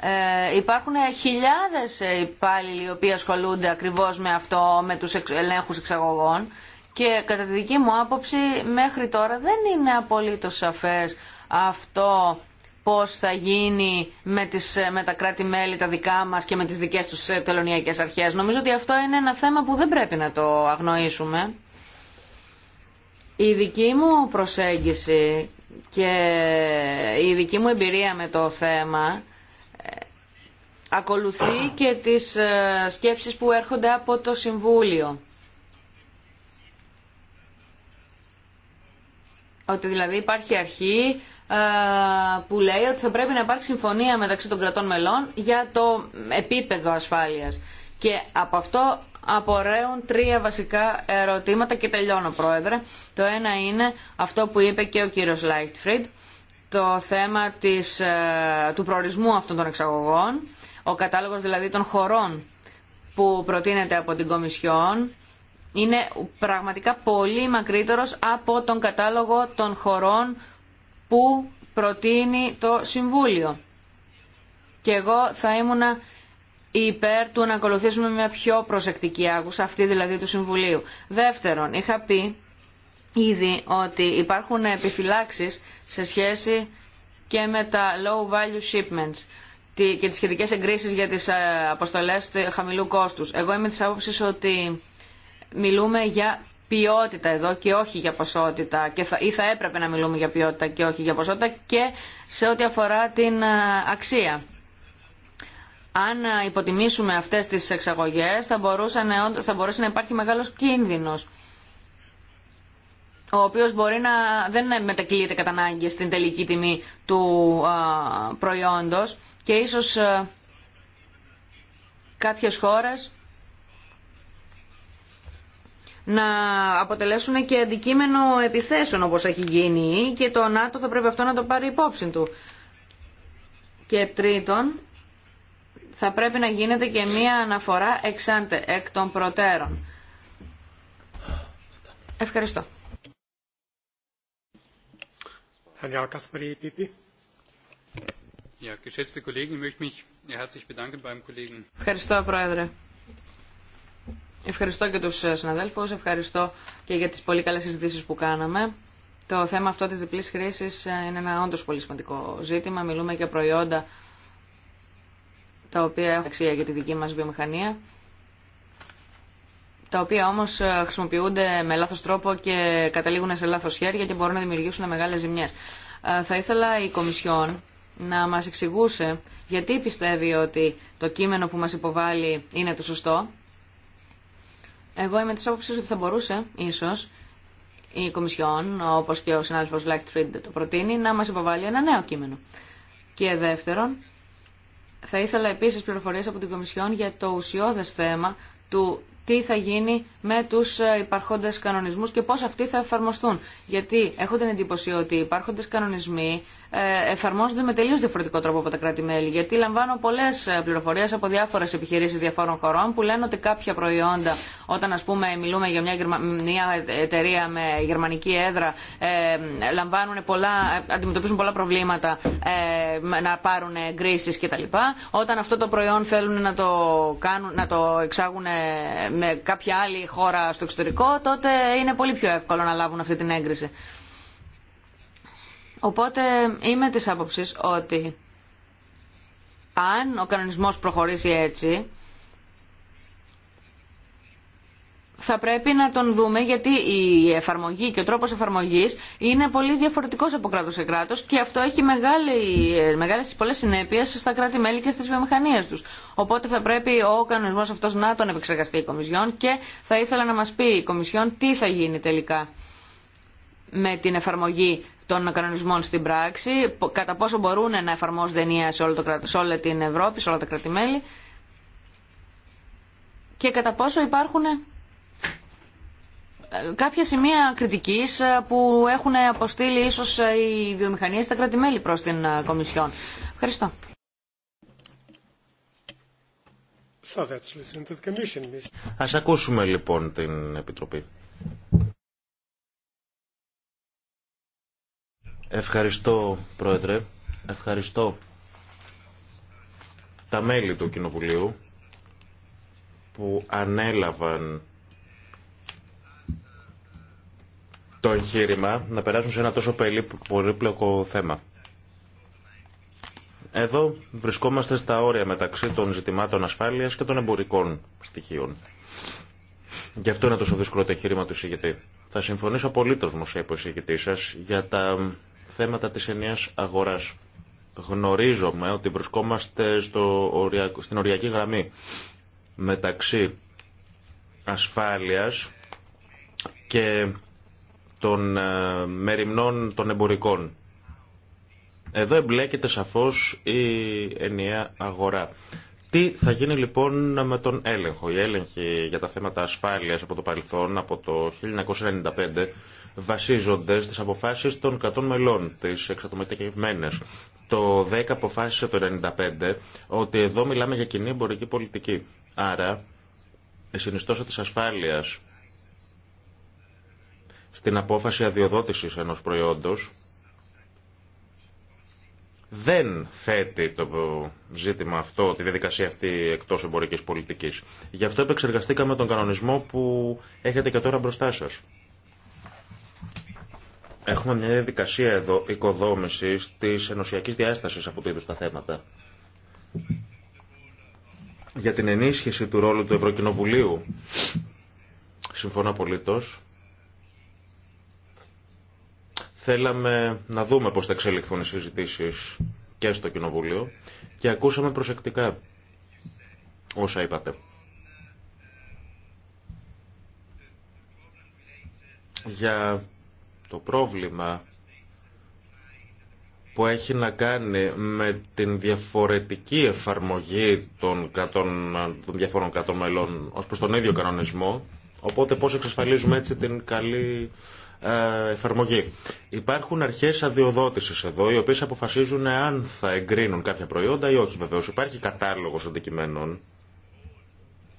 ε, υπάρχουν χιλιάδες υπάλληλοι οι οποίοι ασχολούνται ακριβώς με αυτό, με τους ελέγχους εξαγωγών και κατά τη δική μου άποψη μέχρι τώρα δεν είναι απολύτως σαφές αυτό πώς θα γίνει με, τις, με τα κράτη-μέλη τα δικά μας και με τις δικές τους ε, τελωνιακές αρχές. Νομίζω ότι αυτό είναι ένα θέμα που δεν πρέπει να το αγνοήσουμε. Η δική μου προσέγγιση και η δική μου εμπειρία με το θέμα ε, ακολουθεί και τις ε, σκέψεις που έρχονται από το Συμβούλιο. Ότι δηλαδή υπάρχει αρχή ε, που λέει ότι θα πρέπει να υπάρχει συμφωνία μεταξύ των κρατών μελών για το επίπεδο ασφάλειας. Και από αυτό απορρέουν τρία βασικά ερωτήματα και τελειώνω πρόεδρε. Το ένα είναι αυτό που είπε και ο κύριος Λάιχτφριντ, το θέμα της, ε, του προορισμού αυτών των εξαγωγών, ο κατάλογος δηλαδή των χωρών που προτείνεται από την Κομισιόν είναι πραγματικά πολύ μακρύτερος από τον κατάλογο των χωρών που προτείνει το Συμβούλιο. Και εγώ θα ήμουνα υπέρ του να ακολουθήσουμε μια πιο προσεκτική άκουσα, αυτή δηλαδή του Συμβουλίου. Δεύτερον, είχα πει ήδη ότι υπάρχουν επιφυλάξεις σε σχέση και με τα low value shipments και τις σχετικές εγκρίσεις για τις ε, αποστολές χαμηλού κόστους. Εγώ είμαι της άποψης ότι μιλούμε για ποιότητα εδώ και όχι για ποσότητα και θα, ή θα έπρεπε να μιλούμε για ποιότητα και όχι για ποσότητα και σε ό,τι αφορά την ε, αξία. Αν ε, υποτιμήσουμε αυτές τις εξαγωγές θα, μπορούσαν, ε, θα μπορούσε να υπάρχει μεγάλος κίνδυνος ο οποίος μπορεί να δεν μετακυλείται κατά ανάγκη στην τελική τιμή του προϊόντος και ίσως κάποιες χώρες να αποτελέσουν και αντικείμενο επιθέσεων όπως έχει γίνει και το ΝΑΤΟ θα πρέπει αυτό να το πάρει υπόψη του. Και τρίτον, θα πρέπει να γίνεται και μία αναφορά εξάντε, εκ των προτέρων. Ευχαριστώ. Ευχαριστώ, Πρόεδρε. Ευχαριστώ και τους ε, συναδέλφους, ευχαριστώ και για τις πολύ καλές συζητήσεις που κάναμε. Το θέμα αυτό της διπλής χρήσης ε, είναι ένα όντως πολύ σημαντικό ζήτημα. Μιλούμε για προϊόντα τα οποία έχουν αξία για τη δική μας βιομηχανία, τα οποία όμως ε, χρησιμοποιούνται με λάθος τρόπο και καταλήγουν σε λάθος χέρια και μπορούν να δημιουργήσουν μεγάλες ζημιές. Θα ήθελα η Κομισιόν να μας εξηγούσε γιατί πιστεύει ότι το κείμενο που μας υποβάλλει είναι το σωστό εγώ είμαι τη άποψη ότι θα μπορούσε, ίσως, η Κομισιόν, όπως και ο συνάδελφος Λάκτφριντ το προτείνει, να μας υποβάλει ένα νέο κείμενο. Και δεύτερον, θα ήθελα επίσης πληροφορίε από την Κομισιόν για το ουσιώδες θέμα του τι θα γίνει με τους ε, υπαρχόντες κανονισμούς και πώς αυτοί θα εφαρμοστούν. Γιατί έχω την εντύπωση ότι οι υπάρχοντε κανονισμοί ε, εφαρμόζονται με τελείω διαφορετικό τρόπο από τα κράτη-μέλη. Γιατί λαμβάνω πολλέ ε, πληροφορίε από διάφορε επιχειρήσει διαφόρων χωρών που λένε ότι κάποια προϊόντα, όταν ας πούμε μιλούμε για μια, γερμα... μια εταιρεία με γερμανική έδρα, ε, λαμβάνουν πολλά, ε, αντιμετωπίζουν πολλά προβλήματα ε, να πάρουν εγκρίσει κτλ. Όταν αυτό το προϊόν θέλουν να το, κάνουν, να το εξάγουν με κάποια άλλη χώρα στο εξωτερικό, τότε είναι πολύ πιο εύκολο να λάβουν αυτή την έγκριση. Οπότε είμαι της άποψης ότι αν ο κανονισμός προχωρήσει έτσι, θα πρέπει να τον δούμε γιατί η εφαρμογή και ο τρόπος εφαρμογής είναι πολύ διαφορετικός από κράτος σε κράτος και αυτό έχει μεγάλη, μεγάλες πολλές συνέπειες στα κράτη-μέλη και στις βιομηχανίες τους. Οπότε θα πρέπει ο κανονισμός αυτός να τον επεξεργαστεί η Κομισιόν και θα ήθελα να μας πει η Κομισιόν τι θα γίνει τελικά με την εφαρμογή των κανονισμών στην πράξη, κατά πόσο μπορούν να εφαρμόζονται ενία σε, όλο το, σε όλη την Ευρώπη, σε όλα τα κρατημέλη και κατά πόσο υπάρχουν ε, κάποια σημεία κριτικής ε, που έχουν αποστείλει ίσως ε, οι βιομηχανίες στα κρατημέλη προς την Κομισιόν. Ευχαριστώ. Ας ακούσουμε λοιπόν την Επιτροπή. Ευχαριστώ, Πρόεδρε. Ευχαριστώ τα μέλη του Κοινοβουλίου που ανέλαβαν το εγχείρημα να περάσουν σε ένα τόσο πολύπλοκο θέμα. Εδώ βρισκόμαστε στα όρια μεταξύ των ζητημάτων ασφάλειας και των εμπορικών στοιχείων. Γι' αυτό είναι τόσο δύσκολο το εγχείρημα του εισηγητή. Θα συμφωνήσω πολύ μου σε σα για τα θέματα της ενιαίας αγοράς. Γνωρίζουμε ότι βρισκόμαστε στο, στην οριακή γραμμή μεταξύ ασφάλειας και των ε, μεριμνών των εμπορικών. Εδώ εμπλέκεται σαφώς η ενιαία αγορά. Τι θα γίνει λοιπόν με τον έλεγχο. η έλεγχη για τα θέματα ασφάλειας από το παρελθόν, από το 1995, βασίζονται στις αποφάσεις των 100 μελών, τι εξατομικευμένε. Το 10 αποφάσισε το 95 ότι εδώ μιλάμε για κοινή εμπορική πολιτική. Άρα η συνιστόσα της ασφάλειας στην απόφαση αδειοδότησης ενός προϊόντος δεν θέτει το ζήτημα αυτό, τη διαδικασία αυτή εκτός εμπορικής πολιτικής. Γι' αυτό επεξεργαστήκαμε τον κανονισμό που έχετε και τώρα μπροστά σας. Έχουμε μια διαδικασία εδώ οικοδόμηση της ενωσιακή διάσταση από του είδους τα θέματα. Για την ενίσχυση του ρόλου του Ευρωκοινοβουλίου, συμφωνώ απολύτως, θέλαμε να δούμε πώς θα εξελιχθούν οι συζητήσεις και στο Κοινοβούλιο και ακούσαμε προσεκτικά όσα είπατε. Για το πρόβλημα που έχει να κάνει με την διαφορετική εφαρμογή των, των διαφόρων κρατών μελών ως προς τον ίδιο κανονισμό, οπότε πώς εξασφαλίζουμε έτσι την καλή ε, εφαρμογή. Υπάρχουν αρχές αδειοδότησης εδώ, οι οποίες αποφασίζουν αν θα εγκρίνουν κάποια προϊόντα ή όχι βεβαίως. Υπάρχει κατάλογος αντικειμένων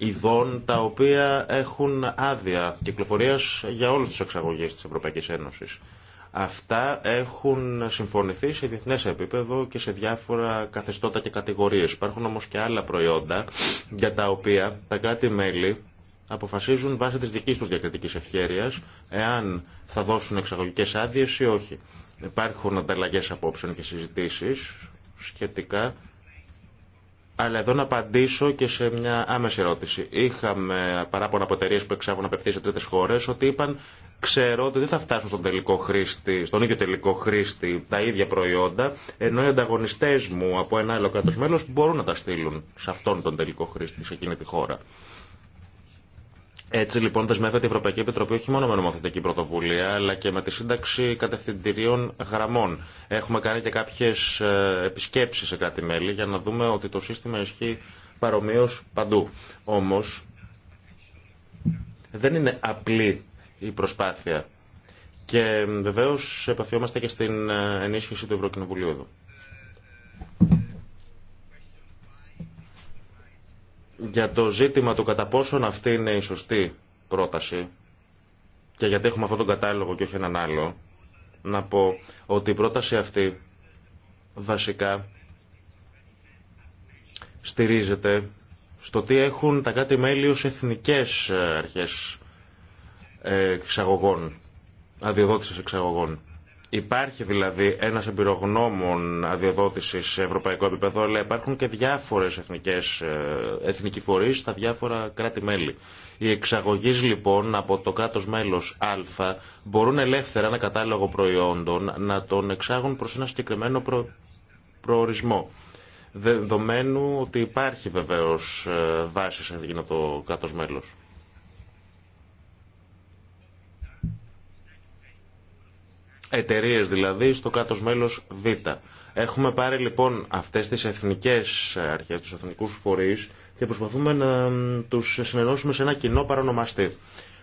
ειδών τα οποία έχουν άδεια κυκλοφορίας για όλους τους εξαγωγείς της Ευρωπαϊκής Ένωσης. Αυτά έχουν συμφωνηθεί σε διεθνέ επίπεδο και σε διάφορα καθεστώτα και κατηγορίε. Υπάρχουν όμω και άλλα προϊόντα για τα οποία τα κράτη-μέλη αποφασίζουν βάσει τη δική του διακριτική ευχέρεια εάν θα δώσουν εξαγωγικέ άδειε ή όχι. Υπάρχουν ανταλλαγέ απόψεων και συζητήσει σχετικά αλλά εδώ να απαντήσω και σε μια άμεση ερώτηση. Είχαμε παράπονα από εταιρείε που εξάγουν απευθεία σε τρίτε χώρε ότι είπαν ξέρω ότι δεν θα φτάσουν στον, τελικό χρήστη, στον ίδιο τελικό χρήστη τα ίδια προϊόντα, ενώ οι ανταγωνιστέ μου από ένα άλλο κράτο μέλο μπορούν να τα στείλουν σε αυτόν τον τελικό χρήστη, σε εκείνη τη χώρα. Έτσι λοιπόν δεσμεύεται η Ευρωπαϊκή Επιτροπή όχι μόνο με νομοθετική πρωτοβουλία αλλά και με τη σύνταξη κατευθυντηρίων γραμμών. Έχουμε κάνει και κάποιε επισκέψει σε κάτι μελη για να δούμε ότι το σύστημα ισχύει παρομοίω παντού. Όμω δεν είναι απλή η προσπάθεια. Και ε, βεβαίω επαφιόμαστε και στην ε, ενίσχυση του Ευρωκοινοβουλίου εδώ. για το ζήτημα του κατά πόσον αυτή είναι η σωστή πρόταση και γιατί έχουμε αυτόν τον κατάλογο και όχι έναν άλλο, να πω ότι η πρόταση αυτή βασικά στηρίζεται στο τι έχουν τα κάτι μέλη ως εθνικές ε, αρχές ε, εξαγωγών, αδειοδότησης εξαγωγών. Υπάρχει δηλαδή ένας εμπειρογνώμων αδειοδότηση σε ευρωπαϊκό επίπεδο, αλλά υπάρχουν και διάφορες εθνικές, ε, εθνικοί φορείς στα διάφορα κράτη-μέλη. Οι εξαγωγεί λοιπόν από το κράτο μέλο Α μπορούν ελεύθερα ένα κατάλογο προϊόντων να τον εξάγουν προς ένα συγκεκριμένο προορισμό. Δεδομένου ότι υπάρχει βεβαίω ε, βάση σε αυτό το κράτος μέλος. εταιρείε δηλαδή στο κάτω μέλος Β. Έχουμε πάρει λοιπόν αυτές τις εθνικές αρχές, του εθνικούς φορείς και προσπαθούμε να τους συνενώσουμε σε ένα κοινό παρονομαστή.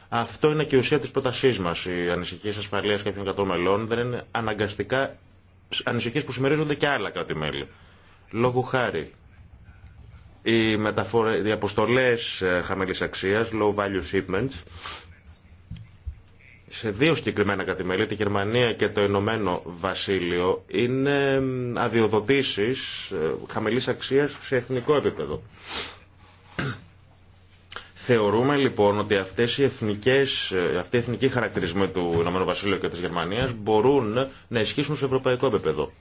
Αυτό είναι και η ουσία της πρότασής μας. Οι ανησυχίες ασφαλείας κάποιων κατωμελών μελών δεν είναι αναγκαστικά ανησυχίες που συμμερίζονται και άλλα κράτη-μέλη. Λόγω χάρη, οι, οι αποστολές ε, χαμηλής αξίας, low value shipments, σε δύο συγκεκριμένα κατημέλη, τη Γερμανία και το Ηνωμένο Βασίλειο, είναι αδειοδοτήσεις ε, χαμηλή αξίας σε εθνικό επίπεδο. Θεωρούμε λοιπόν ότι αυτές οι εθνικές, ε, αυτοί οι εθνικοί χαρακτηρισμοί του Ηνωμένου Βασίλειου και της Γερμανίας μπορούν να ισχύσουν σε ευρωπαϊκό επίπεδο.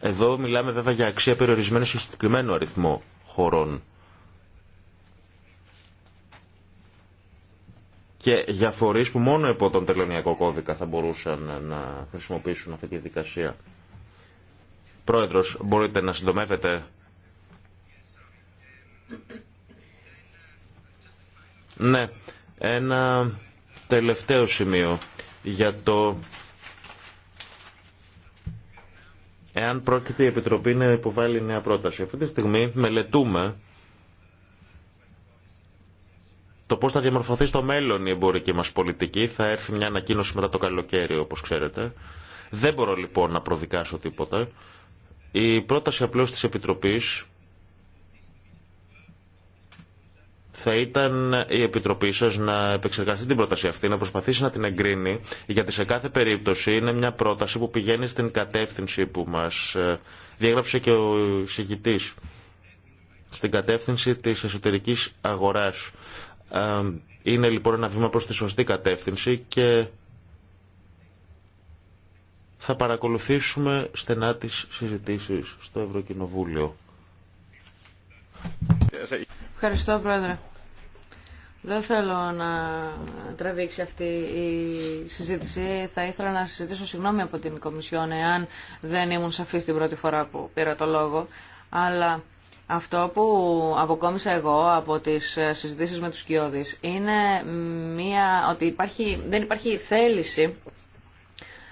Εδώ μιλάμε βέβαια για αξία περιορισμένη σε συγκεκριμένο αριθμό χωρών. και για φορείς που μόνο υπό τον τελωνιακό κώδικα θα μπορούσαν να χρησιμοποιήσουν αυτή τη δικασία. Πρόεδρος, μπορείτε να συντομεύετε. Ναι, ένα τελευταίο σημείο για το εάν πρόκειται η Επιτροπή να υποβάλει νέα πρόταση. Αυτή τη στιγμή μελετούμε το πώ θα διαμορφωθεί στο μέλλον η εμπορική μας πολιτική. Θα έρθει μια ανακοίνωση μετά το καλοκαίρι, όπως ξέρετε. Δεν μπορώ λοιπόν να προδικάσω τίποτα. Η πρόταση απλώς τη επιτροπή, θα ήταν η Επιτροπή σα να επεξεργαστεί την πρόταση αυτή, να προσπαθήσει να την εγκρίνει, γιατί σε κάθε περίπτωση είναι μια πρόταση που πηγαίνει στην κατεύθυνση που μα ε, διέγραψε και ο εισηγητή. Στην κατεύθυνση τη εσωτερική αγορά. Είναι λοιπόν ένα βήμα προς τη σωστή κατεύθυνση και θα παρακολουθήσουμε στενά τις συζητήσεις στο Ευρωκοινοβούλιο. Ευχαριστώ Πρόεδρε. Δεν θέλω να τραβήξει αυτή η συζήτηση. Θα ήθελα να συζητήσω συγγνώμη από την Κομισιόν εάν δεν ήμουν σαφή την πρώτη φορά που πήρα το λόγο. Αλλά αυτό που αποκόμισα εγώ από τις ε, συζητήσεις με τους Κιώδης είναι μία, ότι υπάρχει, δεν υπάρχει θέληση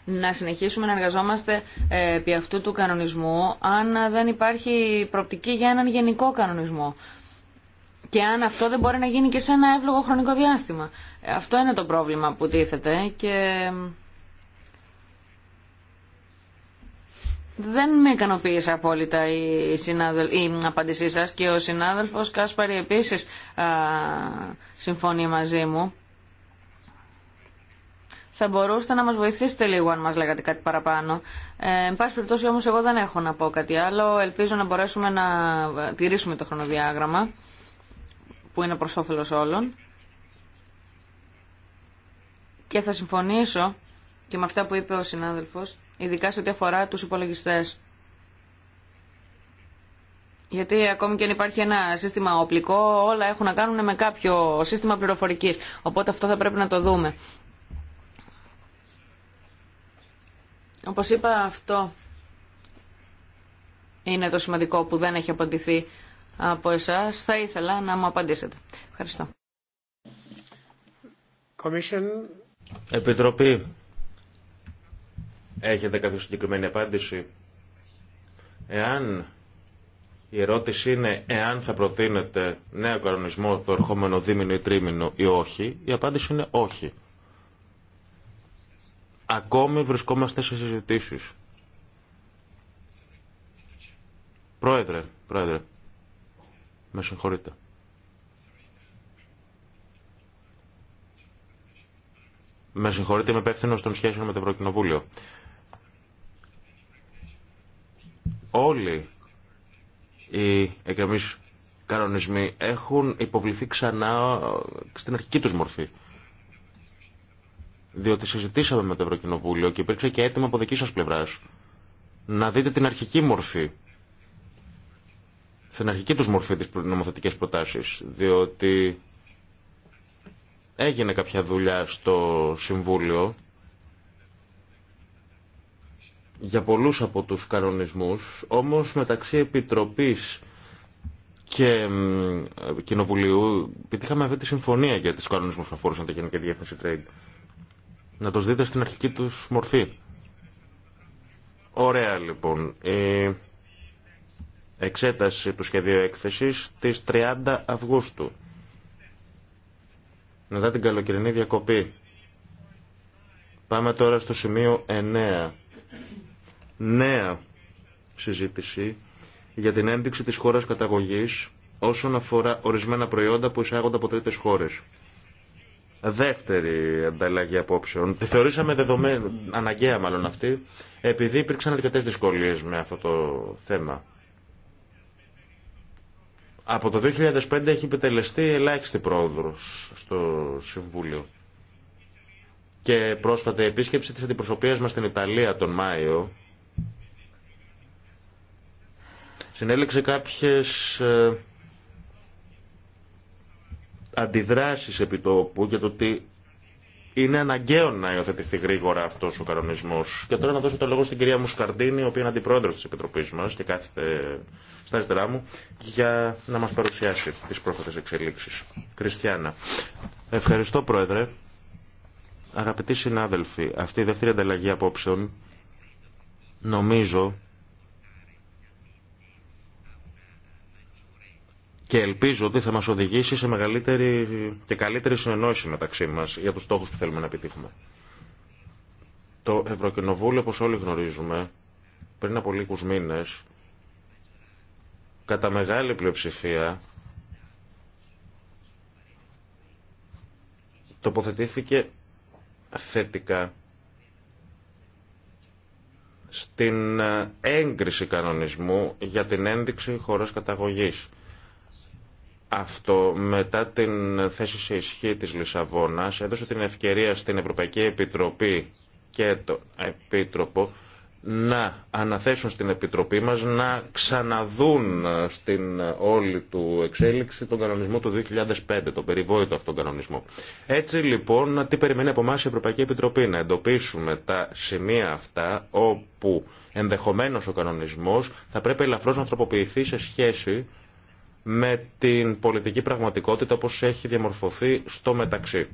να συνεχίσουμε να εργαζόμαστε ε, επί αυτού του κανονισμού αν δεν υπάρχει προπτική για έναν γενικό κανονισμό. Και αν αυτό δεν μπορεί να γίνει και σε ένα εύλογο χρονικό διάστημα. Αυτό είναι το πρόβλημα που τίθεται και Δεν με ικανοποίησε απόλυτα η, η απάντησή σας και ο συνάδελφος Κάσπαρη επίσης συμφωνεί μαζί μου. Θα μπορούσατε να μας βοηθήσετε λίγο αν μας λέγατε κάτι παραπάνω. Ε, εν πάση περιπτώσει όμως εγώ δεν έχω να πω κάτι άλλο. Ελπίζω να μπορέσουμε να τηρήσουμε το χρονοδιάγραμμα που είναι προς όφελος όλων. Και θα συμφωνήσω και με αυτά που είπε ο συνάδελφος ειδικά σε ό,τι αφορά τους υπολογιστές. Γιατί ακόμη και αν υπάρχει ένα σύστημα οπλικό, όλα έχουν να κάνουν με κάποιο σύστημα πληροφορικής. Οπότε αυτό θα πρέπει να το δούμε. Όπως είπα, αυτό είναι το σημαντικό που δεν έχει απαντηθεί από εσάς. Θα ήθελα να μου απαντήσετε. Ευχαριστώ. Επιτροπή. Έχετε κάποια συγκεκριμένη απάντηση. Εάν η ερώτηση είναι εάν θα προτείνετε νέο κανονισμό το ερχόμενο δίμηνο ή τρίμηνο ή όχι, η απάντηση είναι όχι. Ακόμη βρισκόμαστε σε συζητήσεις. Πρόεδρε, πρόεδρε, με συγχωρείτε. Με συγχωρείτε, είμαι υπεύθυνο των σχέσεων με το Ευρωκοινοβούλιο. όλοι οι εκκρεμείς κανονισμοί έχουν υποβληθεί ξανά στην αρχική τους μορφή. Διότι συζητήσαμε με το Ευρωκοινοβούλιο και υπήρξε και έτοιμο από δική σας πλευράς να δείτε την αρχική μορφή στην αρχική τους μορφή της νομοθετικής προτάσεις, διότι έγινε κάποια δουλειά στο Συμβούλιο για πολλούς από τους κανονισμούς, όμως μεταξύ Επιτροπής και Κοινοβουλίου πετύχαμε αυτή τη συμφωνία για τις κανονισμούς που αφορούσαν τη Γενική Διεύθυνση Trade. Να τους δείτε στην αρχική τους μορφή. Ωραία λοιπόν. Η εξέταση του σχεδίου έκθεσης της 30 Αυγούστου. Μετά την καλοκαιρινή διακοπή. Πάμε τώρα στο σημείο 9 νέα συζήτηση για την ένδειξη της χώρας καταγωγής όσον αφορά ορισμένα προϊόντα που εισάγονται από τρίτες χώρες. Δεύτερη ανταλλαγή απόψεων. Τη θεωρήσαμε δεδομένη, αναγκαία μάλλον αυτή, επειδή υπήρξαν αρκετέ δυσκολίε με αυτό το θέμα. Από το 2005 έχει επιτελεστεί ελάχιστη πρόοδο στο Συμβούλιο. Και πρόσφατα η επίσκεψη τη αντιπροσωπεία μα στην Ιταλία τον Μάιο συνέλεξε κάποιες ε, αντιδράσεις επιτόπου για το ότι είναι αναγκαίο να υιοθετηθεί γρήγορα αυτό ο κανονισμό. Και τώρα να δώσω το λόγο στην κυρία Μουσκαρντίνη, η οποία είναι αντιπρόεδρο τη Επιτροπή μα και κάθεται στα αριστερά μου, για να μα παρουσιάσει τι πρόσφατε εξελίξει. Κριστιανά. Ευχαριστώ, Πρόεδρε. Αγαπητοί συνάδελφοι, αυτή η δεύτερη ανταλλαγή απόψεων νομίζω και ελπίζω ότι θα μας οδηγήσει σε μεγαλύτερη και καλύτερη συνεννόηση μεταξύ μας για τους στόχους που θέλουμε να επιτύχουμε. Το Ευρωκοινοβούλιο, όπως όλοι γνωρίζουμε, πριν από λίγους μήνες, κατά μεγάλη πλειοψηφία, τοποθετήθηκε θετικά στην έγκριση κανονισμού για την ένδειξη χώρας καταγωγής αυτό μετά την θέση σε ισχύ της Λισαβόνας έδωσε την ευκαιρία στην Ευρωπαϊκή Επιτροπή και το Επίτροπο να αναθέσουν στην Επιτροπή μας να ξαναδούν στην όλη του εξέλιξη τον κανονισμό του 2005, τον περιβόητο αυτόν κανονισμό. Έτσι λοιπόν, τι περιμένει από εμάς η Ευρωπαϊκή Επιτροπή, να εντοπίσουμε τα σημεία αυτά όπου ενδεχομένως ο κανονισμός θα πρέπει ελαφρώς να ανθρωποποιηθεί σε σχέση με την πολιτική πραγματικότητα όπως έχει διαμορφωθεί στο μεταξύ.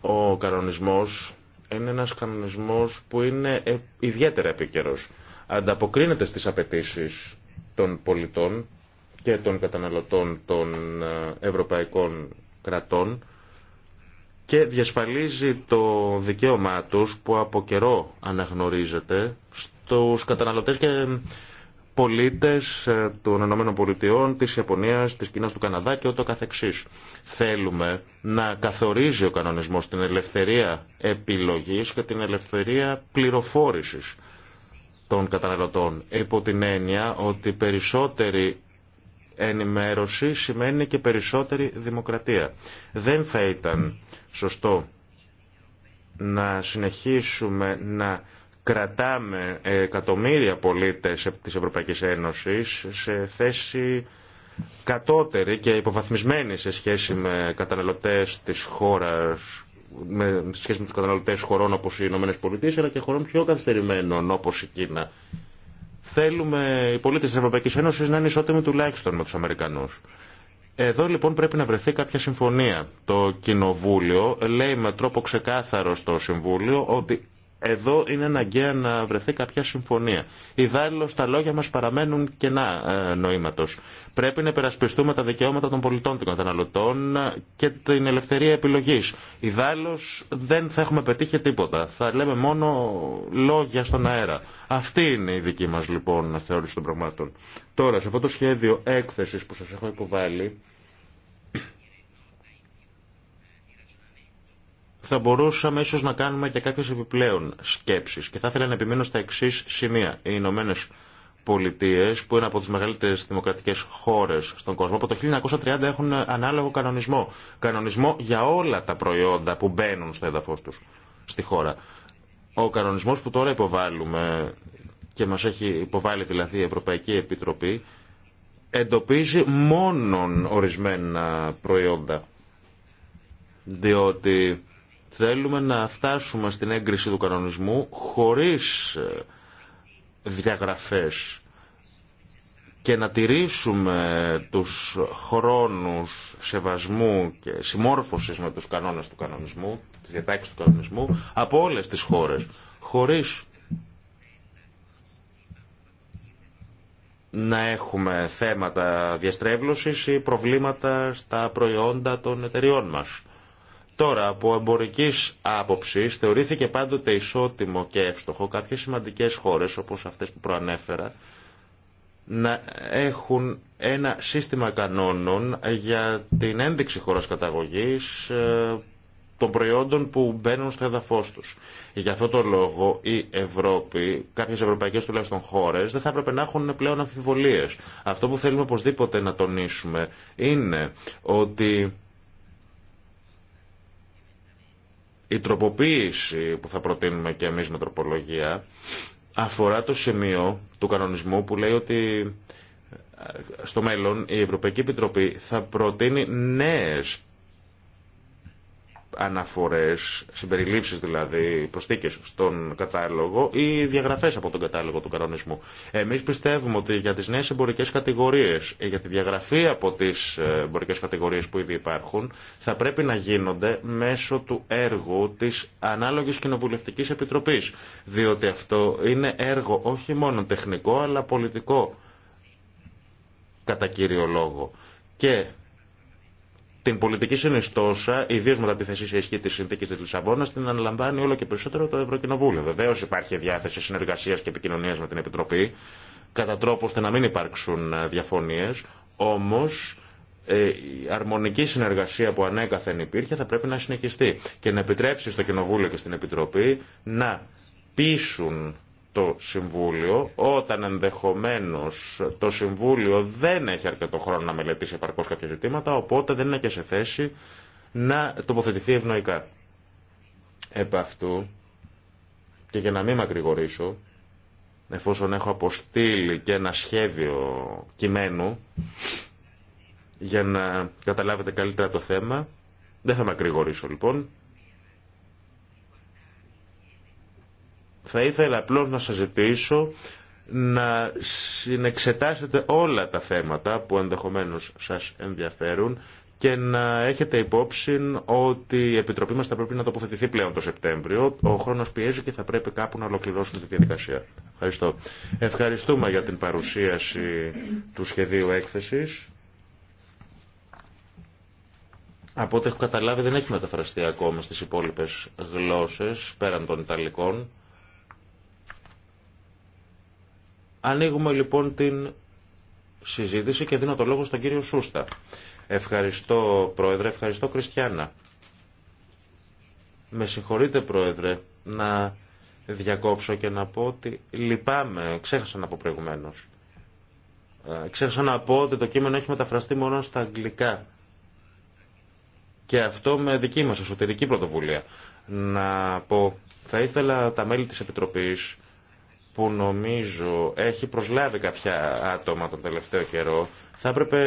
Ο κανονισμός είναι ένας κανονισμός που είναι ε, ιδιαίτερα επίκαιρος. Ανταποκρίνεται στις απαιτήσει των πολιτών και των καταναλωτών των ε, ευρωπαϊκών κρατών και διασφαλίζει το δικαίωμά τους που από καιρό αναγνωρίζεται στους καταναλωτές και πολίτες ε, των ΗΠΑ, της Ιαπωνίας, της Κίνας, του Καναδά και ούτω καθεξής. Θέλουμε να καθορίζει ο κανονισμός την ελευθερία επιλογής και την ελευθερία πληροφόρησης των καταναλωτών υπό την έννοια ότι περισσότερη ενημέρωση σημαίνει και περισσότερη δημοκρατία. Δεν θα ήταν σωστό να συνεχίσουμε να κρατάμε εκατομμύρια πολίτες της Ευρωπαϊκής Ένωσης σε θέση κατώτερη και υποβαθμισμένη σε σχέση με καταναλωτές της χώρας με σχέση με τους καταναλωτές χωρών όπως οι Ηνωμένες Πολιτείες αλλά και χωρών πιο καθυστερημένων όπως η Κίνα. Θέλουμε οι πολίτες της Ευρωπαϊκής Ένωσης να είναι ισότιμοι τουλάχιστον με τους Αμερικανούς. Εδώ λοιπόν πρέπει να βρεθεί κάποια συμφωνία. Το Κοινοβούλιο λέει με τρόπο ξεκάθαρο στο Συμβούλιο ότι εδώ είναι αναγκαία να βρεθεί κάποια συμφωνία. Ιδάλω τα λόγια μα παραμένουν κενά ε, νοήματο. Πρέπει να υπερασπιστούμε τα δικαιώματα των πολιτών, των καταναλωτών και την ελευθερία επιλογή. Ιδάλλω δεν θα έχουμε πετύχει τίποτα. Θα λέμε μόνο λόγια στον αέρα. Αυτή είναι η δική μα λοιπόν θεώρηση των πραγμάτων. Τώρα, σε αυτό το σχέδιο έκθεση που σα έχω υποβάλει, θα μπορούσαμε ίσως να κάνουμε και κάποιες επιπλέον σκέψεις και θα ήθελα να επιμείνω στα εξή σημεία. Οι Ηνωμένε Πολιτείε, που είναι από τις μεγαλύτερες δημοκρατικές χώρες στον κόσμο, από το 1930 έχουν ανάλογο κανονισμό. Κανονισμό για όλα τα προϊόντα που μπαίνουν στο έδαφος τους στη χώρα. Ο κανονισμός που τώρα υποβάλλουμε και μας έχει υποβάλει δηλαδή η Ευρωπαϊκή Επιτροπή εντοπίζει μόνον ορισμένα προϊόντα. Διότι Θέλουμε να φτάσουμε στην έγκριση του κανονισμού χωρίς ε, διαγραφές και να τηρήσουμε τους χρόνους σεβασμού και συμμόρφωσης με τους κανόνες του κανονισμού, τις διατάξεις του κανονισμού, από όλες τις χώρες, χωρίς να έχουμε θέματα διαστρέβλωσης ή προβλήματα στα προϊόντα των εταιριών μας. Τώρα, από εμπορική άποψη, θεωρήθηκε πάντοτε ισότιμο και εύστοχο κάποιε σημαντικέ χώρε, όπω αυτέ που προανέφερα, να έχουν ένα σύστημα κανόνων για την ένδειξη χώρα καταγωγής ε, των προϊόντων που μπαίνουν στο έδαφο του. Για αυτόν τον λόγο η Ευρώπη, κάποιε ευρωπαϊκέ τουλάχιστον χώρε, δεν θα έπρεπε να έχουν πλέον αμφιβολίε. Αυτό που θέλουμε οπωσδήποτε να τονίσουμε είναι ότι Η τροποποίηση που θα προτείνουμε και εμείς με τροπολογία αφορά το σημείο του κανονισμού που λέει ότι ε, στο μέλλον η Ευρωπαϊκή Επιτροπή θα προτείνει νέες αναφορές, συμπεριλήψεις δηλαδή, προστίκες στον κατάλογο ή διαγραφές από τον κατάλογο του κανονισμού. Εμείς πιστεύουμε ότι για τις νέες εμπορικές κατηγορίες, ε, για τη διαγραφή από τις ε, εμπορικές κατηγορίες που ήδη υπάρχουν, θα πρέπει να γίνονται μέσω του έργου της ανάλογης κοινοβουλευτικής επιτροπής. Διότι αυτό είναι έργο όχι μόνο τεχνικό αλλά πολιτικό κατά κύριο λόγο. Και την πολιτική συνιστόσα, ιδίω μετά τη θέση ισχύ τη συνθήκη τη Λισαβόνα, την αναλαμβάνει όλο και περισσότερο το Ευρωκοινοβούλιο. Βεβαίω υπάρχει διάθεση συνεργασία και επικοινωνία με την Επιτροπή, κατά τρόπο ώστε να μην υπάρξουν ε, διαφωνίε, όμω ε, η αρμονική συνεργασία που ανέκαθεν υπήρχε θα πρέπει να συνεχιστεί και να επιτρέψει στο Κοινοβούλιο και στην Επιτροπή να πείσουν το Συμβούλιο, όταν ενδεχομένω το Συμβούλιο δεν έχει αρκετό χρόνο να μελετήσει επαρκώ κάποια ζητήματα, οπότε δεν είναι και σε θέση να τοποθετηθεί ευνοϊκά. Επ' αυτού, και για να μην μακρηγορήσω, εφόσον έχω αποστείλει και ένα σχέδιο κειμένου για να καταλάβετε καλύτερα το θέμα, δεν θα μακρηγορήσω λοιπόν, Θα ήθελα απλώς να σας ζητήσω να συνεξετάσετε όλα τα θέματα που ενδεχομένως σας ενδιαφέρουν και να έχετε υπόψη ότι η Επιτροπή μας θα πρέπει να τοποθετηθεί πλέον το Σεπτέμβριο. Ο χρόνος πιέζει και θα πρέπει κάπου να ολοκληρώσουμε τη διαδικασία. Ευχαριστώ. Ευχαριστούμε για την παρουσίαση του σχεδίου έκθεσης. Από ό,τι έχω καταλάβει δεν έχει μεταφραστεί ακόμα στις υπόλοιπες γλώσσες πέραν των Ιταλικών. Ανοίγουμε λοιπόν την συζήτηση και δίνω το λόγο στον κύριο Σούστα. Ευχαριστώ Πρόεδρε, ευχαριστώ Κριστιανά. Με συγχωρείτε Πρόεδρε να διακόψω και να πω ότι λυπάμαι, ξέχασα να πω προηγουμένως. Ε, ξέχασα να πω ότι το κείμενο έχει μεταφραστεί μόνο στα αγγλικά. Και αυτό με δική μας εσωτερική πρωτοβουλία. Να πω, θα ήθελα τα μέλη της Επιτροπής που νομίζω έχει προσλάβει κάποια άτομα τον τελευταίο καιρό. Θα έπρεπε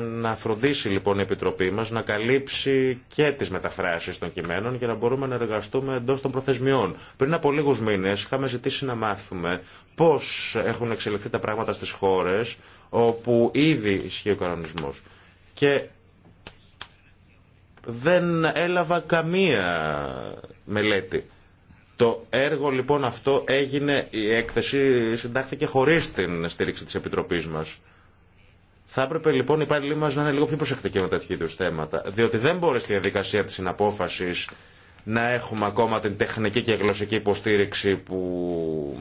να φροντίσει λοιπόν η Επιτροπή μας να καλύψει και τις μεταφράσεις των κειμένων για να μπορούμε να εργαστούμε εντός των προθεσμιών. Πριν από λίγους μήνες είχαμε ζητήσει να μάθουμε πώς έχουν εξελιχθεί τα πράγματα στις χώρες όπου ήδη ισχύει ο κανονισμός. Και δεν έλαβα καμία μελέτη το έργο λοιπόν αυτό έγινε, η έκθεση συντάχθηκε χωρίς την στήριξη της Επιτροπής μας. Θα έπρεπε λοιπόν οι υπάλληλοι μα να είναι λίγο πιο προσεκτικοί με τέτοιου είδου θέματα. Διότι δεν μπορεί στη διαδικασία τη συναπόφαση να έχουμε ακόμα την τεχνική και γλωσσική υποστήριξη που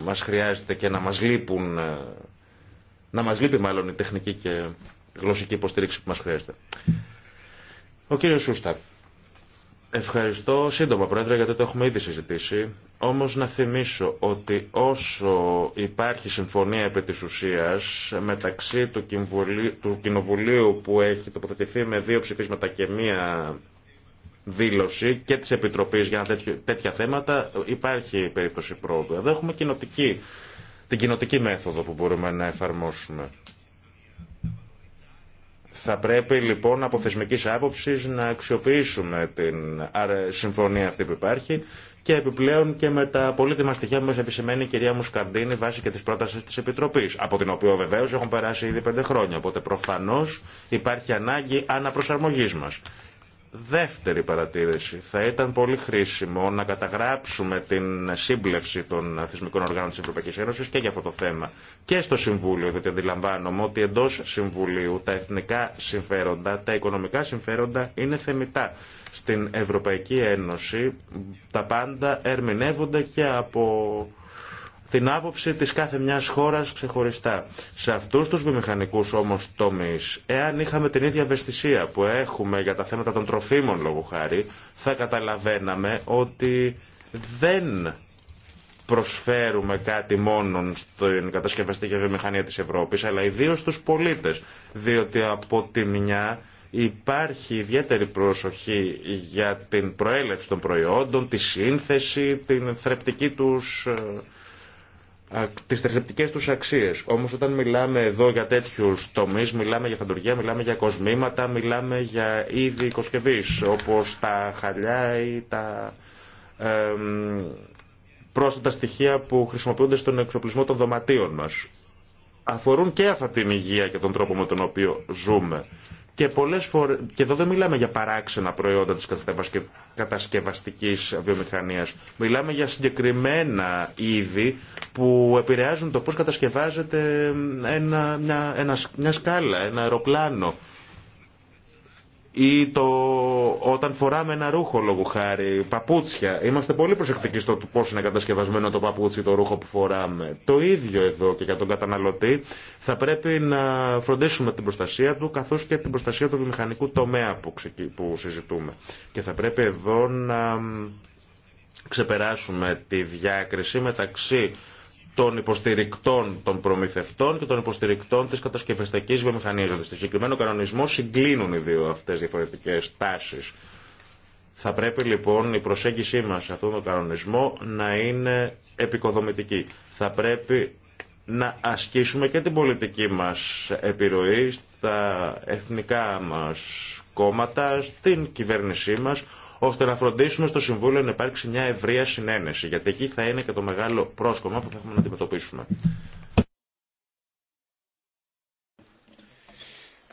μα χρειάζεται και να μα λείπουν. Ε, να μα λείπει μάλλον η τεχνική και γλωσσική υποστήριξη που μα χρειάζεται. Ο κύριο Σούστα. Ευχαριστώ σύντομα, Πρόεδρε, γιατί το έχουμε ήδη συζητήσει. Όμως να θυμίσω ότι όσο υπάρχει συμφωνία επί τη ουσία μεταξύ του, του Κοινοβουλίου που έχει τοποθετηθεί με δύο ψηφίσματα και μία δήλωση και τη επιτροπή για τέτοια, τέτοια θέματα υπάρχει περίπτωση πρόοδου. Εδώ έχουμε κοινοτική, την κοινοτική μέθοδο που μπορούμε να εφαρμόσουμε. Θα πρέπει λοιπόν από θεσμική άποψη να αξιοποιήσουμε την συμφωνία αυτή που υπάρχει και επιπλέον και με τα πολύτιμα στοιχεία που μα επισημαίνει η κυρία Μουσκαρντίνη βάσει και τη πρόταση τη Επιτροπή, από την οποία βεβαίω έχουν περάσει ήδη πέντε χρόνια. Οπότε προφανώ υπάρχει ανάγκη αναπροσαρμογή μα. Δεύτερη παρατήρηση. Θα ήταν πολύ χρήσιμο να καταγράψουμε την σύμπλευση των θεσμικών οργάνων τη Ευρωπαϊκή Ένωση και για αυτό το θέμα. Και στο Συμβούλιο, διότι αντιλαμβάνομαι ότι εντό Συμβουλίου τα εθνικά συμφέροντα, τα οικονομικά συμφέροντα είναι θεμητά. Στην Ευρωπαϊκή Ένωση τα πάντα ερμηνεύονται και από την άποψη της κάθε μιας χώρας ξεχωριστά. Σε αυτούς τους βιομηχανικούς όμως τομείς, εάν είχαμε την ίδια ευαισθησία που έχουμε για τα θέματα των τροφίμων λόγω χάρη, θα καταλαβαίναμε ότι δεν προσφέρουμε κάτι μόνον στην κατασκευαστική βιομηχανία της Ευρώπης, αλλά ιδίως στους πολίτες, διότι από τη μια υπάρχει ιδιαίτερη προσοχή για την προέλευση των προϊόντων, τη σύνθεση, την θρεπτική τους ε, τις θρησκευτικές τους αξίες. Όμως όταν μιλάμε εδώ για τέτοιους τομείς, μιλάμε για φαντουργία, μιλάμε για κοσμήματα, μιλάμε για είδη οικοσκευής, όπως τα χαλιά ή τα ε, πρόσθετα στοιχεία που χρησιμοποιούνται στον εξοπλισμό των δωματίων μας. Αφορούν και αυτά την υγεία και τον τρόπο με τον οποίο ζούμε. Και, πολλές φορ... και εδώ δεν μιλάμε για παράξενα προϊόντα της κατασκευαστικής βιομηχανίας. Μιλάμε για συγκεκριμένα είδη που επηρεάζουν το πώς κατασκευάζεται ένα, ένα, μια σκάλα, ένα αεροπλάνο ή το όταν φοράμε ένα ρούχο λόγου χάρη, παπούτσια. Είμαστε πολύ προσεκτικοί στο πώ είναι κατασκευασμένο το παπούτσι, το ρούχο που φοράμε. Το ίδιο εδώ και για τον καταναλωτή θα πρέπει να φροντίσουμε την προστασία του καθώ και την προστασία του βιομηχανικού τομέα που συζητούμε. Και θα πρέπει εδώ να ξεπεράσουμε τη διάκριση μεταξύ των υποστηρικτών των προμηθευτών και των υποστηρικτών της κατασκευαστικής βιομηχανίας. Δηλαδή, στο συγκεκριμένο κανονισμό συγκλίνουν οι δύο αυτές διαφορετικές τάσεις. Θα πρέπει λοιπόν η προσέγγιση μα σε αυτόν τον κανονισμό να είναι επικοδομητική. Θα πρέπει να ασκήσουμε και την πολιτική μας επιρροή στα εθνικά μας κόμματα, στην κυβέρνησή μας, ώστε να φροντίσουμε στο Συμβούλιο να υπάρξει μια ευρεία συνένεση, γιατί εκεί θα είναι και το μεγάλο πρόσκομα που θα έχουμε να αντιμετωπίσουμε.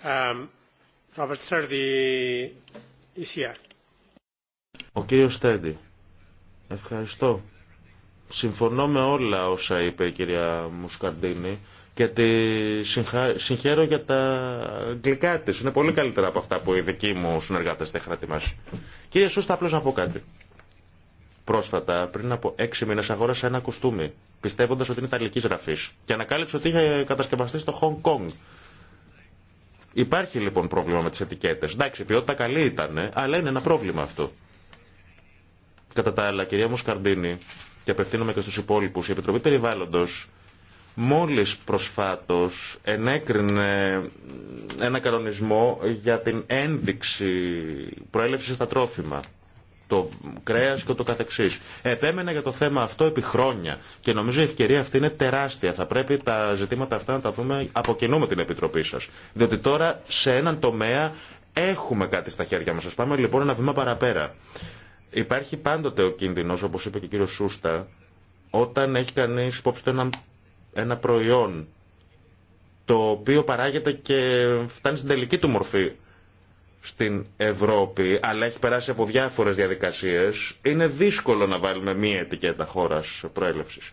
Um, e Ο κύριος Στέντι, ευχαριστώ. Συμφωνώ με όλα όσα είπε η κυρία Μουσκαρντίνη και τη συγχα... συγχαίρω για τα αγγλικά τη. Είναι πολύ καλύτερα από αυτά που οι δικοί μου συνεργάτε τα είχαν ετοιμάσει. Κύριε Σούστα, απλώ να πω κάτι. Πρόσφατα, πριν από έξι μήνε, αγόρασα ένα κουστούμι, πιστεύοντα ότι είναι ιταλική γραφή. Και ανακάλυψα ότι είχε κατασκευαστεί στο Χονγκ Κονγκ. Υπάρχει λοιπόν πρόβλημα με τι ετικέτε. Εντάξει, η ποιότητα καλή ήταν, αλλά είναι ένα πρόβλημα αυτό. Κατά τα άλλα, κυρία Μουσκαρντίνη, και απευθύνομαι και στου υπόλοιπου, η Επιτροπή Περιβάλλοντο μόλις προσφάτως ενέκρινε ένα κανονισμό για την ένδειξη προέλευσης στα τρόφιμα το κρέας και το καθεξής. Επέμενα για το θέμα αυτό επί χρόνια και νομίζω η ευκαιρία αυτή είναι τεράστια. Θα πρέπει τα ζητήματα αυτά να τα δούμε από κοινού με την Επιτροπή σας. Διότι τώρα σε έναν τομέα έχουμε κάτι στα χέρια μας. Σα πάμε λοιπόν ένα βήμα παραπέρα. Υπάρχει πάντοτε ο κίνδυνος όπως είπε και ο κύριο Σούστα, όταν έχει κανεί υπόψη ένα προϊόν το οποίο παράγεται και φτάνει στην τελική του μορφή στην Ευρώπη, αλλά έχει περάσει από διάφορες διαδικασίες, είναι δύσκολο να βάλουμε μία ετικέτα χώρας προέλευσης.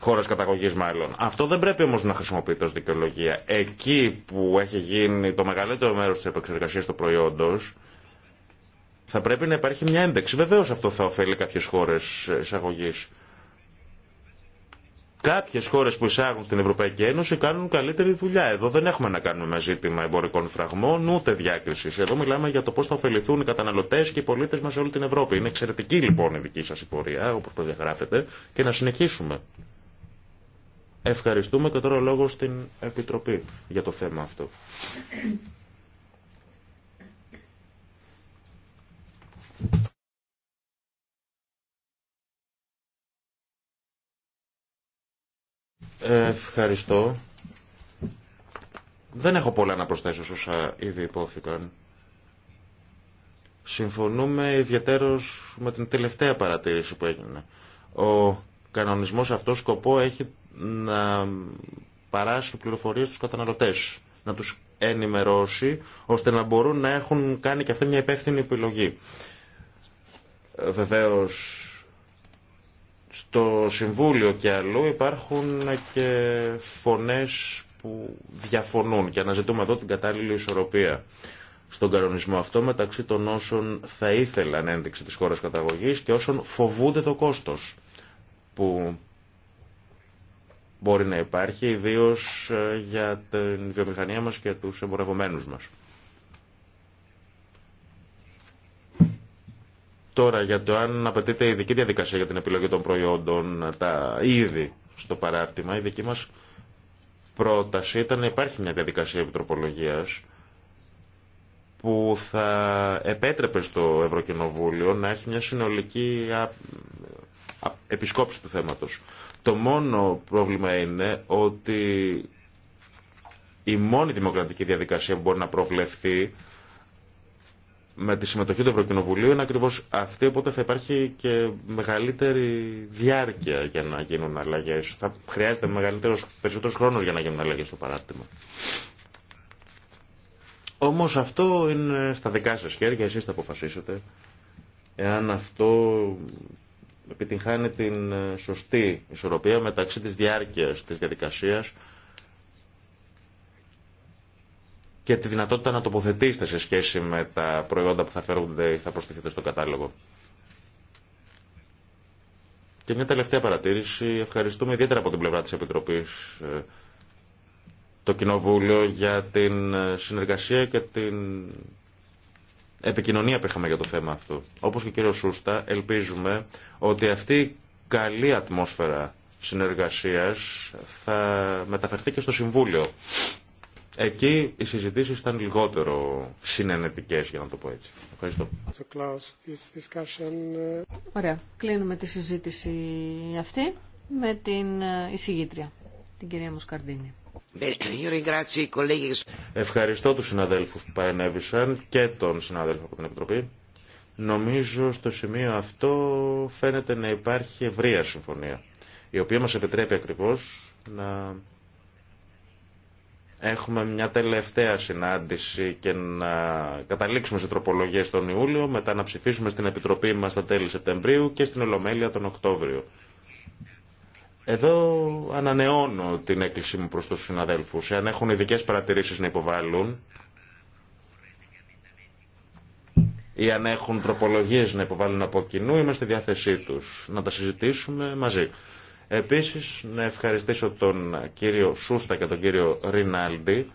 Χώρας καταγωγής μάλλον. Αυτό δεν πρέπει όμως να χρησιμοποιείται ως δικαιολογία. Εκεί που έχει γίνει το μεγαλύτερο μέρος της επεξεργασίας του προϊόντος, θα πρέπει να υπάρχει μια ένδειξη. Βεβαίως αυτό θα ωφέλει μια ενταξη βεβαιως χώρες εισαγωγής. Κάποιε χώρε που εισάγουν στην Ευρωπαϊκή Ένωση κάνουν καλύτερη δουλειά. Εδώ δεν έχουμε να κάνουμε με ζήτημα εμπορικών φραγμών ούτε διάκριση. Εδώ μιλάμε για το πώ θα ωφεληθούν οι καταναλωτέ και οι πολίτε μα σε όλη την Ευρώπη. Είναι εξαιρετική λοιπόν η δική σα πορεία, όπω προδιαγράφετε, και να συνεχίσουμε. Ευχαριστούμε και τώρα λόγο στην Επιτροπή για το θέμα αυτό. Ευχαριστώ. Δεν έχω πολλά να προσθέσω όσα ήδη υπόθηκαν. Συμφωνούμε ιδιαίτερως με την τελευταία παρατήρηση που έγινε. Ο κανονισμός αυτός σκοπό έχει να παράσχει πληροφορίες στους καταναλωτές, να τους ενημερώσει, ώστε να μπορούν να έχουν κάνει και αυτή μια υπεύθυνη επιλογή. Βεβαίως στο Συμβούλιο και αλλού υπάρχουν και φωνές που διαφωνούν και αναζητούμε εδώ την κατάλληλη ισορροπία στον κανονισμό αυτό μεταξύ των όσων θα ήθελαν ένδειξη της χώρας καταγωγής και όσων φοβούνται το κόστος που μπορεί να υπάρχει ιδίως ε, για την βιομηχανία μας και τους εμπορευομένους μας. Τώρα για το αν απαιτείται ειδική διαδικασία για την επιλογή των προϊόντων, τα στο παράρτημα, η δική μας πρόταση ήταν να υπάρχει μια διαδικασία επιτροπολογίας που θα επέτρεπε στο Ευρωκοινοβούλιο να έχει μια συνολική επισκόπηση του θέματος. Το μόνο πρόβλημα είναι ότι η μόνη δημοκρατική διαδικασία που μπορεί να προβλεφθεί με τη συμμετοχή του Ευρωκοινοβουλίου είναι ακριβώς αυτή, οπότε θα υπάρχει και μεγαλύτερη διάρκεια για να γίνουν αλλαγές. Θα χρειάζεται μεγαλύτερος, περισσότερος χρόνος για να γίνουν αλλαγές στο παράρτημα. Όμως αυτό είναι στα δικά σας χέρια, εσείς θα αποφασίσετε εάν αυτό επιτυγχάνει την ε, σωστή ισορροπία μεταξύ της διάρκειας της διαδικασίας και τη δυνατότητα να τοποθετήσετε σε σχέση με τα προϊόντα που θα φέρονται ή θα προστιθείτε στο κατάλογο. Και μια τελευταία παρατήρηση. Ευχαριστούμε ιδιαίτερα από την πλευρά της Επιτροπής ε, το Κοινοβούλιο για την ε, συνεργασία και την επικοινωνία που είχαμε για το θέμα αυτό. Όπως και ο κύριος Σούστα, ελπίζουμε ότι αυτή η καλή ατμόσφαιρα συνεργασίας θα μεταφερθεί και στο Συμβούλιο Εκεί οι συζητήσει ήταν λιγότερο συνενετικέ, για να το πω έτσι. Ευχαριστώ. Uh, Ωραία. Κλείνουμε τη συζήτηση αυτή με την ε, εισηγήτρια, την κυρία Μουσκαρδίνη. Ευχαριστώ τους συναδέλφους που παρενέβησαν και τον συνάδελφο από την Επιτροπή. Νομίζω στο σημείο αυτό φαίνεται να υπάρχει ευρεία συμφωνία, η οποία μας επιτρέπει ακριβώ να έχουμε μια τελευταία συνάντηση και να καταλήξουμε σε τροπολογίες τον Ιούλιο, μετά να ψηφίσουμε στην Επιτροπή μας τα τέλη Σεπτεμβρίου και στην Ολομέλεια τον Οκτώβριο. Εδώ ανανεώνω την έκκλησή μου προς τους συναδέλφους. Εάν έχουν ειδικέ παρατηρήσεις να υποβάλουν ή αν έχουν τροπολογίες να υποβάλουν από κοινού, είμαι στη διάθεσή τους να τα συζητήσουμε μαζί. Επίσης να ευχαριστήσω τον κύριο Σούστα και τον κύριο Ρινάλντι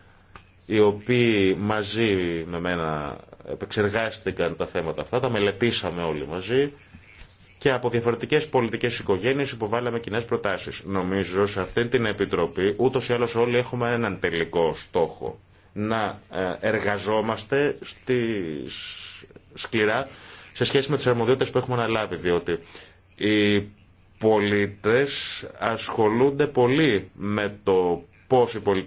οι οποίοι μαζί με μένα επεξεργάστηκαν τα θέματα αυτά, τα μελετήσαμε όλοι μαζί και από διαφορετικέ πολιτικέ οικογένειε υποβάλαμε κοινέ προτάσει. Νομίζω σε αυτή την επιτροπή ούτω ή άλλω όλοι έχουμε έναν τελικό στόχο. Να ε, εργαζόμαστε σκληρά σε σχέση με τις αρμοδιότητες που έχουμε αναλάβει. Διότι πολίτες ασχολούνται πολύ με το πώς οι